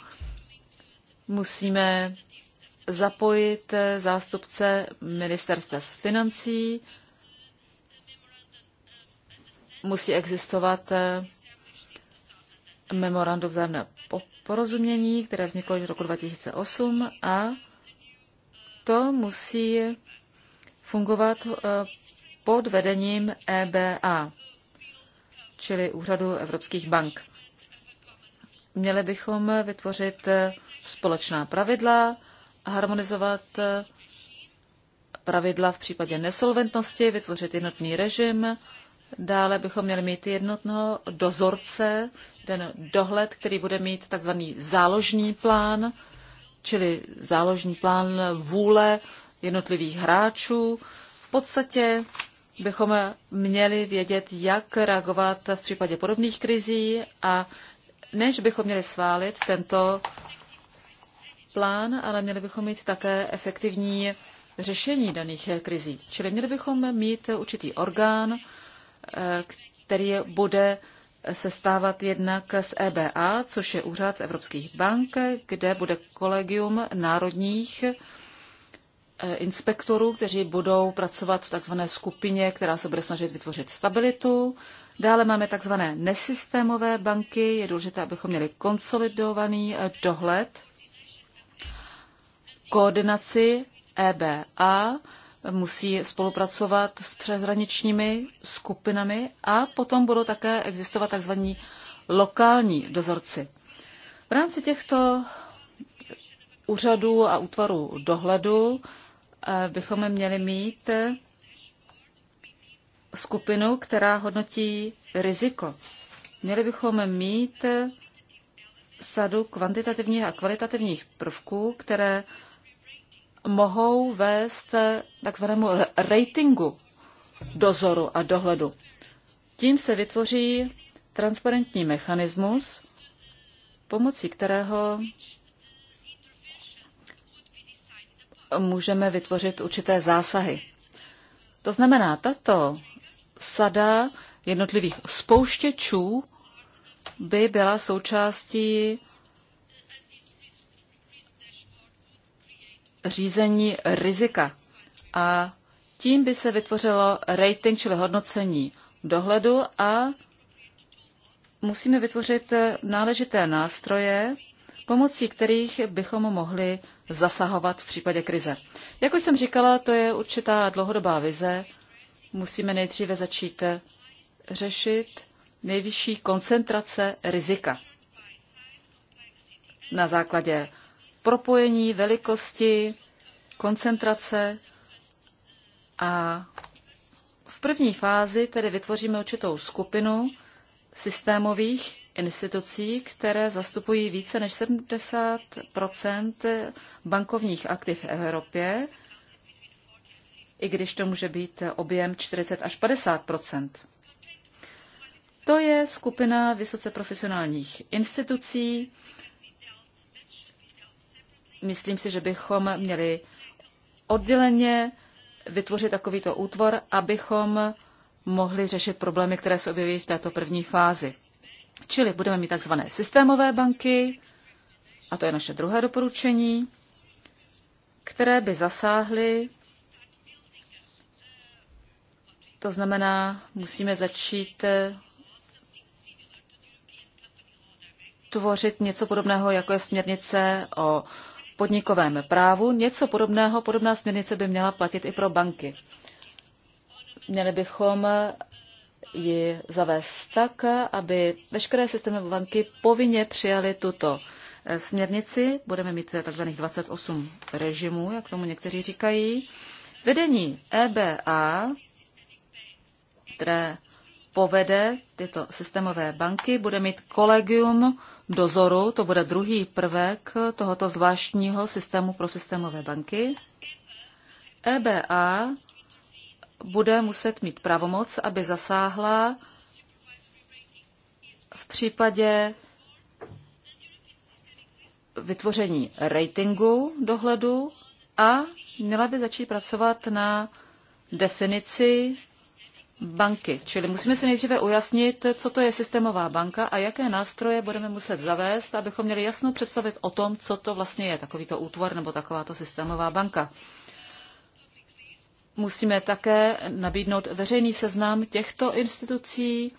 musíme zapojit zástupce ministerstva financí, musí existovat eh, memorandum vzájemné porozumění, které vzniklo již v roku 2008 a to musí fungovat eh, pod vedením EBA čili úřadu evropských bank. Měli bychom vytvořit společná pravidla, harmonizovat pravidla v případě nesolventnosti, vytvořit jednotný režim. Dále bychom měli mít jednotného dozorce, ten dohled, který bude mít takzvaný záložní plán, čili záložní plán vůle jednotlivých hráčů. V podstatě bychom měli vědět, jak reagovat v případě podobných krizí a než bychom měli sválit tento plán, ale měli bychom mít také efektivní řešení daných krizí. Čili měli bychom mít určitý orgán, eh, který bude sestávat jednak z EBA, což je úřad evropských bank, kde bude kolegium národních Eh, inspektorů, kteří budou pracovat v takzvané skupině, která se bude snažit vytvořit stabilitu. Dále máme takzvané nesystémové banky. Je důležité, abychom měli konsolidovaný eh, dohled, koordinaci EBA, musí spolupracovat s přezraničními skupinami a potom budou také existovat tzv. lokální dozorci. V rámci těchto úřadů a útvarů dohledu Eh, bychom měli mít eh, skupinu, která hodnotí riziko. Měli bychom mít eh, sadu kvantitativních a kvalitativních prvků, které mohou vést takzvanému ratingu dozoru a dohledu. Tím se vytvoří transparentní mechanismus, pomocí kterého můžeme vytvořit určité zásahy. To znamená, tato sada jednotlivých spouštěčů by byla součástí řízení rizika. A tím by se vytvořilo rating, čili hodnocení dohledu a musíme vytvořit náležité nástroje, pomocí kterých bychom mohli zasahovat v případě krize. Jak už jsem říkala, to je určitá dlouhodobá vize. Musíme nejdříve začít řešit nejvyšší koncentrace rizika na základě propojení, velikosti, koncentrace a v první fázi tedy vytvoříme určitou skupinu systémových institucí, které zastupují více než 70 bankovních aktiv v Evropě, i když to může být objem 40 až 50 To je skupina vysoce profesionálních institucí. Myslím si, že bychom měli odděleně vytvořit takovýto útvor, abychom mohli řešit problémy, které se objeví v této první fázi. Čili budeme mít takzvané systémové banky, a to je naše druhé doporučení, které by zasáhly, to znamená, musíme začít eh, tvořit něco podobného, jako je směrnice o podnikovém právu. Něco podobného, podobná směrnice by měla platit i pro banky. Měli bychom ji zavést tak, aby veškeré systémové banky povinně přijaly tuto eh, směrnici. Budeme mít eh, tzv. 28 režimů, jak tomu někteří říkají. Vedení EBA, které povede tyto systémové banky, bude mít kolegium dozoru, to bude druhý prvek tohoto zvláštního systému pro systémové banky. EBA bude muset mít pravomoc, aby zasáhla v případě vytvoření ratingu dohledu a měla by začít pracovat na definici banky. Čili musíme si nejdříve ujasnit, co to je systémová banka a jaké nástroje budeme muset zavést, abychom měli jasnou představit o tom, co to vlastně je takovýto útvar nebo takováto systémová banka musíme také nabídnout veřejný seznam těchto institucí,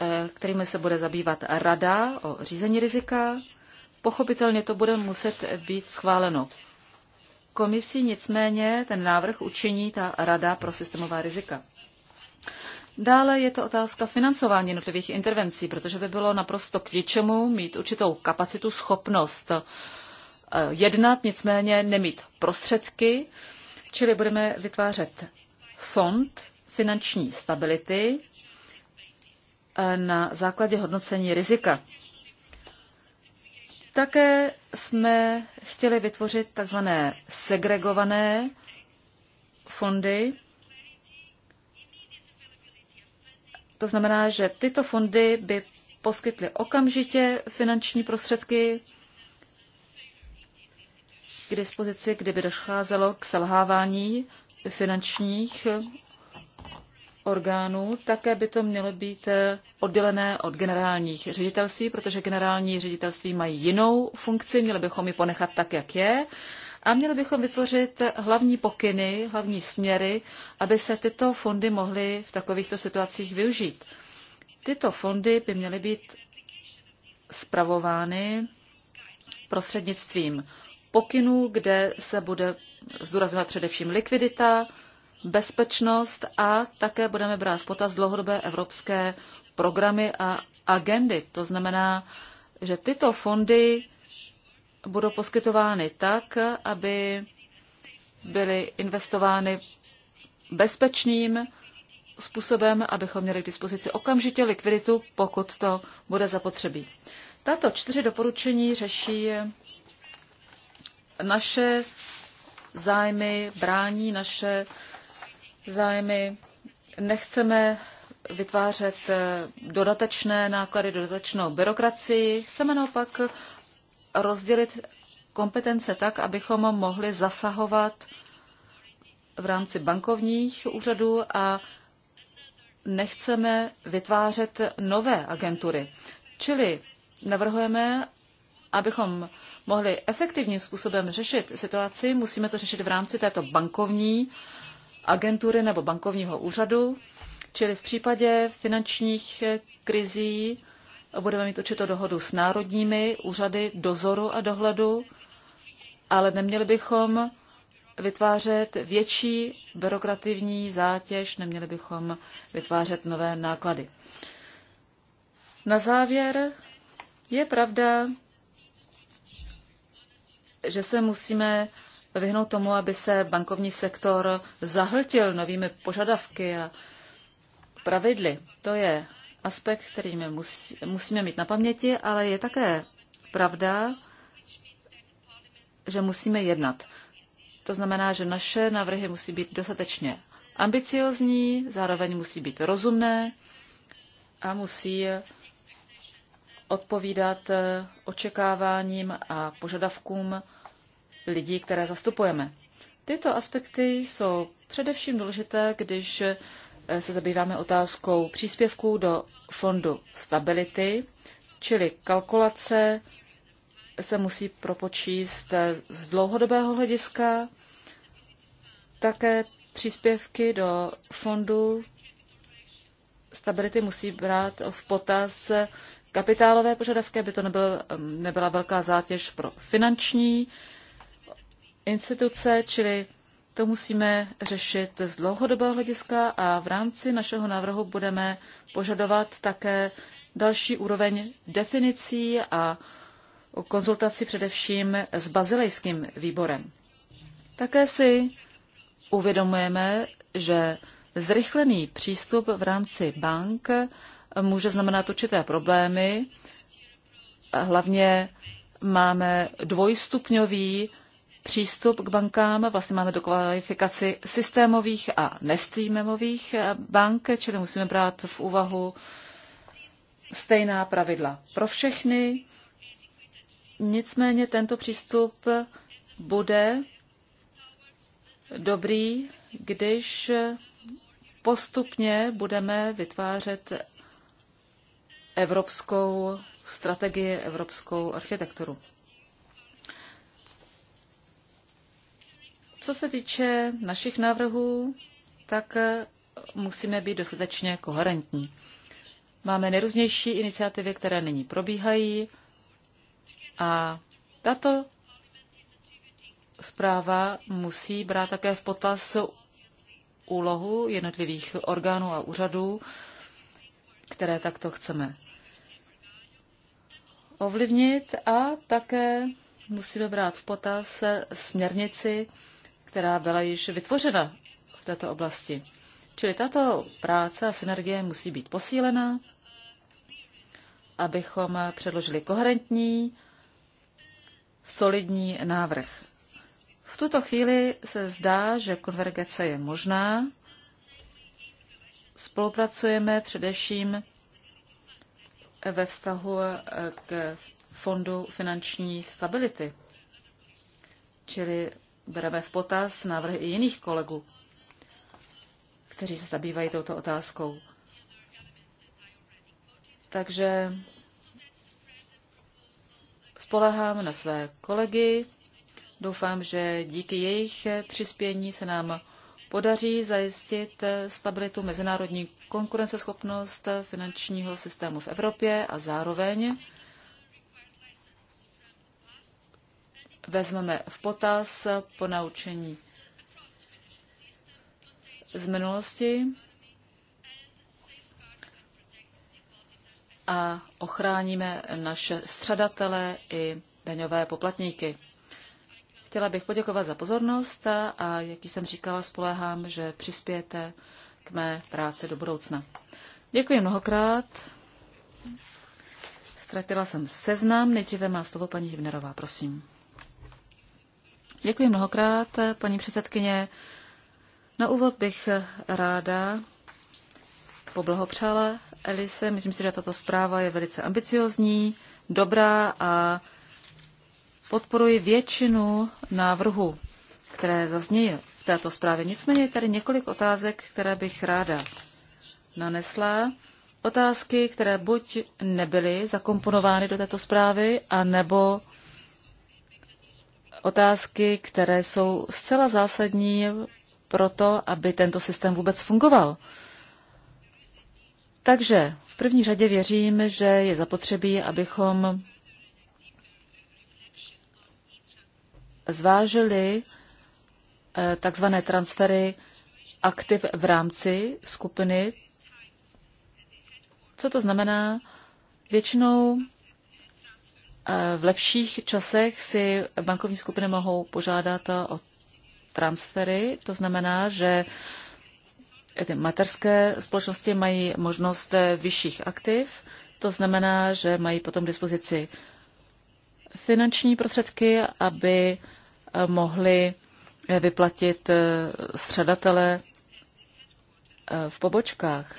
eh, kterými se bude zabývat rada o řízení rizika. Pochopitelně to bude muset být schváleno komisí, nicméně ten návrh učiní ta rada pro systémová rizika. Dále je to otázka financování jednotlivých intervencí, protože by bylo naprosto k ničemu mít určitou kapacitu, schopnost eh, jednat, nicméně nemít prostředky, Čili budeme vytvářet fond finanční stability eh, na základě hodnocení rizika. Také jsme chtěli vytvořit takzvané segregované fondy. To znamená, že tyto fondy by poskytly okamžitě finanční prostředky k dispozici, kdyby docházelo k selhávání finančních orgánů. Také by to mělo být eh, oddělené od generálních ředitelství, protože generální ředitelství mají jinou funkci, měli bychom ji ponechat tak, jak je. A měli bychom vytvořit hlavní pokyny, hlavní směry, aby se tyto fondy mohly v takovýchto situacích využít. Tyto fondy by měly být spravovány prostřednictvím pokynů, kde se bude zdůrazňovat především likvidita, bezpečnost a také budeme brát v potaz dlouhodobé evropské programy a agendy. To znamená, že tyto fondy budou poskytovány tak, aby byly investovány bezpečným způsobem, abychom měli k dispozici okamžitě likviditu, pokud to bude zapotřebí. Tato čtyři doporučení řeší naše zájmy, brání naše zájmy. Nechceme vytvářet eh, dodatečné náklady, dodatečnou byrokracii. Chceme naopak rozdělit kompetence tak, abychom mohli zasahovat v rámci bankovních úřadů a nechceme vytvářet nové agentury. Čili navrhujeme, abychom mohli efektivním způsobem řešit situaci, musíme to řešit v rámci této bankovní agentury nebo bankovního úřadu, čili v případě finančních eh, krizí budeme mít určitou dohodu s národními úřady dozoru a dohledu, ale neměli bychom vytvářet větší byrokrativní zátěž, neměli bychom vytvářet nové náklady. Na závěr je pravda, že se musíme vyhnout tomu, aby se bankovní sektor zahltil novými požadavky a pravidly. To je aspekt, který my musí, musíme mít na paměti, ale je také pravda, že musíme jednat. To znamená, že naše návrhy musí být dostatečně ambiciozní, zároveň musí být rozumné a musí odpovídat eh, očekáváním a požadavkům lidí, které zastupujeme. Tyto aspekty jsou především důležité, když eh, se zabýváme otázkou příspěvků do fondu stability, čili kalkulace se musí propočíst eh, z dlouhodobého hlediska, také příspěvky do fondu stability musí brát v potaz kapitálové požadavky, aby to nebyl, um, nebyla velká zátěž pro finanční instituce, čili to musíme řešit z dlouhodobého hlediska a v rámci našeho návrhu budeme požadovat také další úroveň definicí a konzultaci především s bazilejským výborem. Také si uvědomujeme, že zrychlený přístup v rámci bank může znamenat určité problémy. Hlavně máme dvojstupňový přístup k bankám, vlastně máme do kvalifikaci systémových a nestýmemových bank, čili musíme brát v úvahu stejná pravidla pro všechny. Nicméně tento přístup bude dobrý, když postupně budeme vytvářet evropskou strategii, evropskou architekturu. Co se týče našich návrhů, tak musíme být dostatečně koherentní. Máme nejrůznější iniciativy, které nyní probíhají a tato zpráva musí brát také v potaz úlohu jednotlivých orgánů a úřadů, které takto chceme ovlivnit a také musíme brát v potaz směrnici, která byla již vytvořena v této oblasti. Čili tato práce a synergie musí být posílena, abychom předložili koherentní, solidní návrh. V tuto chvíli se zdá, že konvergence je možná. Spolupracujeme především ve vztahu eh, k fondu finanční stability. Čili bereme v potaz návrhy i jiných kolegů, kteří se zabývají touto otázkou. Takže spolehám na své kolegy. Doufám, že díky jejich přispění se nám podaří zajistit stabilitu mezinárodní konkurenceschopnost finančního systému v Evropě a zároveň vezmeme v potaz po naučení z minulosti a ochráníme naše středatele i daňové poplatníky. Chtěla bych poděkovat za pozornost a, jak jsem říkala, spoléhám, že přispějete mé práce do budoucna. Děkuji mnohokrát. Ztratila jsem seznam. Nejdříve má slovo paní Hivnerová, prosím. Děkuji mnohokrát, paní předsedkyně. Na úvod bych ráda poblahopřála Elise. Myslím si, že tato zpráva je velice ambiciozní, dobrá a podporuji většinu návrhu, které zazněly této zprávě. Nicméně je tady několik otázek, které bych ráda nanesla. Otázky, které buď nebyly zakomponovány do této zprávy, anebo otázky, které jsou zcela zásadní pro to, aby tento systém vůbec fungoval. Takže v první řadě věřím, že je zapotřebí, abychom zvážili Eh, takzvané transfery aktiv v rámci skupiny. Co to znamená? Většinou eh, v lepších časech si bankovní skupiny mohou požádat o transfery. To znamená, že ty materské společnosti mají možnost vyšších aktiv. To znamená, že mají potom dispozici finanční prostředky, aby eh, mohli vyplatit eh, středatele eh, v pobočkách.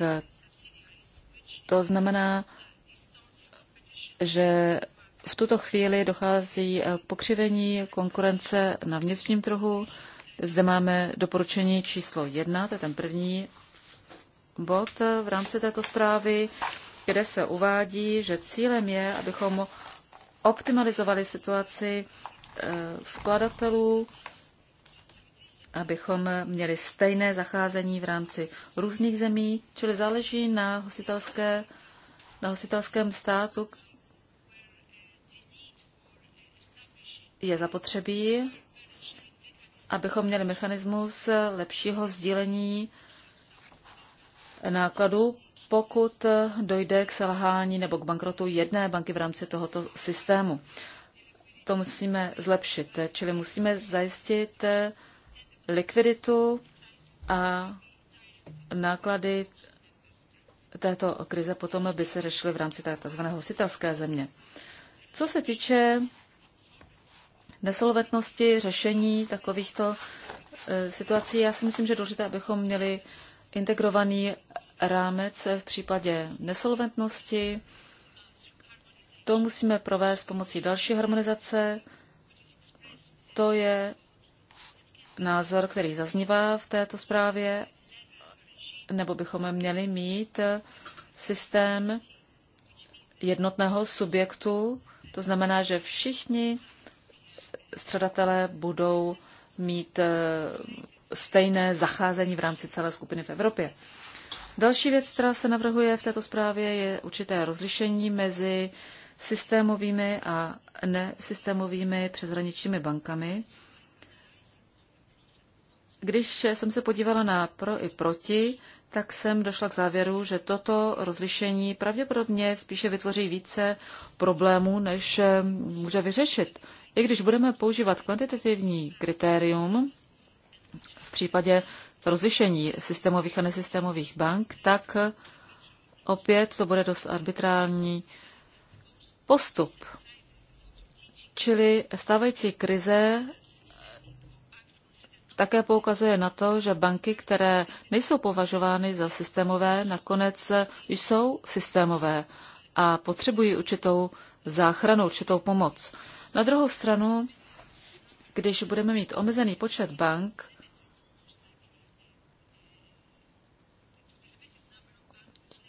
To znamená, že v tuto chvíli dochází eh, pokřivení konkurence na vnitřním trhu. Zde máme doporučení číslo jedna, to je ten první bod v rámci této zprávy, kde se uvádí, že cílem je, abychom optimalizovali situaci vkladatelů abychom měli stejné zacházení v rámci různých zemí, čili záleží na, hostitelské, na hostitelském státu. Je zapotřebí, abychom měli mechanismus lepšího sdílení nákladů, pokud dojde k selhání nebo k bankrotu jedné banky v rámci tohoto systému. To musíme zlepšit, čili musíme zajistit likviditu a náklady této krize potom by se řešily v rámci tzv. hostitelské země. Co se týče nesolventnosti, řešení takovýchto e, situací, já si myslím, že je důležité, abychom měli integrovaný rámec v případě nesolventnosti. To musíme provést pomocí další harmonizace. To je názor, který zaznívá v této zprávě, nebo bychom měli mít systém jednotného subjektu, to znamená, že všichni středatelé budou mít eh, stejné zacházení v rámci celé skupiny v Evropě. Další věc, která se navrhuje v této zprávě, je určité rozlišení mezi systémovými a nesystémovými přeshraničními bankami. Když jsem se podívala na pro i proti, tak jsem došla k závěru, že toto rozlišení pravděpodobně spíše vytvoří více problémů, než eh, může vyřešit. I když budeme používat kvantitativní kritérium v případě rozlišení systémových a nesystémových bank, tak eh, opět to bude dost arbitrální postup. Čili stávající krize také poukazuje na to, že banky, které nejsou považovány za systémové, nakonec jsou systémové a potřebují určitou záchranu, určitou pomoc. Na druhou stranu, když budeme mít omezený počet bank,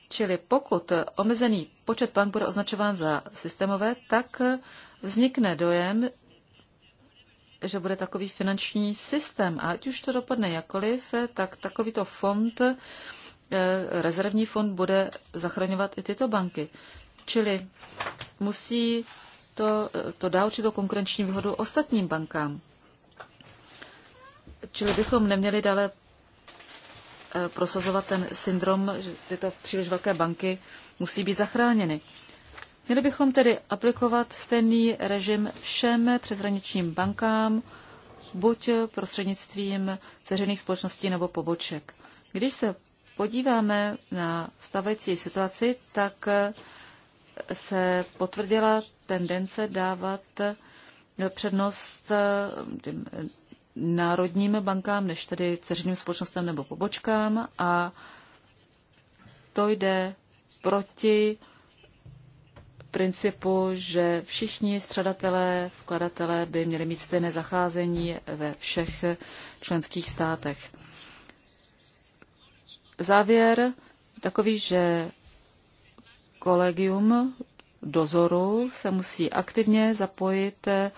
čili pokud omezený počet bank bude označován za systémové, tak vznikne dojem, že bude takový finanční systém. A ať už to dopadne jakoliv, tak takovýto fond, eh, rezervní fond, bude zachraňovat i tyto banky. Čili musí to, eh, to dá určitou konkurenční výhodu ostatním bankám. Čili bychom neměli dále eh, prosazovat ten syndrom, že tyto příliš velké banky musí být zachráněny. Měli bychom tedy aplikovat stejný režim všem přeshraničním bankám, buď prostřednictvím ceřených společností nebo poboček. Když se podíváme na stávající situaci, tak se potvrdila tendence dávat přednost těm národním bankám, než tedy ceřiným společnostem nebo pobočkám a to jde proti principu, že všichni středatelé, vkladatelé by měli mít stejné zacházení ve všech členských státech. Závěr takový, že kolegium dozoru se musí aktivně zapojit eh,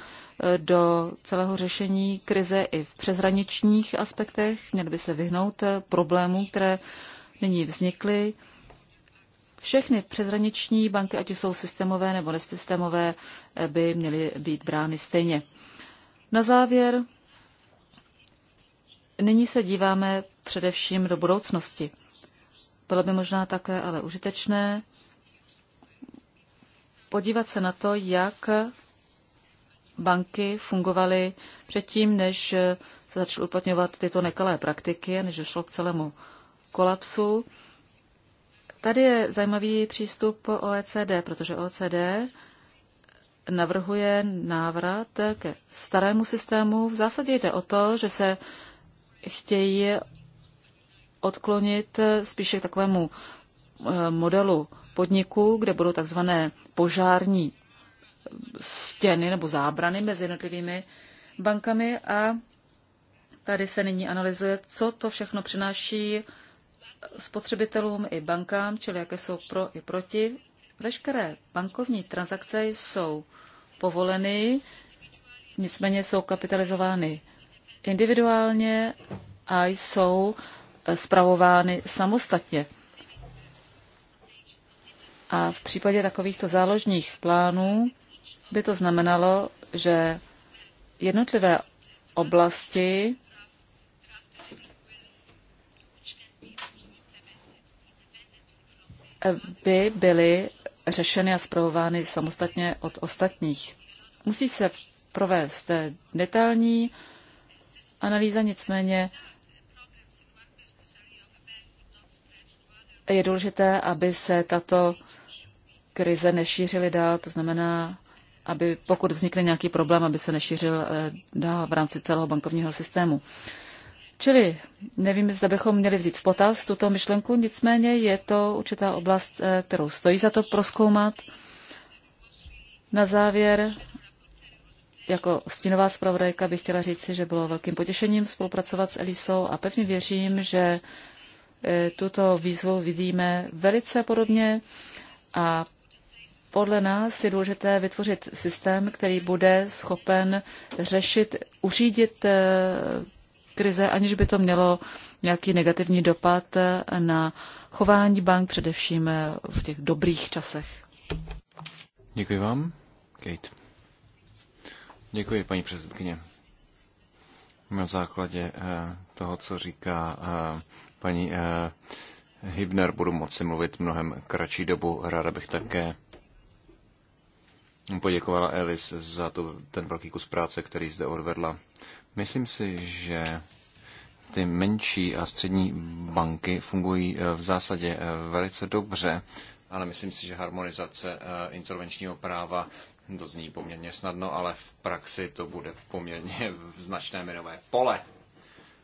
do celého řešení krize i v přeshraničních aspektech. Měli by se vyhnout eh, problémů, které nyní vznikly. Všechny přezraniční banky, ať jsou systémové nebo nesystémové, eh, by měly být brány stejně. Na závěr, nyní se díváme především do budoucnosti. Bylo by možná také ale užitečné podívat se na to, jak banky fungovaly předtím, než se začaly uplatňovat tyto nekalé praktiky, než došlo k celému kolapsu. Tady je zajímavý přístup OECD, protože OECD navrhuje návrat ke starému systému. V zásadě jde o to, že se chtějí odklonit spíše k takovému eh, modelu podniku, kde budou takzvané požární stěny nebo zábrany mezi jednotlivými bankami a tady se nyní analyzuje, co to všechno přináší spotřebitelům i bankám, čili jaké jsou pro i proti. Veškeré bankovní transakce jsou povoleny, nicméně jsou kapitalizovány individuálně a jsou spravovány samostatně. A v případě takovýchto záložních plánů by to znamenalo, že jednotlivé oblasti by byly řešeny a zpravovány samostatně od ostatních. Musí se provést detailní analýza, nicméně je důležité, aby se tato krize nešířily dál, to znamená, aby pokud vznikne nějaký problém, aby se nešířil eh, dál v rámci celého bankovního systému. Čili nevím, zda bychom měli vzít v potaz tuto myšlenku, nicméně je to určitá oblast, eh, kterou stojí za to proskoumat. Na závěr, jako stínová zpravodajka bych chtěla říci, že bylo velkým potěšením spolupracovat s Elisou a pevně věřím, že eh, tuto výzvu vidíme velice podobně a podle nás je důležité vytvořit systém, který bude schopen řešit, uřídit eh, krize, aniž by to mělo nějaký negativní dopad na chování bank, především v těch dobrých časech. Děkuji vám, Kate. Děkuji, paní předsedkyně. Na základě eh, toho, co říká eh, paní eh, Hybner, budu moci mluvit mnohem kratší dobu. Ráda bych také poděkovala Elis za to, ten velký kus práce, který zde odvedla. Myslím si, že ty menší a střední banky fungují eh, v zásadě eh, velice dobře, ale myslím si, že harmonizace eh, insolvenčního práva to zní poměrně snadno, ale v praxi to bude poměrně značné minové pole.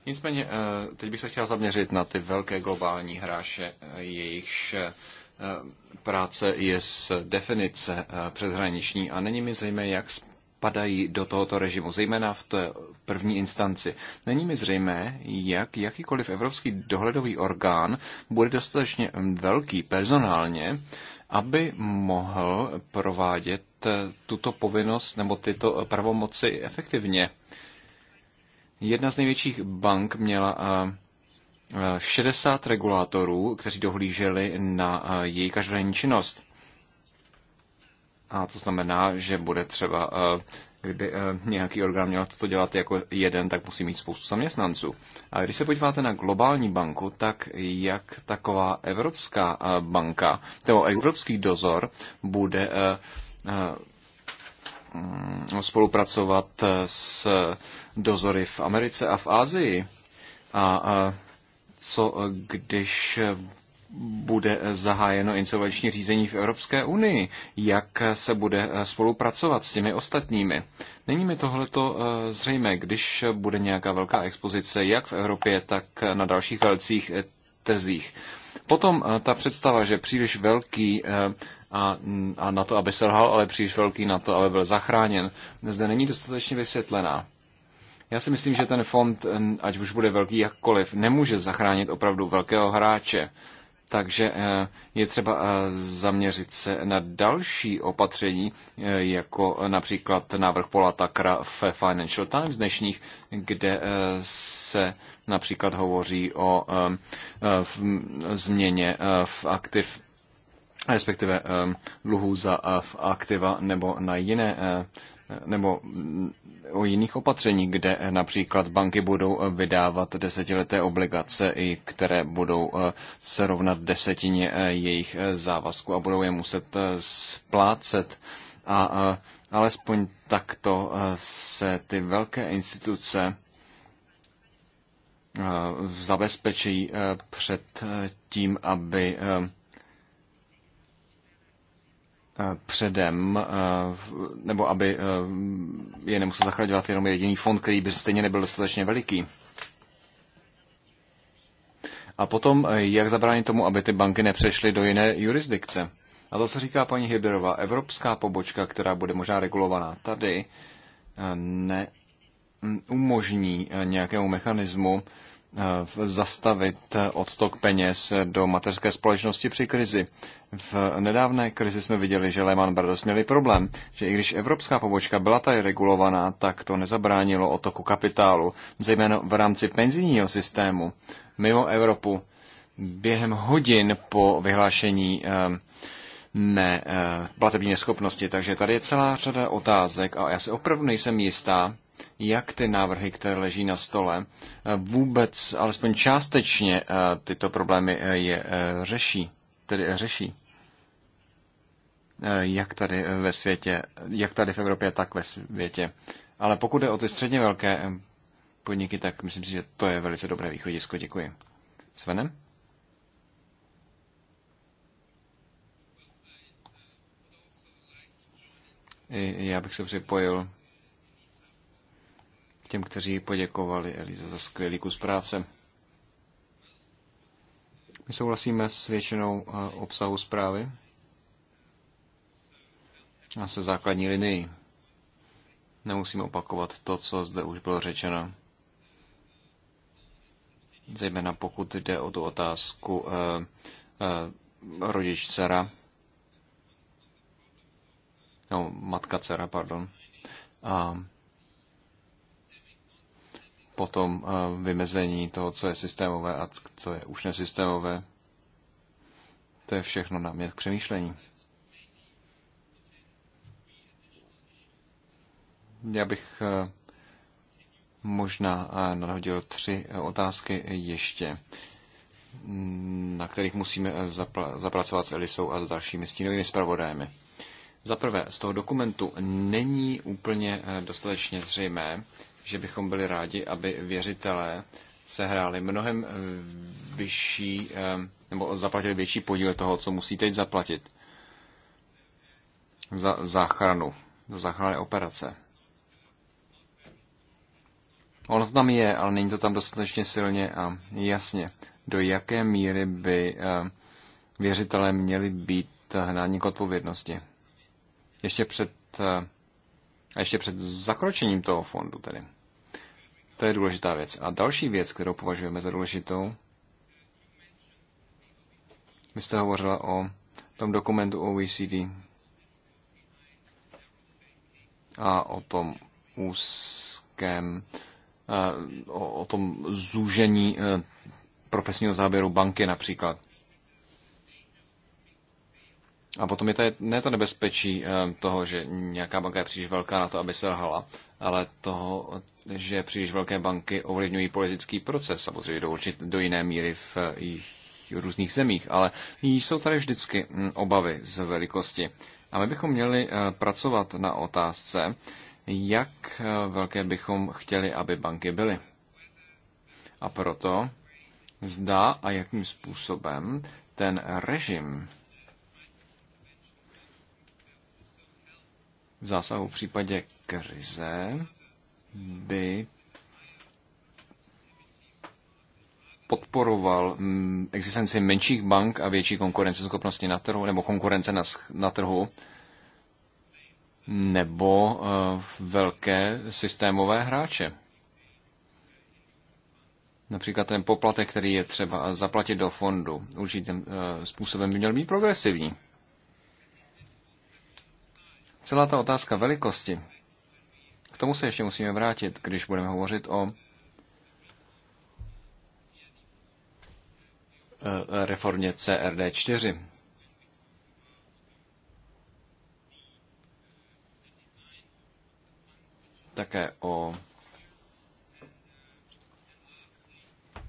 Nicméně, teď bych se chtěl zaměřit na ty velké globální hráče, jejichž práce je z definice přeshraniční a není mi zajímavé, jak padají do tohoto režimu, zejména v té první instanci. Není mi zřejmé, jak jakýkoliv evropský dohledový orgán bude dostatečně velký personálně, aby mohl provádět tuto povinnost nebo tyto pravomoci efektivně. Jedna z největších bank měla 60 eh, eh, regulátorů, kteří dohlíželi na eh, její každodenní činnost. A to znamená, že bude třeba, eh, kdy eh, nějaký orgán měl to dělat jako jeden, tak musí mít spoustu zaměstnanců. A když se podíváte na globální banku, tak jak taková evropská eh, banka, nebo evropský dozor bude mm, spolupracovat s dozory v Americe a v Ázii? A co když bude zahájeno insolvenční řízení v Evropské unii, jak se bude spolupracovat s těmi ostatními. Není mi tohleto eh, zřejmé, když bude nějaká velká expozice jak v Evropě, tak na dalších velcích eh, trzích. Potom eh, ta představa, že příliš velký a, a na to, aby selhal, ale příliš velký na to, aby byl zachráněn, zde není dostatečně vysvětlená. Já si myslím, že ten fond, ať už bude velký jakkoliv, nemůže zachránit opravdu velkého hráče. Takže eh, je třeba eh, zaměřit se na další opatření, eh, jako například návrh Paula Takra v Financial Times dnešních, kde se například hovoří o změně v aktiv respektive dluhů za aktiva nebo na jiné nebo o jiných opatření, kde například banky budou vydávat desetileté obligace, i které budou eh, se rovnat desetině eh, jejich eh, závazku a budou je muset splácet. A alespoň takto se ty velké instituce zabezpečí před tím, aby Eh, předem, eh, nebo aby eh, je nemusel zachraňovat jenom jediný fond, který by stejně nebyl dostatečně veliký. A potom, jak zabránit tomu, aby ty banky nepřešly do jiné jurisdikce. A to, co říká paní Hyberová, evropská pobočka, která bude možná regulovaná tady, ne umožní nějakému mechanismu, Eh, zastavit eh, odtok peněz eh, do mateřské společnosti při krizi. V nedávné krizi jsme viděli, že Lehman Brothers měli problém, že i když evropská pobočka byla tady regulovaná, tak to nezabránilo otoku kapitálu, zejména v rámci penzijního systému mimo Evropu během hodin po vyhlášení ne platební neschopnosti. Takže tady je celá řada otázek a já se opravdu nejsem jistá, jak ty návrhy, které leží na stole, eh, vůbec, alespoň částečně, eh, tyto problémy eh, je řeší, tedy řeší. Jak tady ve světě, jak tady v Evropě, tak ve světě. Ale pokud je o ty středně velké podniky, tak myslím si, že to je velice dobré východisko. Děkuji. Svenem? Já bych se připojil těm, kteří poděkovali Elize za skvělý kus práce. My souhlasíme s většinou eh, obsahu zprávy a se základní linií. Nemusím opakovat to, co zde už bylo řečeno. Zejména pokud jde o tu otázku eh, eh, rodič-dcera, no, matka-dcera, pardon, a potom eh, vymezení toho, co je systémové a co je už nesystémové. To je všechno na mě k přemýšlení. Já bych eh, možná eh, nadhodil tři otázky ještě, mm, na kterých musíme zapracovat s Elisou a s dalšími stínovými zpravodajemi. Za prvé, z toho dokumentu není úplně dostatečně zřejmé, že bychom byli rádi, aby věřitelé sehráli mnohem vyšší, nebo zaplatili větší podíl toho, co musí teď zaplatit za záchranu, za záchranné operace. Ono to tam je, ale není to tam dostatečně silně a jasně. Do jaké míry by věřitelé měli být hnáni k odpovědnosti? Ještě před a ještě před zakročením toho fondu tedy. To je důležitá věc. A další věc, kterou považujeme za důležitou, vy jste hovořila o tom dokumentu OECD a o tom úzkém, eh, o, o tom zúžení eh, profesního záběru banky například. A potom je to, ne to nebezpečí eh, toho, že nějaká banka je příliš velká na to, aby se lhala, ale toho, že příliš velké banky ovlivňují politický proces, samozřejmě do, určit, do jiné míry v jejich eh, různých zemích, ale jsou tady vždycky hm, obavy z velikosti. A my bychom měli eh, pracovat na otázce, jak velké bychom chtěli, aby banky byly. A proto zdá a jakým způsobem ten režim zásahu v případě krize by podporoval mm, existenci menších bank a větší konkurenceschopnosti na trhu, nebo konkurence na, na trhu, nebo uh, velké systémové hráče. Například ten poplatek, který je třeba zaplatit do fondu, určitým uh, způsobem by měl být progresivní. Celá ta otázka velikosti, k tomu se ještě musíme vrátit, když budeme hovořit o eh, reformě CRD4. Také o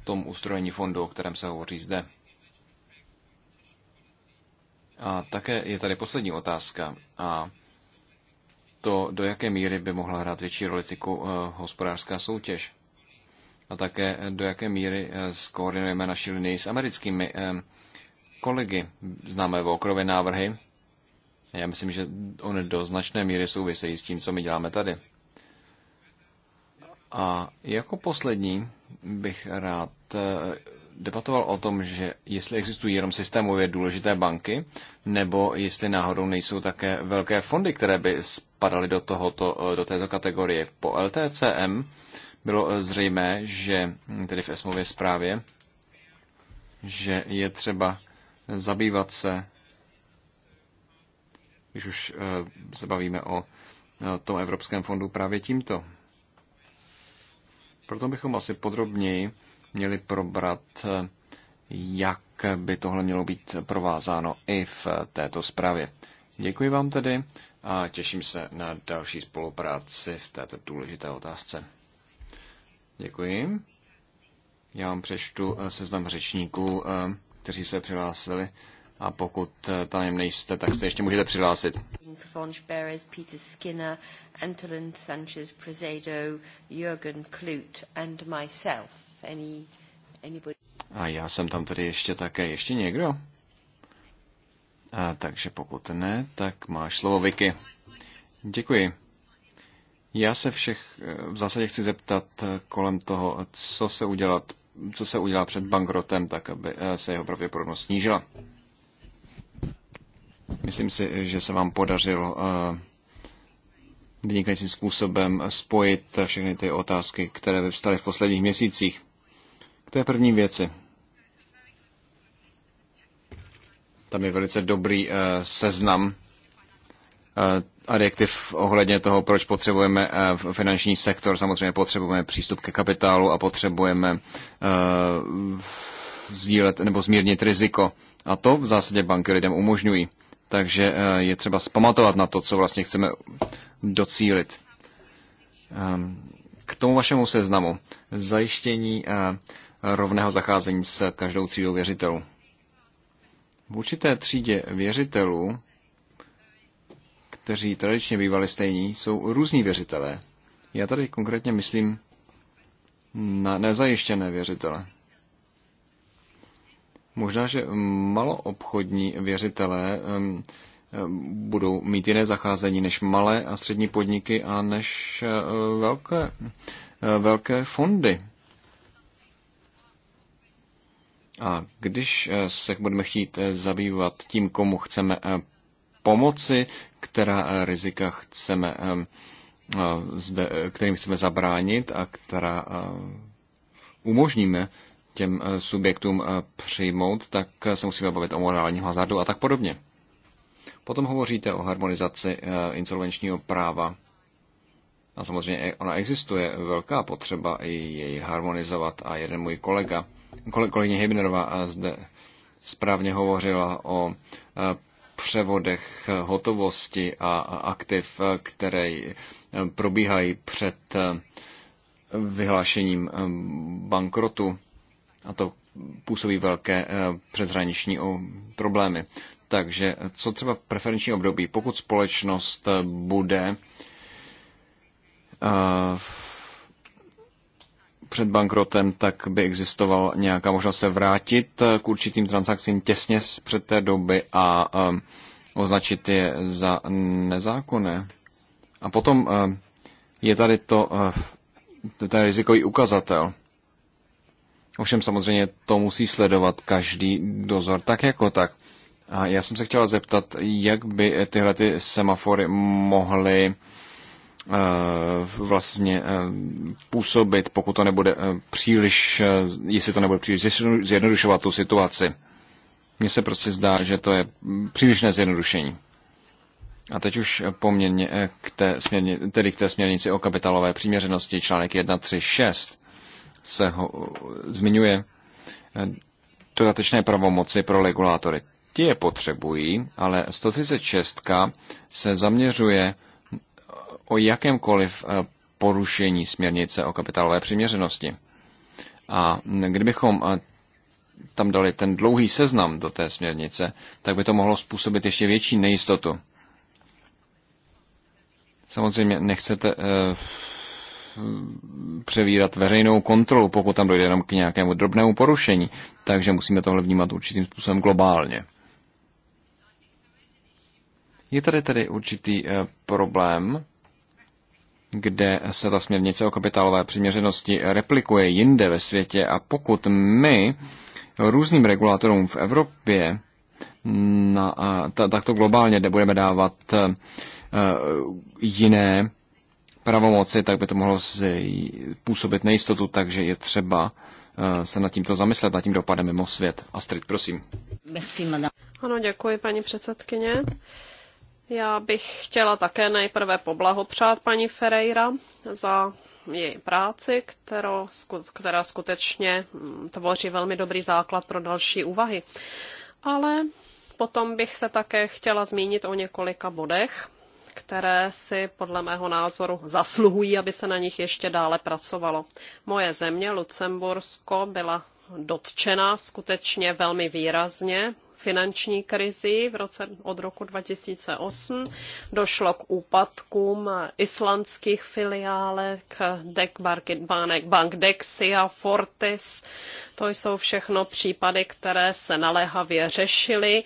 tom ustrojení fondu, o kterém se hovoří zde. A také je tady poslední otázka. A to, do jaké míry by mohla hrát větší roli tyku eh, hospodářská soutěž. A také eh, do jaké míry eh, skoordinujeme naši linii s americkými kolegy. Známe okrovy návrhy. Já myslím, že ony do značné míry souvisejí s tím, co my děláme tady. A jako poslední bych rád debatoval o tom, že jestli existují jenom systémově důležité banky, nebo jestli náhodou nejsou také velké fondy, které by spadaly do, tohoto, do této kategorie. Po LTCM bylo zřejmé, že tedy v ESMově zprávě, že je třeba zabývat se, když už eh, se bavíme o eh, tom Evropském fondu právě tímto. Proto bychom asi podrobněji měli probrat, jak by tohle mělo být provázáno i v této zprávě. Děkuji vám tedy a těším se na další spolupráci v této důležité otázce. Děkuji. Já vám přečtu eh, seznam řečníků, eh, kteří se přihlásili. A pokud eh, tam nejste, tak se ještě můžete přihlásit. Peter Skinner, Antolin Sanchez Jürgen Klut and myself any, anybody... A já jsem tam tady ještě také. Ještě někdo? A, takže pokud ne, tak máš slovo Vicky. Děkuji. Já se všech v zásadě chci zeptat eh, kolem toho, co se udělat, co se udělá před bankrotem, tak aby eh, se jeho pravděpodobnost snížila. Myslím si, že se vám podařilo eh, vynikajícím způsobem spojit všechny ty otázky, které vyvstaly v posledních měsících té první věci. Tam je velice dobrý uh, seznam uh, adjektiv ohledně toho, proč potřebujeme uh, finanční sektor. Samozřejmě potřebujeme přístup ke kapitálu a potřebujeme uh, sdílet nebo zmírnit riziko. A to v zásadě banky lidem umožňují. Takže je třeba zpamatovat na to, co vlastně chceme docílit. Ehm, k tomu vašemu seznamu. Zajištění rovného zacházení s každou třídou věřitelů. V určité třídě věřitelů, kteří tradičně bývali stejní, jsou různí věřitelé. Já tady konkrétně myslím na nezajištěné věřitele. Možná, že maloobchodní věřitelé budou mít jiné zacházení než malé a střední podniky a než e, velké, e, velké fondy. A když eh, se budeme chtít eh, zabývat tím, komu chceme eh, pomoci, která rizika chceme, zde, kterým chceme zabránit a která umožníme těm subjektům přijmout, tak se musíme bavit o morálním hazardu a tak podobně. Potom hovoříte o harmonizaci insolvenčního práva. A samozřejmě ona existuje velká potřeba i jej harmonizovat a jeden můj kolega kolegyně Hybnerová zde správně hovořila o e, převodech hotovosti a aktiv, e, které e, probíhají před vyhlášením bankrotu a to působí velké přeshraniční problémy. Takže co třeba preferenční období, pokud společnost bude v před bankrotem, tak by existoval nějaká možnost se vrátit eh, k určitým transakcím těsně před té doby a ehm, označit je za nezákonné. A potom ehm, je tady to, eh, ten rizikový ukazatel. Ovšem samozřejmě to musí sledovat každý dozor tak jako tak. A já jsem se chtěla zeptat, jak by tyhle ty semafory mohly Eh, vlastně eh, působit, pokud to nebude eh, příliš, jestli to nebude příliš zjednodušovat tu situaci. Mně se prostě zdá, že to je přílišné zjednodušení. A teď už poměrně k té, směrni, tedy k té směrnici o kapitalové přiměřenosti, článek 136 se ho zmiňuje dodatečné pravomoci pro regulátory. Ti je potřebují, ale 136 se zaměřuje o jakémkoliv eh, porušení směrnice o kapitálové přiměřenosti. A kdybychom eh, tam dali ten dlouhý seznam do té směrnice, tak by to mohlo způsobit ještě větší nejistotu. Samozřejmě nechcete eh, převírat veřejnou kontrolu, pokud tam dojde jenom k nějakému drobnému porušení, takže musíme tohle vnímat určitým způsobem globálně. Je tady tedy určitý problém, kde se ta směrnice o kapitálové přiměřenosti replikuje jinde ve světě a pokud my různým regulatorům v Evropě na, ta, takto globálně budeme dávat jiné pravomoci, tak by to mohlo působit nejistotu, takže je třeba se nad tímto zamyslet, nad tím dopadem mimo svět. Astrid, prosím. Merci, madame. Ano, děkuji, paní předsedkyně. Já bych chtěla také nejprve poblahopřát paní Ferreira za její práci, kterou, která skutečně mm, tvoří velmi dobrý základ pro další úvahy. Ale potom bych se také chtěla zmínit o několika bodech, které si podle mého názoru zasluhují, aby se na nich ještě dále pracovalo. Moje země, Lucembursko, byla dotčena skutečně velmi výrazně finanční krizi v roce od roku 2008 došlo k úpadkům islandských filiálek, Dek, Bank, Bank Dexia, Fortis. To jsou všechno případy, které se naléhavě řešily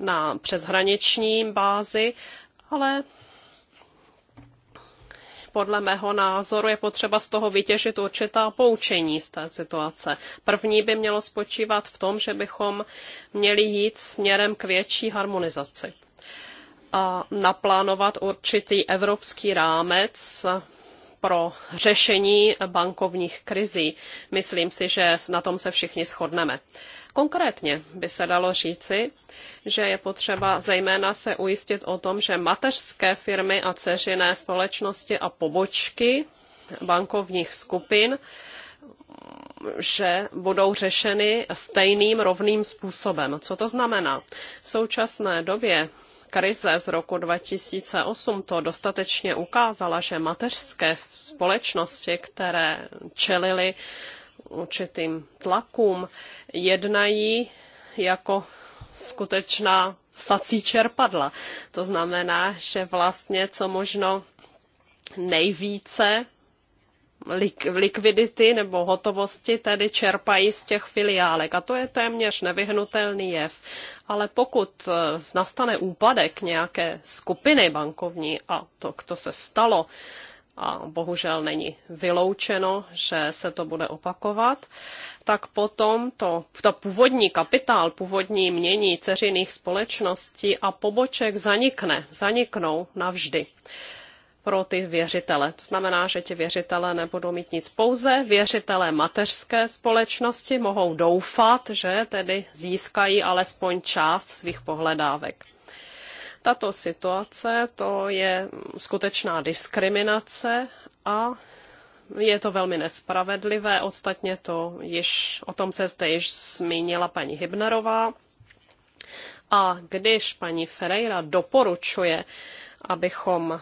na přeshraniční bázi, ale podle mého názoru je potřeba z toho vytěžit určitá poučení z té situace. První by mělo spočívat v tom, že bychom měli jít směrem k větší harmonizaci a naplánovat určitý evropský rámec pro řešení bankovních krizí. Myslím si, že na tom se všichni shodneme. Konkrétně by se dalo říci, že je potřeba zejména se ujistit o tom, že mateřské firmy a ceřiné společnosti a pobočky bankovních skupin že budou řešeny stejným rovným způsobem. Co to znamená? V současné době krize z roku 2008 to dostatečně ukázala, že mateřské společnosti, které čelily určitým tlakům, jednají jako skutečná sací čerpadla. To znamená, že vlastně co možno nejvíce likvidity nebo hotovosti tedy čerpají z těch filiálek. A to je téměř nevyhnutelný jev. Ale pokud e, nastane úpadek nějaké skupiny bankovní, a to, kdo se stalo, a bohužel není vyloučeno, že se to bude opakovat, tak potom to, to původní kapitál, původní mění ceřiných společností a poboček zanikne, zaniknou navždy. Uh, pro ty věřitele. To znamená, že ti věřitele nebudou mít nic pouze. Věřitele mateřské společnosti mohou doufat, že tedy získají alespoň část svých pohledávek. Tato situace to je skutečná diskriminace a je to velmi nespravedlivé, ostatně to již, o tom se zde již zmínila paní Hybnerová. A když paní Ferreira doporučuje abychom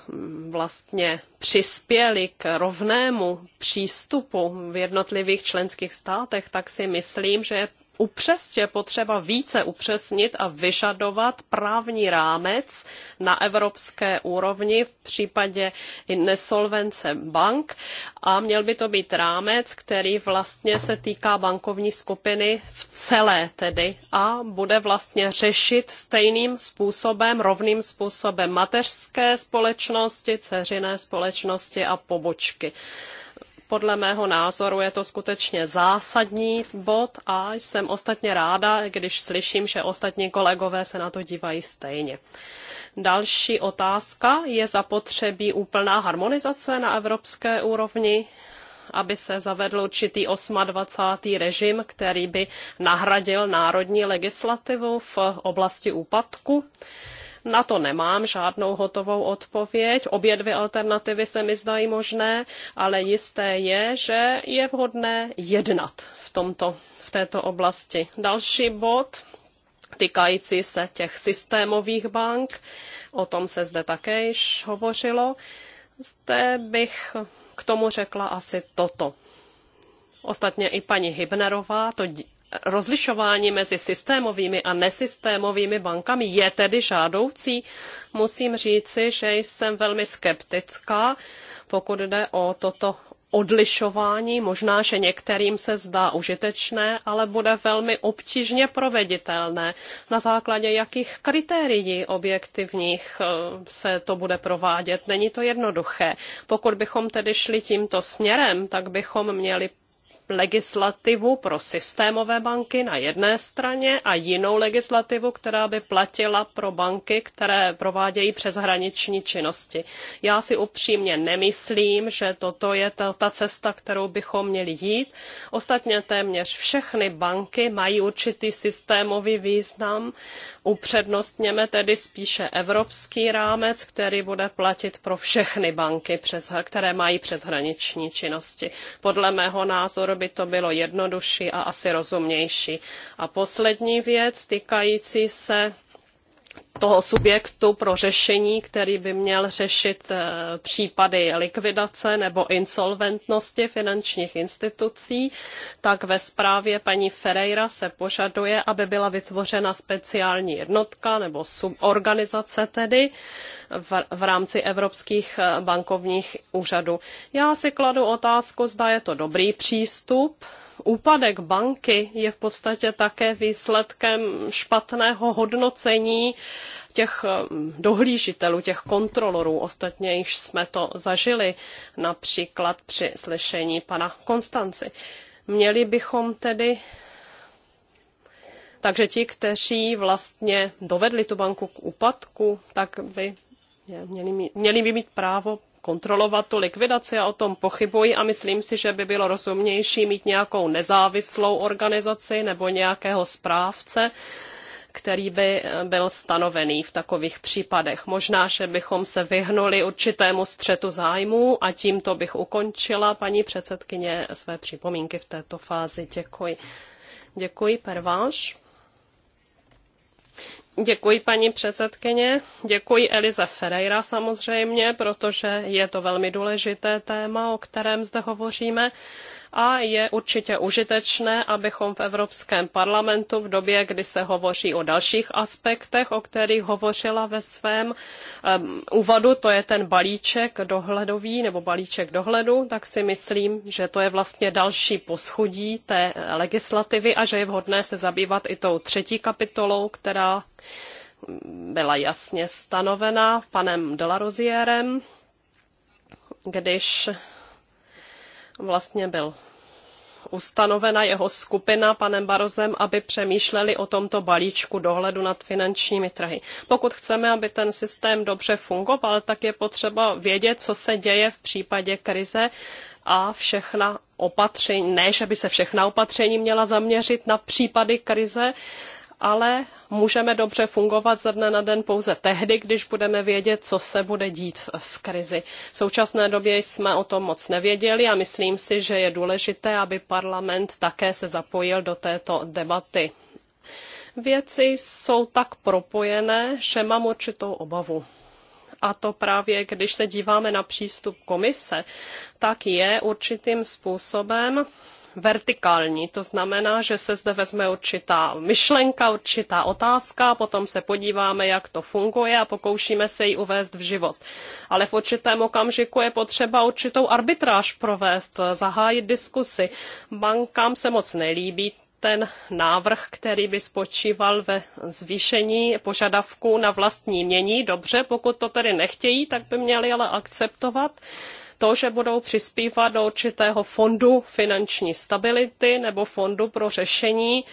vlastně přispěli k rovnému přístupu v jednotlivých členských státech, tak si myslím, že je upřes, je potřeba více upřesnit a vyžadovat právní rámec na evropské úrovni v případě nesolvence bank a měl by to být rámec, který vlastně se týká bankovní skupiny v celé tedy a bude vlastně řešit stejným způsobem, rovným způsobem mateřské společnosti, ceřiné společnosti a pobočky. Podle mého názoru je to skutečně zásadní bod a jsem ostatně ráda, když slyším, že ostatní kolegové se na to dívají stejně. Další otázka je zapotřebí úplná harmonizace na evropské úrovni aby se zavedl určitý 28. režim, který by nahradil národní legislativu v oblasti úpadku. Na to nemám žádnou hotovou odpověď. Obě dvě alternativy se mi zdají možné, ale jisté je, že je vhodné jednat v, tomto, v této oblasti. Další bod týkající se těch systémových bank, o tom se zde také již hovořilo. Zde bych k tomu řekla asi toto. Ostatně i paní Hybnerová to rozlišování mezi systémovými a nesystémovými bankami je tedy žádoucí. Musím říci, že jsem velmi skeptická, pokud jde o toto odlišování, možná, že některým se zdá užitečné, ale bude velmi obtížně proveditelné. Na základě jakých kritérií objektivních eh, se to bude provádět, není to jednoduché. Pokud bychom tedy šli tímto směrem, tak bychom měli legislativu pro systémové banky na jedné straně a jinou legislativu, která by platila pro banky, které provádějí přeshraniční činnosti. Já si upřímně nemyslím, že toto je ta, ta cesta, kterou bychom měli jít. Ostatně téměř všechny banky mají určitý systémový význam. Upřednostněme tedy spíše evropský rámec, který bude platit pro všechny banky, které mají přeshraniční činnosti. Podle mého názoru by to bylo jednodušší a asi rozumnější. A poslední věc týkající se toho subjektu pro řešení, který by měl řešit eh, případy likvidace nebo insolventnosti finančních institucí, tak ve zprávě paní Ferreira se požaduje, aby byla vytvořena speciální jednotka nebo suborganizace tedy v, v rámci evropských eh, bankovních úřadů. Já si kladu otázku, zda je to dobrý přístup, úpadek banky je v podstatě také výsledkem špatného hodnocení těch eh, dohlížitelů, těch kontrolorů. Ostatně již jsme to zažili například při slyšení pana Konstanci. Měli bychom tedy takže ti, kteří vlastně dovedli tu banku k úpadku, tak by měli, měli by mít právo kontrolovat tu likvidaci, a o tom pochybuji a myslím si, že by bylo rozumnější mít nějakou nezávislou organizaci nebo nějakého správce, který by eh, byl stanovený v takových případech. Možná, že bychom se vyhnuli určitému střetu zájmů a tímto bych ukončila paní předsedkyně své připomínky v této fázi. Děkuji. Děkuji, Perváš. Děkuji paní předsedkyně, děkuji Elize Ferreira samozřejmě, protože je to velmi důležité téma, o kterém zde hovoříme a je určitě užitečné, abychom v Evropském parlamentu v době, kdy se hovoří o dalších aspektech, o kterých hovořila ve svém um, úvodu, to je ten balíček dohledový nebo balíček dohledu, tak si myslím, že to je vlastně další poschodí té legislativy a že je vhodné se zabývat i tou třetí kapitolou, která byla jasně stanovena panem Delarozierem, když vlastně byl ustanovena jeho skupina panem Barozem, aby přemýšleli o tomto balíčku dohledu nad finančními trhy. Pokud chceme, aby ten systém dobře fungoval, tak je potřeba vědět, co se děje v případě krize a všechna opatření, ne, že by se všechna opatření měla zaměřit na případy krize, ale můžeme dobře fungovat ze dne na den pouze tehdy, když budeme vědět, co se bude dít v krizi. V současné době jsme o tom moc nevěděli a myslím si, že je důležité, aby parlament také se zapojil do této debaty. Věci jsou tak propojené, že mám určitou obavu a to právě když se díváme na přístup komise, tak je určitým způsobem vertikální. To znamená, že se zde vezme určitá myšlenka, určitá otázka, potom se podíváme, jak to funguje a pokoušíme se ji uvést v život. Ale v určitém okamžiku je potřeba určitou arbitráž provést, zahájit diskusy. Bankám se moc nelíbí ten návrh, který by spočíval ve zvýšení požadavků na vlastní mění. Dobře, pokud to tedy nechtějí, tak by měli ale akceptovat to, že budou přispívat do určitého fondu finanční stability nebo fondu pro řešení e,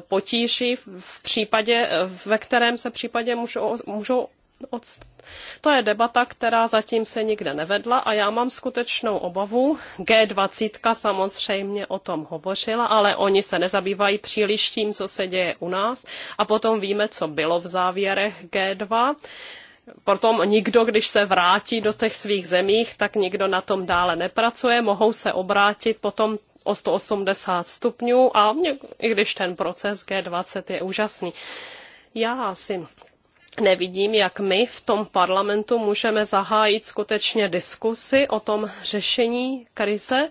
potíží v případě, e, ve kterém se případě můžou, můžou to je debata, která zatím se nikde nevedla a já mám skutečnou obavu. G20 samozřejmě o tom hovořila, ale oni se nezabývají příliš tím, co se děje u nás a potom víme, co bylo v závěrech G2 Potom nikdo, když se vrátí do těch svých zemích, tak nikdo na tom dále nepracuje, mohou se obrátit potom o 180 stupňů a i když ten proces G20 je úžasný. Já si nevidím, jak my v tom parlamentu můžeme zahájit skutečně diskusy o tom řešení krize,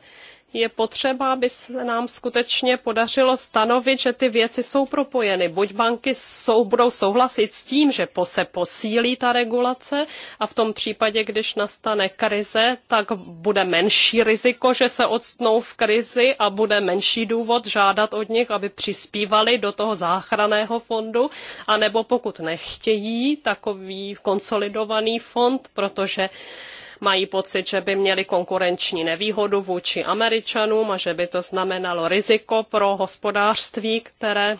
je potřeba, aby se nám skutečně podařilo stanovit, že ty věci jsou propojeny. Buď banky jsou, budou souhlasit s tím, že po se posílí ta regulace a v tom případě, když nastane krize, tak bude menší riziko, že se odstnou v krizi a bude menší důvod žádat od nich, aby přispívali do toho záchraného fondu, anebo pokud nechtějí takový konsolidovaný fond, protože mají pocit, že by měli konkurenční nevýhodu vůči Američanům a že by to znamenalo riziko pro hospodářství, které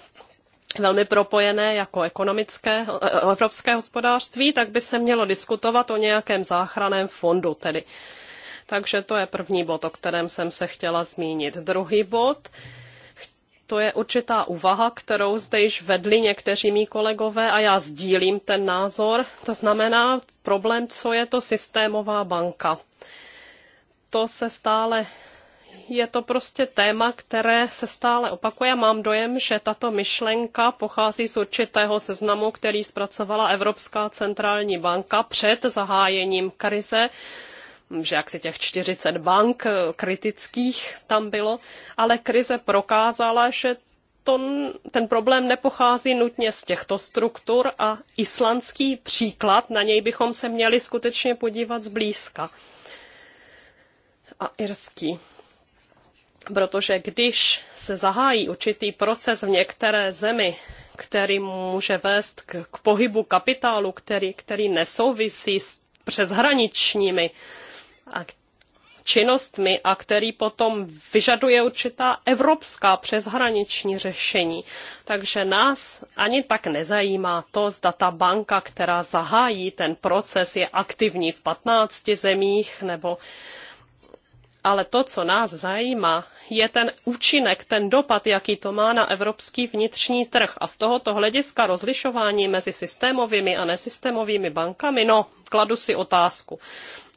velmi propojené jako ekonomické, eh, evropské hospodářství, tak by se mělo diskutovat o nějakém záchraném fondu tedy. Takže to je první bod, o kterém jsem se chtěla zmínit. Druhý bod to je určitá úvaha, kterou zde již vedli někteří mý kolegové a já sdílím ten názor. To znamená problém, co je to systémová banka. To se stále je to prostě téma, které se stále opakuje. Mám dojem, že tato myšlenka pochází z určitého seznamu, který zpracovala Evropská centrální banka před zahájením krize že jaksi těch 40 bank eh, kritických tam bylo, ale krize prokázala, že to, ten problém nepochází nutně z těchto struktur a islandský příklad, na něj bychom se měli skutečně podívat zblízka. A irský. Protože když se zahájí určitý proces v některé zemi, který může vést k, k pohybu kapitálu, který, který nesouvisí s přeshraničními uh, a činnostmi a který potom vyžaduje určitá evropská přeshraniční řešení. Takže nás ani tak nezajímá to, zda ta banka, která zahájí ten proces, je aktivní v 15 zemích nebo ale to, co nás zajímá, je ten účinek, ten dopad, jaký to má na evropský vnitřní trh. A z tohoto hlediska rozlišování mezi systémovými a nesystémovými bankami, no, kladu si otázku.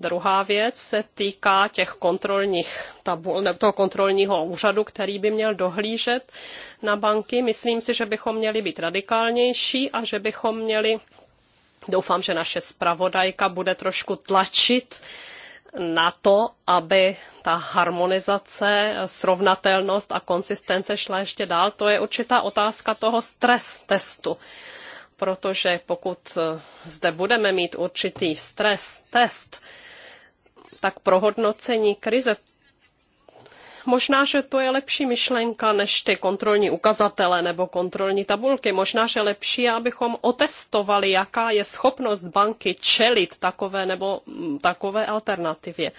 Druhá věc se týká těch kontrolních tabul, toho kontrolního úřadu, který by měl dohlížet na banky. Myslím si, že bychom měli být radikálnější a že bychom měli Doufám, že naše zpravodajka bude trošku tlačit na to, aby ta harmonizace, srovnatelnost a konsistence šla ještě dál, to je určitá otázka toho stres testu. Protože pokud eh, zde budeme mít určitý stres test, tak pro hodnocení krize Možná, že to je lepší myšlenka než ty kontrolní ukazatele nebo kontrolní tabulky. Možná, že lepší je, abychom otestovali, jaká je schopnost banky čelit takové nebo mm, takové alternativě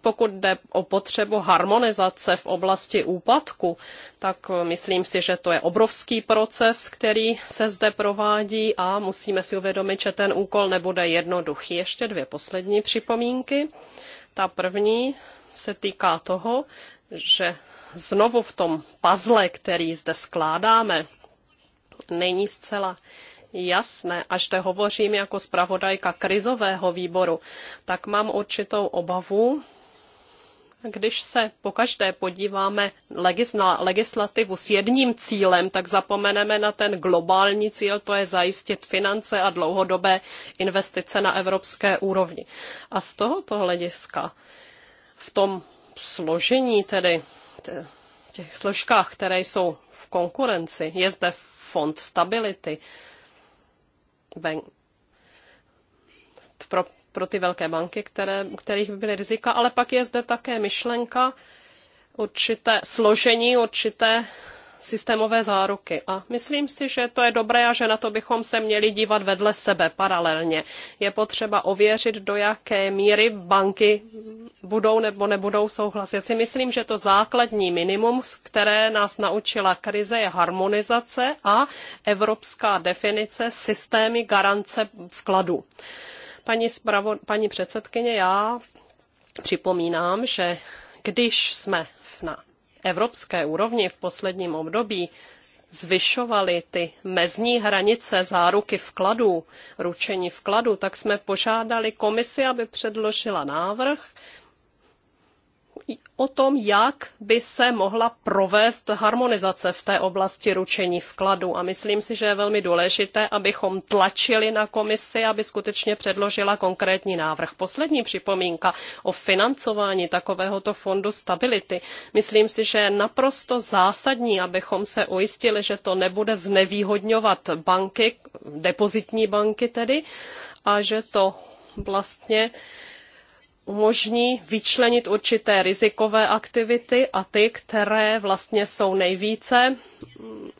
pokud jde o potřebu harmonizace v oblasti úpadku, tak e, myslím si, že to je obrovský proces, který se zde provádí a musíme si uvědomit, že ten úkol nebude jednoduchý. Ještě dvě poslední připomínky. Ta první se týká toho, že znovu v tom puzzle, který zde skládáme, není zcela jasné, až te hovořím jako zpravodajka krizového výboru, tak mám určitou obavu, když se pokaždé podíváme na legislativu s jedním cílem, tak zapomeneme na ten globální cíl, to je zajistit finance a dlouhodobé investice na evropské úrovni. A z tohoto hlediska v tom složení tedy těch složkách, které jsou v konkurenci, je zde fond stability pro, pro ty velké banky, které, kterých by byly rizika, ale pak je zde také myšlenka určité složení, určité systémové záruky. A myslím si, že to je dobré a že na to bychom se měli dívat vedle sebe paralelně. Je potřeba ověřit, do jaké míry banky budou nebo nebudou souhlasit. Si myslím, že to základní minimum, které nás naučila krize, je harmonizace a evropská definice systémy garance vkladu. Paní, spravo, paní předsedkyně, já připomínám, že když jsme na evropské úrovni v posledním období zvyšovaly ty mezní hranice záruky vkladů, ručení vkladů, tak jsme požádali komisi, aby předložila návrh, o tom, jak by se mohla provést harmonizace v té oblasti ručení vkladu. A myslím si, že je velmi důležité, abychom tlačili na komisi, aby skutečně předložila konkrétní návrh. Poslední připomínka o financování takovéhoto fondu stability. Myslím si, že je naprosto zásadní, abychom se ujistili, že to nebude znevýhodňovat banky, depozitní banky tedy, a že to vlastně umožní vyčlenit určité rizikové aktivity a ty, které vlastně jsou nejvíce mm,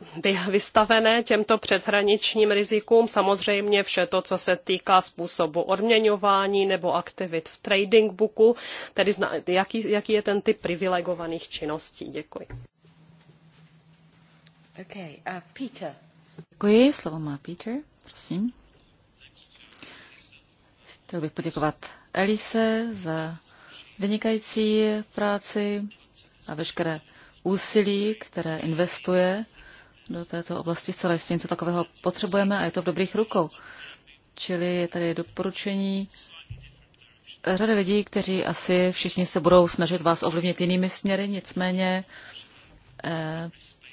vystavené těmto přeshraničním rizikům. Samozřejmě vše to, co se týká způsobu odměňování nebo aktivit v trading booku, tedy jaký, jaký je ten typ privilegovaných činností. Děkuji. Okay, uh, Peter. Děkuji, slovo má Peter, prosím. Chtěl bych poděkovat Elise za vynikající práci a veškeré úsilí, které investuje do této oblasti. Celé jistě něco takového potřebujeme a je to v dobrých rukou. Čili je tady doporučení řady lidí, kteří asi všichni se budou snažit vás ovlivnit jinými směry, nicméně eh,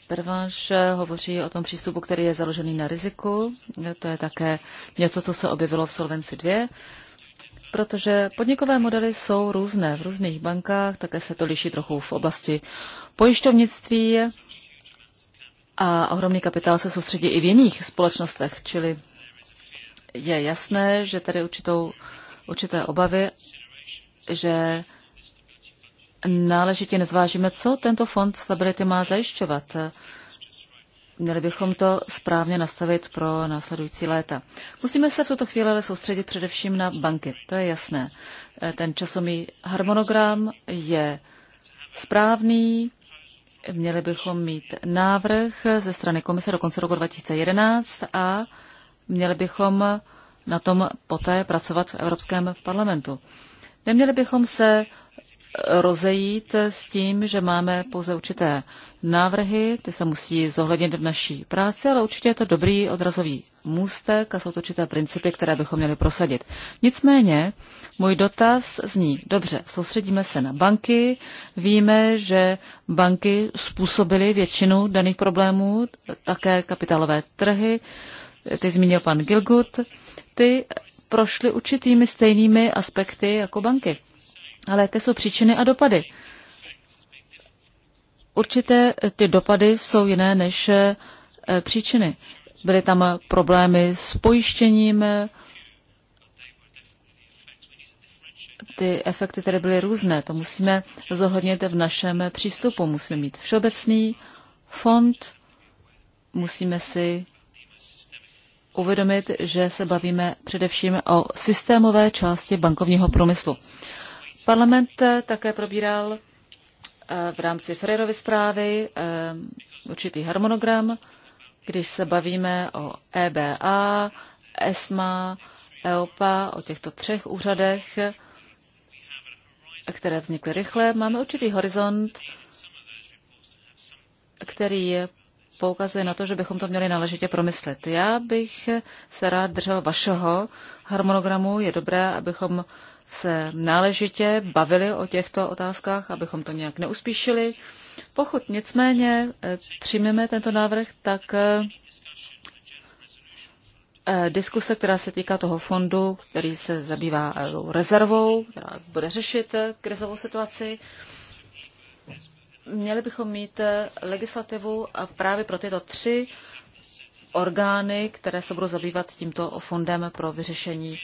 Pervanš hovoří o tom přístupu, který je založený na riziku. To je také něco, co se objevilo v Solvenci 2 protože podnikové modely jsou různé v různých bankách, také se to liší trochu v oblasti pojišťovnictví a ohromný kapitál se soustředí i v jiných společnostech, čili je jasné, že tady určitou, určité obavy, že náležitě nezvážíme, co tento fond stability má zajišťovat. Měli bychom to správně nastavit pro následující léta. Musíme se v tuto chvíli ale soustředit především na banky, to je jasné. Eh, ten časový harmonogram je správný, měli bychom mít návrh ze strany komise do konce roku 2011 a měli bychom na tom poté pracovat v Evropském parlamentu. Neměli bychom se rozejít s tím, že máme pouze určité návrhy, ty se musí zohlednit v naší práci, ale určitě je to dobrý odrazový můstek a jsou to určité principy, které bychom měli prosadit. Nicméně, můj dotaz zní, dobře, soustředíme se na banky, víme, že banky způsobily většinu daných problémů, také kapitálové trhy, ty zmínil pan Gilgut, ty prošly určitými stejnými aspekty jako banky ale jaké jsou příčiny a dopady. Určité eh, ty dopady jsou jiné než eh, příčiny. Byly tam problémy s pojištěním, eh, ty efekty tedy byly různé. To musíme zohlednit v našem přístupu. Musíme mít všeobecný fond, musíme si uvědomit, že se bavíme především o systémové části bankovního průmyslu. Parlament eh, také probíral eh, v rámci Ferrerovy zprávy eh, určitý harmonogram, když se bavíme o EBA, ESMA, EOPA, o těchto třech úřadech, které vznikly rychle. Máme určitý horizont, který poukazuje na to, že bychom to měli náležitě promyslet. Já bych se rád držel vašeho harmonogramu. Je dobré, abychom se náležitě bavili o těchto otázkách, abychom to nějak neuspíšili. Pokud nicméně eh, přijmeme tento návrh, tak eh, eh, diskuse, která se týká toho fondu, který se zabývá rezervou, která bude řešit krizovou situaci, měli bychom mít legislativu a právě pro tyto tři orgány, které se budou zabývat tímto fondem pro vyřešení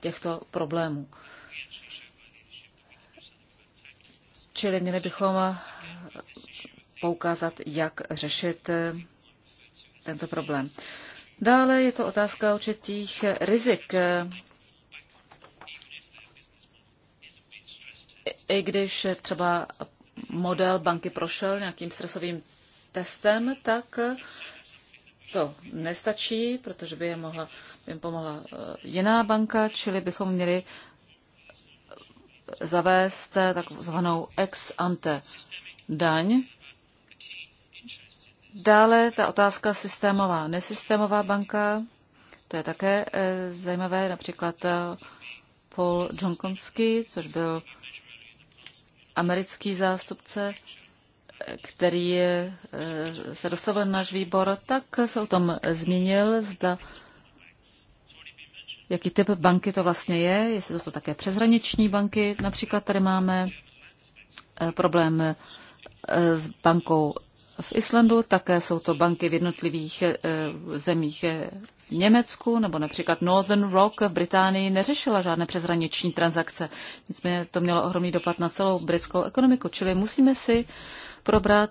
těchto problémů. Čili měli bychom poukázat, jak řešit eh, tento problém. Dále je to otázka určitých rizik. I když třeba model banky prošel nějakým stresovým testem, tak to nestačí, protože by je mohla jim pomohla eh, jiná banka, čili bychom měli zavést eh, takzvanou ex ante daň. Dále ta otázka systémová, nesystémová banka, to je také eh, zajímavé, například Paul Jonkonsky, což byl americký zástupce, který se dostal na náš výbor, tak se o tom zmínil, zda jaký typ banky to vlastně je, jestli to jsou také přeshraniční banky. Například tady máme eh, problém eh, s bankou v Islandu, také jsou to banky v jednotlivých eh, zemích v Německu, nebo například Northern Rock v Británii neřešila žádné přeshraniční transakce. Nicméně to mělo ohromný dopad na celou britskou ekonomiku, čili musíme si probrat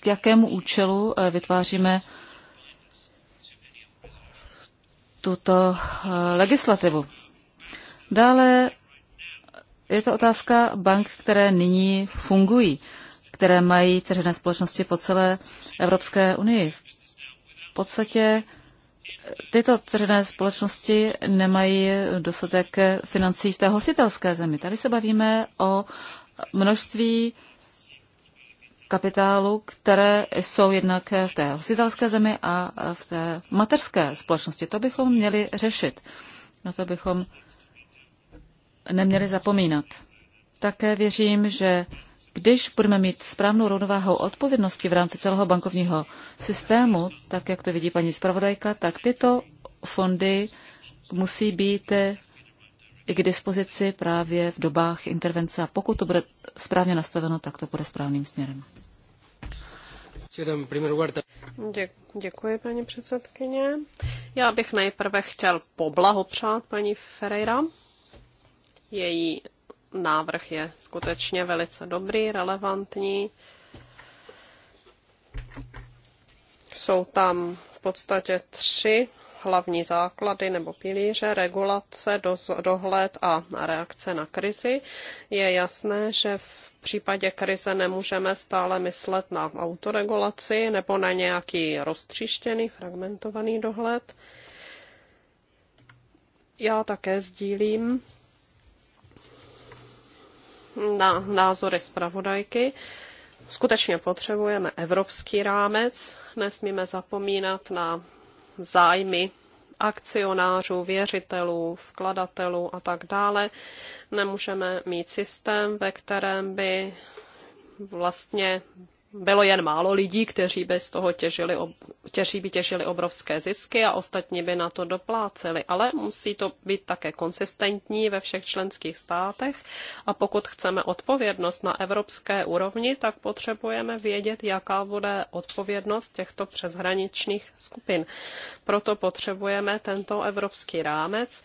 k jakému účelu vytváříme tuto eh, legislativu. Dále je to otázka bank, které nyní fungují, které mají ceřené společnosti po celé Evropské unii. V podstatě eh, tyto ceřené společnosti nemají dostatek eh, financí v té hostitelské zemi. Tady se bavíme o množství kapitálu, které jsou jednak v té hostitelské zemi a v té materské společnosti. To bychom měli řešit. Na to bychom neměli zapomínat. Také věřím, že když budeme mít správnou rovnováhu odpovědnosti v rámci celého bankovního systému, tak jak to vidí paní zpravodajka, tak tyto fondy musí být k dispozici právě v dobách intervence a pokud to bude správně nastaveno, tak to bude správným směrem. Děkuji, paní předsedkyně. Já bych nejprve chtěl poblahopřát paní Ferreira. Její návrh je skutečně velice dobrý, relevantní. Jsou tam v podstatě tři hlavní základy nebo pilíře regulace, dohled a reakce na krizi. Je jasné, že v případě krize nemůžeme stále myslet na autoregulaci nebo na nějaký roztříštěný, fragmentovaný dohled. Já také sdílím na názory zpravodajky. Skutečně potřebujeme evropský rámec, nesmíme zapomínat na zájmy akcionářů, věřitelů, vkladatelů a tak dále. Nemůžeme mít systém, ve kterém by vlastně bylo jen málo lidí, kteří by z toho těžili, by těžili obrovské zisky a ostatní by na to dopláceli. Ale musí to být také konsistentní ve všech členských státech a pokud chceme odpovědnost na evropské úrovni, tak potřebujeme vědět, jaká bude odpovědnost těchto přeshraničních skupin. Proto potřebujeme tento evropský rámec,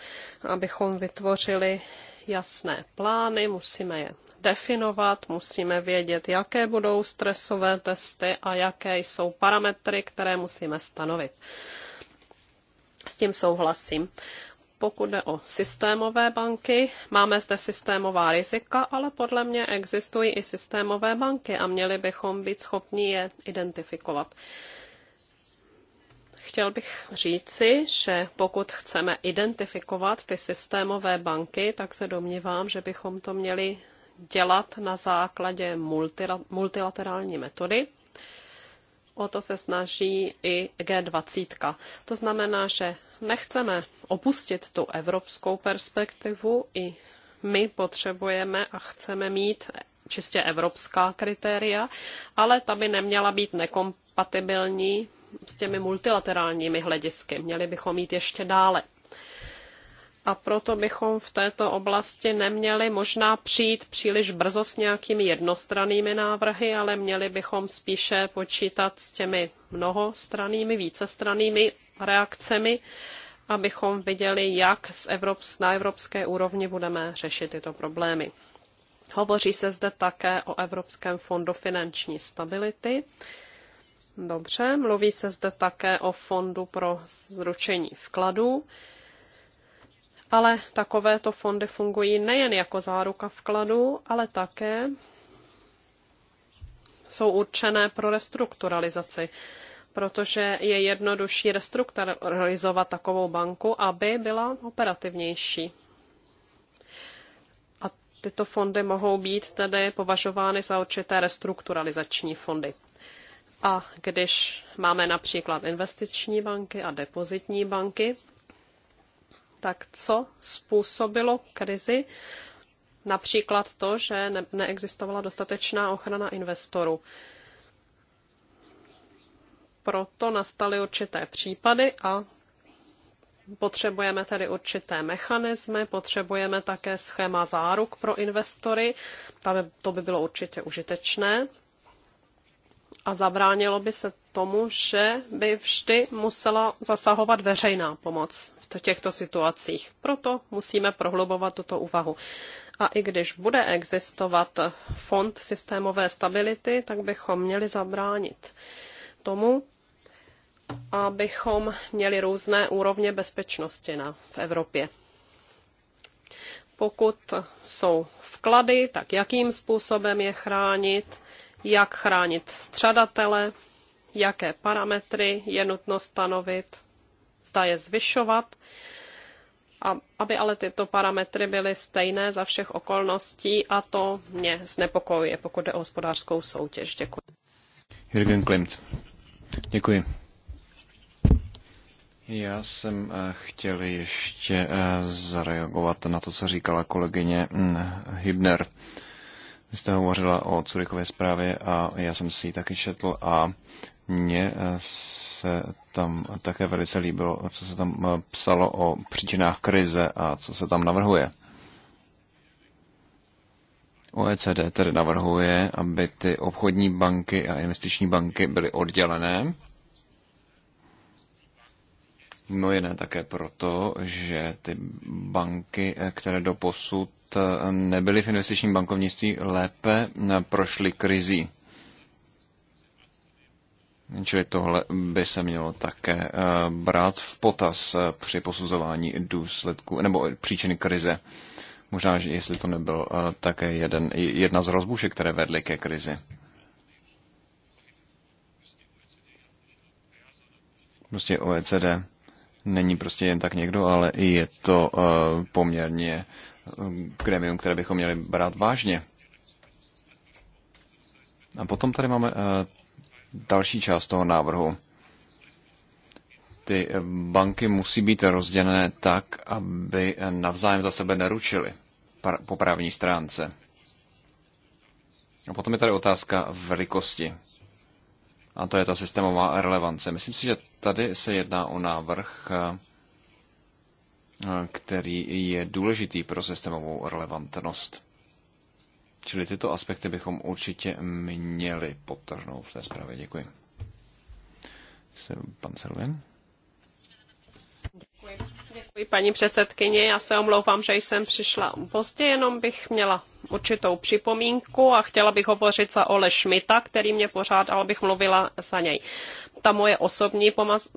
abychom vytvořili jasné plány, musíme je definovat, musíme vědět, jaké budou stresové testy a jaké jsou parametry, které musíme stanovit. S tím souhlasím. Pokud jde o systémové banky, máme zde systémová rizika, ale podle mě existují i systémové banky a měli bychom být schopni je identifikovat. Chtěl bych říci, že pokud chceme identifikovat ty systémové banky, tak se domnívám, že bychom to měli dělat na základě multilaterální metody. O to se snaží i G20. To znamená, že nechceme opustit tu evropskou perspektivu, i my potřebujeme a chceme mít čistě evropská kritéria, ale ta by neměla být nekompatibilní s těmi multilaterálními hledisky. Měli bychom jít ještě dále a proto bychom v této oblasti neměli možná přijít příliš brzo s nějakými jednostrannými návrhy, ale měli bychom spíše počítat s těmi mnohostrannými, vícestrannými reakcemi, abychom viděli, jak z Evrops, na evropské úrovni budeme řešit tyto problémy. Hovoří se zde také o Evropském fondu finanční stability. Dobře, mluví se zde také o fondu pro zručení vkladů, ale takovéto fondy fungují nejen jako záruka vkladů, ale také jsou určené pro restrukturalizaci, protože je jednodušší restrukturalizovat takovou banku, aby byla operativnější. A tyto fondy mohou být tedy považovány za určité restrukturalizační fondy. A když máme například investiční banky a depozitní banky, tak co způsobilo krizi? Například to, že ne- neexistovala dostatečná ochrana investorů. Proto nastaly určité případy a potřebujeme tedy určité mechanismy, potřebujeme také schéma záruk pro investory, to by bylo určitě užitečné a zabránilo by se tomu, že by vždy musela zasahovat veřejná pomoc v těchto situacích. Proto musíme prohlubovat tuto úvahu. A i když bude existovat fond systémové stability, tak bychom měli zabránit tomu, abychom měli různé úrovně bezpečnosti na, v Evropě. Pokud jsou vklady, tak jakým způsobem je chránit, jak chránit střadatele, jaké parametry je nutno stanovit, zda je zvyšovat, a aby ale tyto parametry byly stejné za všech okolností a to mě znepokojuje, pokud jde o hospodářskou soutěž. Děkuji. Jürgen Klimt. Děkuji. Já jsem eh, chtěl ještě eh, zareagovat na to, co říkala kolegyně Hibner. Hm, jste hovořila o Curikové zprávě a já jsem si ji taky četl a mně eh, se tam také velice líbilo, co se tam eh, psalo o příčinách krize a co se tam navrhuje. OECD tedy navrhuje, aby ty obchodní banky a investiční banky byly oddělené. No jiné také proto, že ty banky, eh, které do posud Eh, nebyli v investičním bankovnictví, lépe eh, prošli krizí. Čili tohle by se mělo také eh, brát v potaz při posuzování důsledků nebo příčiny krize. Možná, že jestli to nebyl také jeden, jedna z rozbušek, které vedly ke krizi. Prostě OECD není prostě jen tak někdo, ale i je to poměrně Um, gremium, které bychom měli brát vážně. A potom tady máme uh, další část toho návrhu. Ty eh, banky musí být rozdělené tak, aby eh, navzájem za sebe neručily po právní stránce. A potom je tady otázka velikosti. A to je ta systémová relevance. Myslím si, že tady se jedná o návrh, eh, Eh, který je důležitý pro systémovou relevantnost. Čili tyto aspekty bychom určitě měli potrhnout v té zprávě. Děkuji. Pan Selvin. Děkuji. Děkuji paní předsedkyně. Já se omlouvám, že jsem přišla pozdě, jenom bych měla určitou připomínku a chtěla bych hovořit za Ole Šmita, který mě pořád, ale bych mluvila za něj ta moje osobní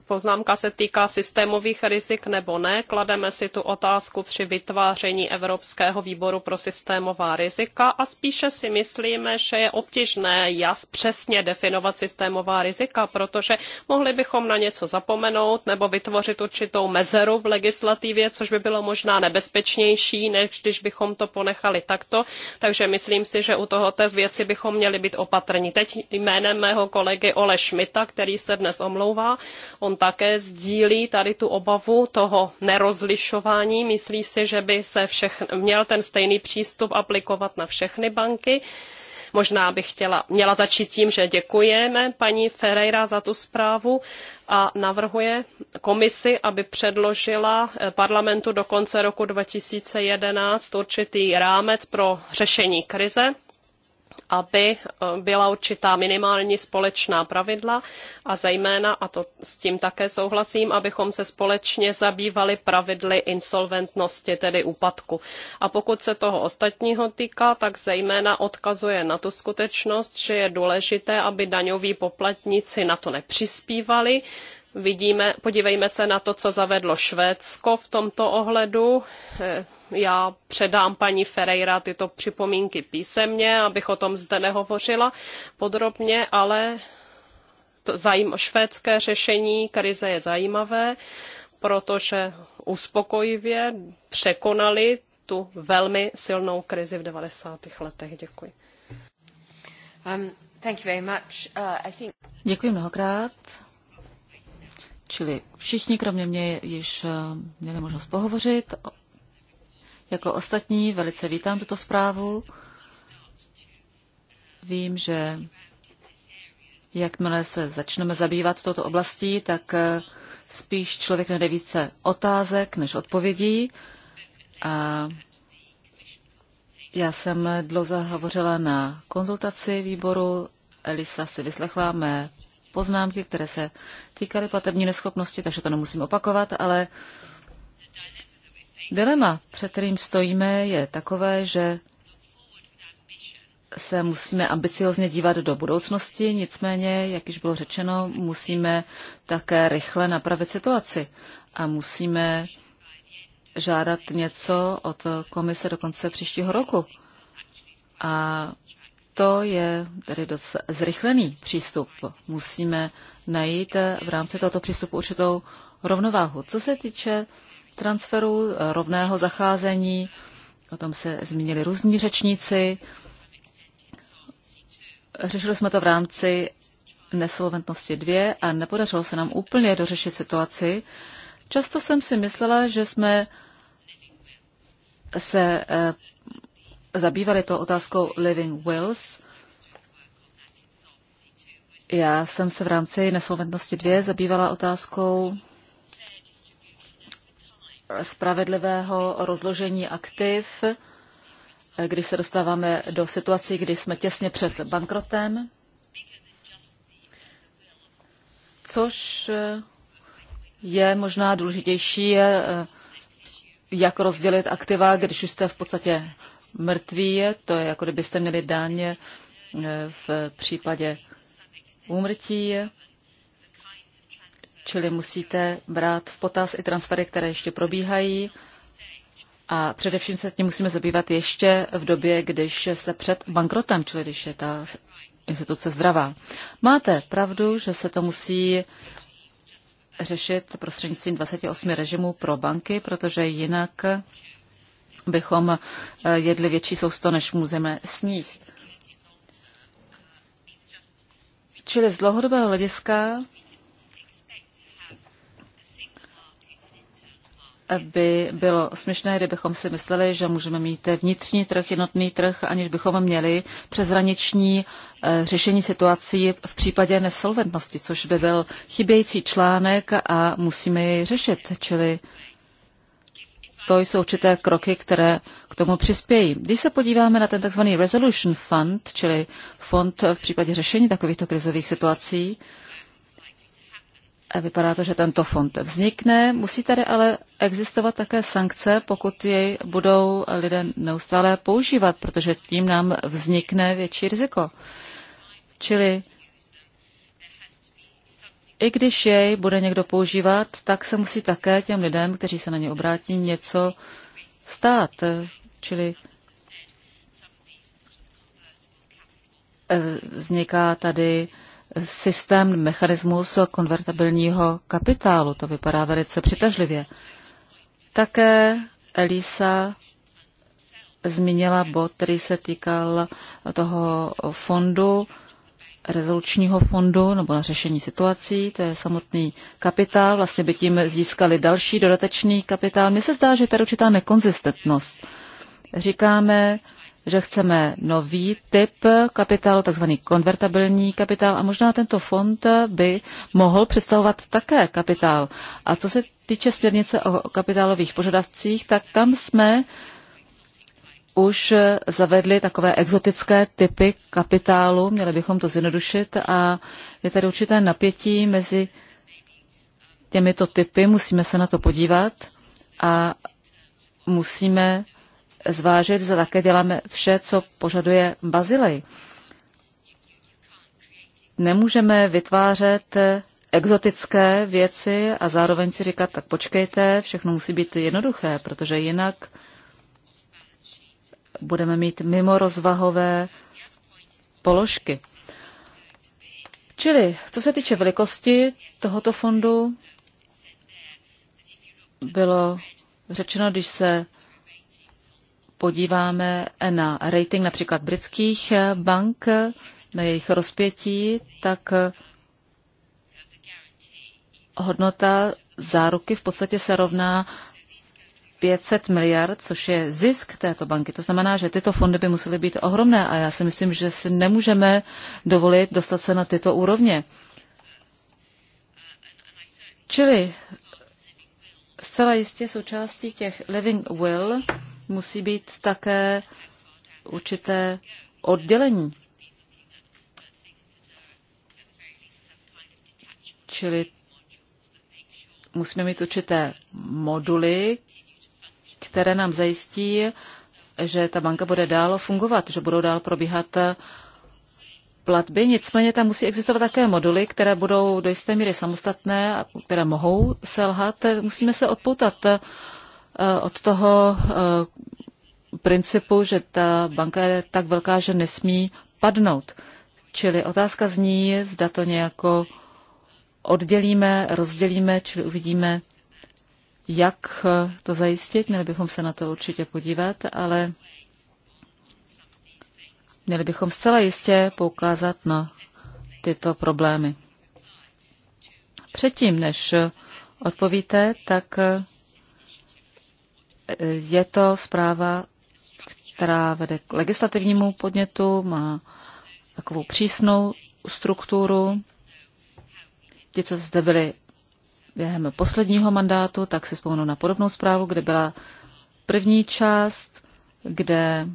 poznámka se týká systémových rizik nebo ne. Klademe si tu otázku při vytváření Evropského výboru pro systémová rizika a spíše si myslíme, že je obtížné jas přesně definovat systémová rizika, protože mohli bychom na něco zapomenout nebo vytvořit určitou mezeru v legislativě, což by bylo možná nebezpečnější, než když bychom to ponechali takto. Takže myslím si, že u tohoto věci bychom měli být opatrní. Teď jménem mého kolegy Ole Šmita, který se se dnes omlouvá, on také sdílí tady tu obavu toho nerozlišování. Myslí si, že by se všech, měl ten stejný přístup aplikovat na všechny banky. Možná bych chtěla, měla začít tím, že děkujeme paní Ferreira za tu zprávu a navrhuje komisi, aby předložila eh, parlamentu do konce roku 2011 určitý rámec pro řešení krize aby eh, byla určitá minimální společná pravidla a zejména, a to s tím také souhlasím, abychom se společně zabývali pravidly insolventnosti, tedy úpadku. A pokud se toho ostatního týká, tak zejména odkazuje na tu skutečnost, že je důležité, aby daňoví poplatníci na to nepřispívali, Vidíme, podívejme se na to, co zavedlo Švédsko v tomto ohledu. Eh, já předám paní Ferreira tyto připomínky písemně, abych o tom zde nehovořila podrobně, ale zajím, švédské řešení krize je zajímavé, protože uspokojivě překonali tu velmi silnou krizi v 90. letech. Děkuji. Um, thank you very much. Uh, I think... Děkuji mnohokrát čili všichni, kromě mě, již eh, měli možnost pohovořit. Jako ostatní velice vítám tuto zprávu. Vím, že jakmile se začneme zabývat touto oblastí, tak eh, spíš člověk najde více otázek než odpovědí. A já jsem dlouze hovořila na konzultaci výboru. Elisa si vyslechla mé poznámky, které se týkaly platební neschopnosti, takže to nemusím opakovat, ale dilema, před kterým stojíme, je takové, že se musíme ambiciozně dívat do budoucnosti, nicméně, jak již bylo řečeno, musíme také rychle napravit situaci a musíme žádat něco od komise do konce příštího roku. A to je tedy dost zrychlený přístup. Musíme najít v rámci tohoto přístupu určitou rovnováhu. Co se týče transferu, eh, rovného zacházení, o tom se zmínili různí řečníci. Řešili jsme to v rámci nesolventnosti 2 a nepodařilo se nám úplně dořešit situaci. Často jsem si myslela, že jsme se eh, zabývali to otázkou Living Wills. Já jsem se v rámci nesolventnosti 2 zabývala otázkou spravedlivého rozložení aktiv, když se dostáváme do situací, kdy jsme těsně před bankrotem, což je možná důležitější, jak rozdělit aktiva, když už jste v podstatě mrtví, to je jako kdybyste měli daň e, v případě úmrtí, čili musíte brát v potaz i transfery, které ještě probíhají. A především se tím musíme zabývat ještě v době, když jste před bankrotem, čili když je ta instituce zdravá. Máte pravdu, že se to musí řešit prostřednictvím 28 režimů pro banky, protože jinak bychom eh, jedli větší sousto, než můžeme sníst. Čili z dlouhodobého hlediska by bylo směšné, kdybychom si mysleli, že můžeme mít vnitřní trh, jednotný trh, aniž bychom měli přezraniční eh, řešení situací v případě nesolventnosti, což by byl chybějící článek a musíme jej řešit. Čili to jsou určité kroky, které k tomu přispějí. Když se podíváme na ten tzv. Resolution Fund, čili fond v případě řešení takovýchto krizových situací, vypadá to, že tento fond vznikne. Musí tady ale existovat také sankce, pokud jej budou lidé neustále používat, protože tím nám vznikne větší riziko. Čili i když jej bude někdo používat, tak se musí také těm lidem, kteří se na ně obrátí, něco stát. Čili eh, vzniká tady systém, mechanismus konvertabilního kapitálu. To vypadá velice přitažlivě. Také Elisa zmínila bod, který se týkal toho fondu rezolučního fondu nebo na řešení situací, to je samotný kapitál, vlastně by tím získali další dodatečný kapitál. Mně se zdá, že je tady určitá nekonzistentnost. Říkáme, že chceme nový typ kapitálu, takzvaný konvertabilní kapitál a možná tento fond by mohl představovat také kapitál. A co se týče směrnice o kapitálových požadavcích, tak tam jsme už eh, zavedli takové exotické typy kapitálu, měli bychom to zjednodušit a je tady určité napětí mezi těmito typy, musíme se na to podívat a musíme zvážit, že také děláme vše, co požaduje Bazilej. Nemůžeme vytvářet eh, exotické věci a zároveň si říkat, tak počkejte, všechno musí být jednoduché, protože jinak budeme mít mimo rozvahové položky. Čili, co se týče velikosti tohoto fondu, bylo řečeno, když se podíváme na rating například britských bank, na jejich rozpětí, tak hodnota záruky v podstatě se rovná 500 miliard, což je zisk této banky. To znamená, že tyto fondy by musely být ohromné a já si myslím, že si nemůžeme dovolit dostat se na tyto úrovně. Čili zcela jistě součástí těch living will musí být také určité oddělení. Čili musíme mít určité moduly, které nám zajistí, že ta banka bude dál fungovat, že budou dál probíhat platby. Nicméně tam musí existovat také moduly, které budou do jisté míry samostatné a které mohou selhat. Musíme se odpoutat eh, od toho eh, principu, že ta banka je tak velká, že nesmí padnout. Čili otázka zní, zda to nějako oddělíme, rozdělíme, čili uvidíme, jak eh, to zajistit. Měli bychom se na to určitě podívat, ale měli bychom zcela jistě poukázat na tyto problémy. Předtím, než odpovíte, tak eh, je to zpráva, která vede k legislativnímu podnětu, má takovou přísnou strukturu. Ti, co zde byli během posledního mandátu, tak si vzpomenu na podobnou zprávu, kde byla první část, kde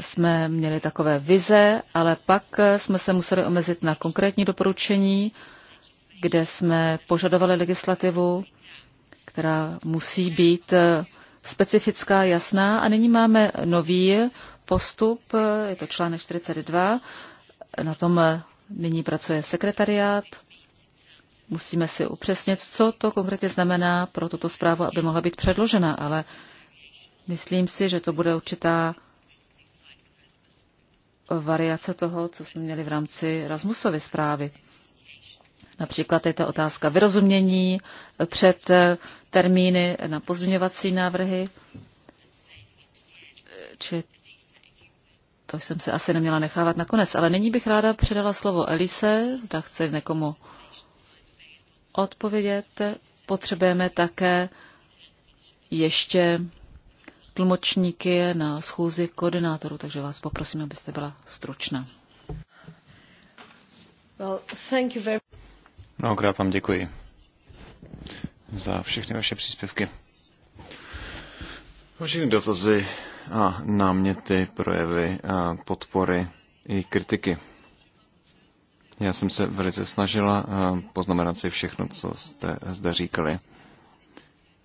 jsme měli takové vize, ale pak jsme se museli omezit na konkrétní doporučení, kde jsme požadovali legislativu, která musí být specifická, jasná. A nyní máme nový postup, je to článek 42, na tom nyní pracuje sekretariát Musíme si upřesnit, co to konkrétně znamená pro tuto zprávu, aby mohla být předložena, ale myslím si, že to bude určitá variace toho, co jsme měli v rámci Rasmusovy zprávy. Například je ta otázka vyrozumění před termíny na pozměňovací návrhy. Či to jsem se asi neměla nechávat nakonec. Ale nyní bych ráda předala slovo Elise, zda chce někomu odpovědět. Potřebujeme také ještě tlumočníky na schůzi koordinátorů, takže vás poprosím, abyste byla stručná. Well, thank you very... Mnohokrát vám děkuji za všechny vaše příspěvky. Všechny dotazy a náměty, projevy, a podpory i kritiky. Já jsem se velice snažila eh, poznamenat si všechno, co jste zde říkali.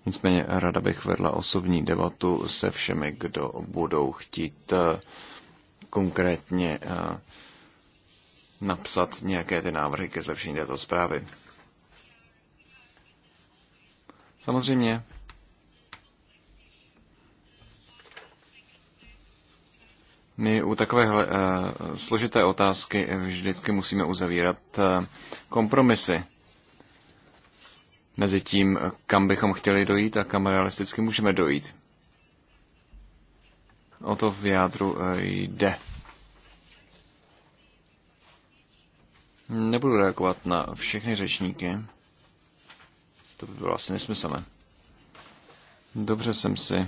Nicméně rada bych vedla osobní debatu se všemi, kdo budou chtít eh, konkrétně eh, napsat nějaké ty návrhy ke zlepšení této zprávy. Samozřejmě My u uh, složité otázky vždycky musíme uzavírat eh, kompromisy mezi tím, kam bychom chtěli dojít a kam realisticky můžeme dojít. O to v jádru eh, jde. Nebudu reagovat na všechny řečníky. To by bylo asi nesmyslné. Dobře jsem si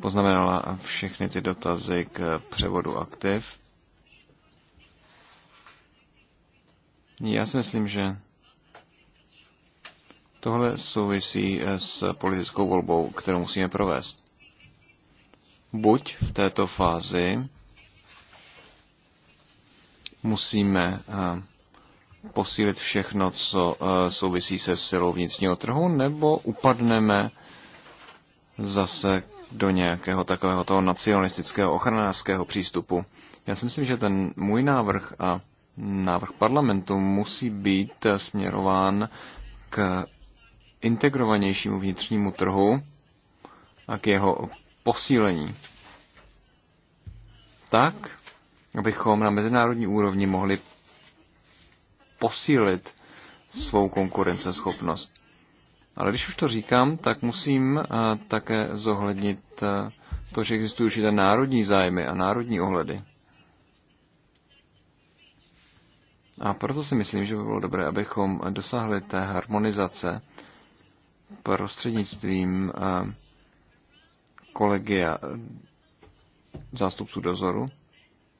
poznamenala všechny ty dotazy k převodu aktiv. Já si myslím, že tohle souvisí s politickou volbou, kterou musíme provést. Buď v této fázi musíme eh, posílit všechno, co eh, souvisí se silou vnitřního trhu, nebo upadneme zase do nějakého takového toho nacionalistického ochranářského přístupu. Já si myslím, že ten můj návrh a návrh parlamentu musí být směrován k integrovanějšímu vnitřnímu trhu a k jeho posílení. Tak, abychom na mezinárodní úrovni mohli posílit svou konkurenceschopnost. Ale když už to říkám, tak musím eh, také zohlednit eh, to, že existují určité národní zájmy a národní ohledy. A proto si myslím, že by bylo dobré, abychom dosáhli té harmonizace prostřednictvím eh, kolegia zástupců dozoru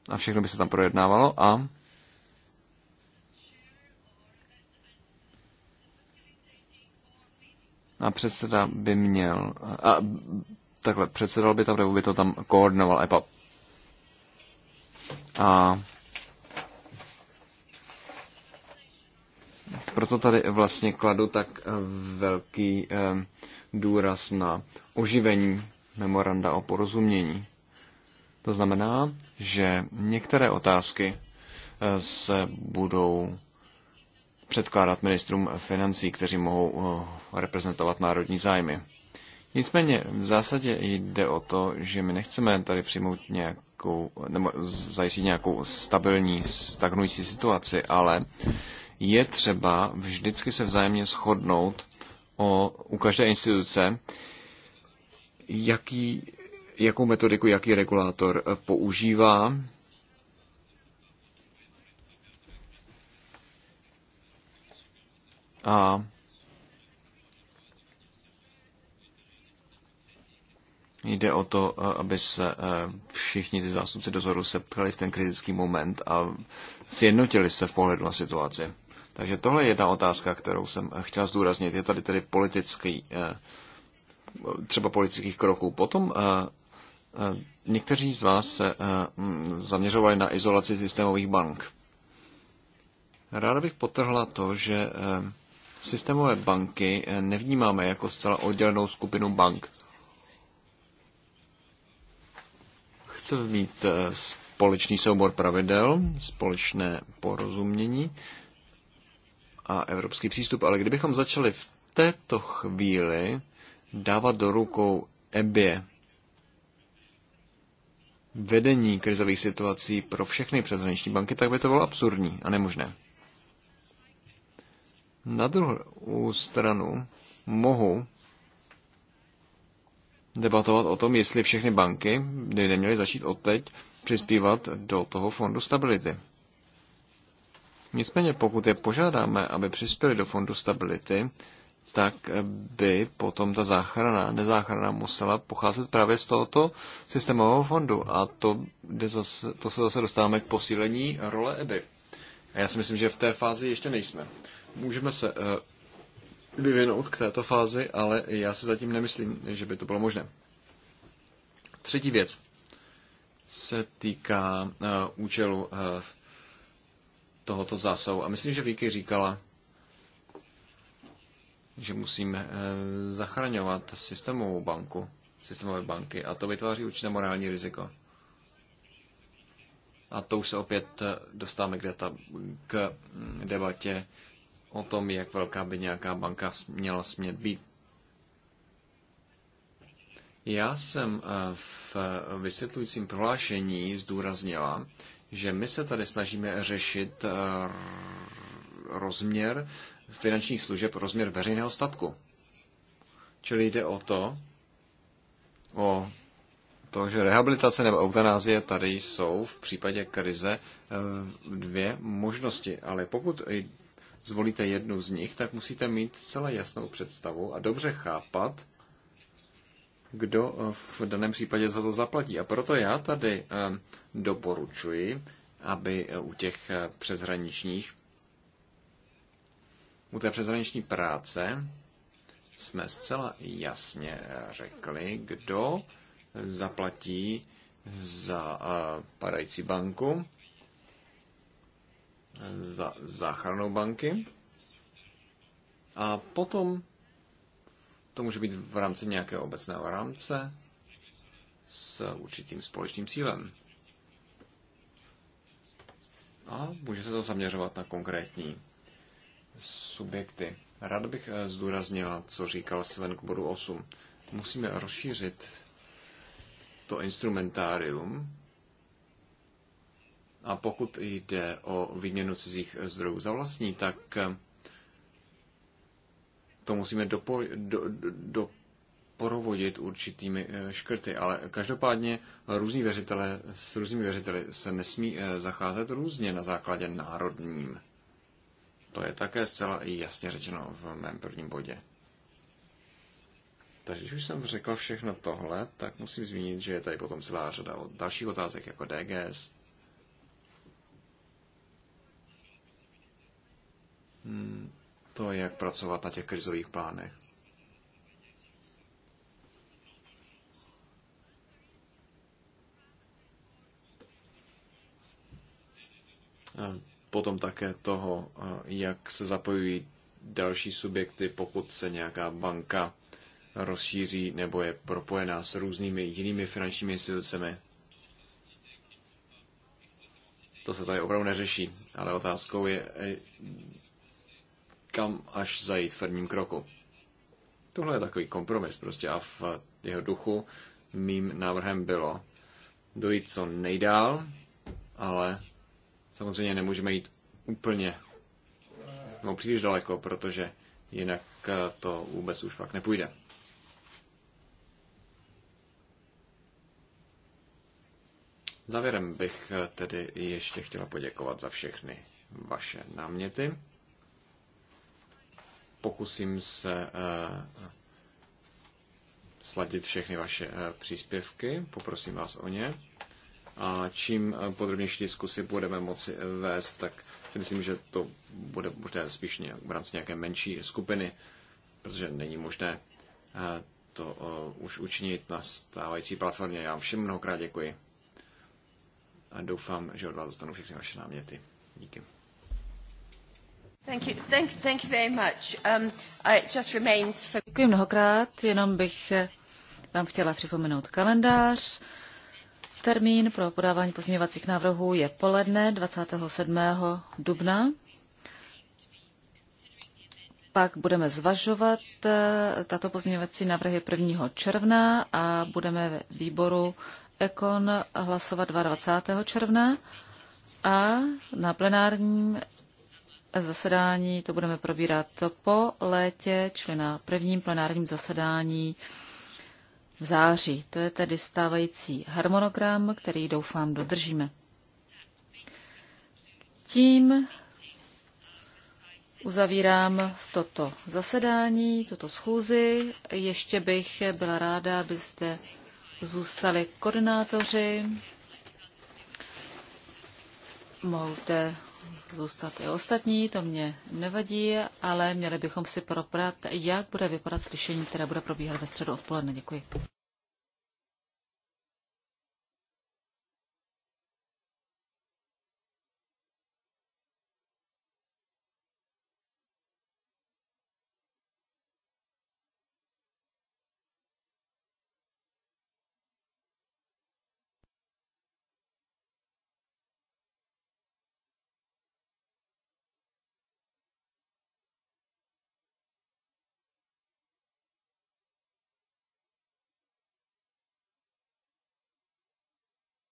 a všechno by se tam projednávalo a a předseda by měl, a, takhle, předsedal by tam, nebo by to tam koordinoval EPA. A proto tady vlastně kladu tak velký eh, důraz na oživení memoranda o porozumění. To znamená, že některé otázky eh, se budou předkládat ministrům financí, kteří mohou eh, reprezentovat národní zájmy. Nicméně v zásadě jde o to, že my nechceme tady přijmout nějakou, nebo zajistit nějakou stabilní, stagnující situaci, ale je třeba vždycky se vzájemně shodnout o, u každé instituce, jaký, jakou metodiku, jaký regulátor eh, používá A Jde o to, aby se všichni ty zástupci dozoru sepkali v ten kritický moment a sjednotili se v pohledu na situaci. Takže tohle je jedna otázka, kterou jsem chtěl zdůraznit. Je tady tedy politický, třeba politických kroků. Potom někteří z vás se zaměřovali na izolaci systémových bank. Ráda bych potrhla to, že systémové banky eh, nevnímáme jako zcela oddělenou skupinu bank. Chceme mít eh, společný soubor pravidel, společné porozumění a evropský přístup. Ale kdybychom začali v této chvíli dávat do rukou EBE vedení krizových situací pro všechny přeshraniční banky, tak by to bylo absurdní a nemožné. Na druhou stranu mohu debatovat o tom, jestli všechny banky by neměly začít odteď přispívat do toho fondu stability. Nicméně pokud je požádáme, aby přispěli do fondu stability, tak by potom ta záchrana, nezáchrana musela pocházet právě z tohoto systémového fondu. A to, kde zase, to se zase dostáváme k posílení role EBY. A já si myslím, že v té fázi ještě nejsme. Můžeme se eh, vyvinout k této fázi, ale já si zatím nemyslím, že by to bylo možné. Třetí věc se týká uh, účelu uh, tohoto zásahu. A myslím, že Víky říkala, že musíme uh, zachraňovat systémovou banku, systémové banky a to vytváří určité morální riziko. A to už se opět dostáváme k, data, k mm, debatě uh, o tom, jak velká by nějaká banka měla smět být. Já jsem eh, v vysvětlujícím prohlášení zdůraznila, že my se tady snažíme řešit eh, rozměr finančních služeb, rozměr veřejného statku. Čili jde o to, o to, že rehabilitace nebo eutanázie tady jsou v případě krize eh, dvě možnosti. Ale pokud zvolíte jednu z nich, tak musíte mít celé jasnou představu a dobře chápat, kdo eh, v daném případě za to zaplatí. A proto já tady eh, doporučuji, aby eh, u těch přeshraničních, u té přeshraniční práce jsme zcela jasně řekli, kdo zaplatí za padající banku za záchranou banky. A potom to může být v rámci nějakého obecného rámce s určitým společným cílem. A může se to zaměřovat na konkrétní subjekty. Rád bych eh, zdůraznila, co říkal Sven k bodu 8. Musíme rozšířit to instrumentárium, a pokud jde o výměnu cizích zdrojů za vlastní, tak eh, to musíme dopo, do, do, doprovodit určitými eh, škrty. Ale každopádně různí věřitele, s různými věřiteli se nesmí eh, zacházet různě na základě národním. To je také zcela jasně řečeno v mém prvním bodě. Takže když už jsem řekl všechno tohle, tak musím zmínit, že je tady potom celá řada dalších otázek, jako DGS, Hmm, to, jak pracovat na těch krizových plánech. Potom také toho, jak se zapojují další subjekty, pokud se nějaká banka rozšíří nebo je propojená s různými jinými finančními institucemi. To se tady opravdu neřeší, ale otázkou je, kam až zajít v prvním kroku. Tohle je takový kompromis prostě a v jeho duchu mým návrhem bylo dojít co nejdál, ale samozřejmě nemůžeme jít úplně no, příliš daleko, protože jinak to vůbec už pak nepůjde. Závěrem bych tedy ještě chtěla poděkovat za všechny vaše náměty pokusím se eh, sladit všechny vaše eh, příspěvky, poprosím vás o ně. A čím eh, podrobnější diskusy budeme moci vést, tak si myslím, že to bude možné spíš nějak, v rámci nějaké menší skupiny, protože není možné to už učinit na stávající platformě. Já vám všem mnohokrát děkuji a doufám, že od vás dostanu všechny vaše náměty. Díky. Děkuji mnohokrát, jenom bych eh, vám chtěla připomenout kalendář. Termín pro podávání pozměňovacích návrhů je poledne 27. dubna. Pak budeme zvažovat eh, tato pozměňovací návrhy 1. června a budeme ve výboru Ekon hlasovat 22. června a na plenárním zasedání, to budeme probírat po létě, čili na prvním plenárním zasedání v září. To je tedy stávající harmonogram, který doufám dodržíme. Tím uzavírám toto zasedání, toto schůzi. Ještě bych byla ráda, abyste zůstali koordinátoři. Mohou zde zůstat i ostatní, to mě nevadí, ale měli bychom si proprat, jak bude vypadat slyšení, které bude probíhat ve středu odpoledne. Děkuji.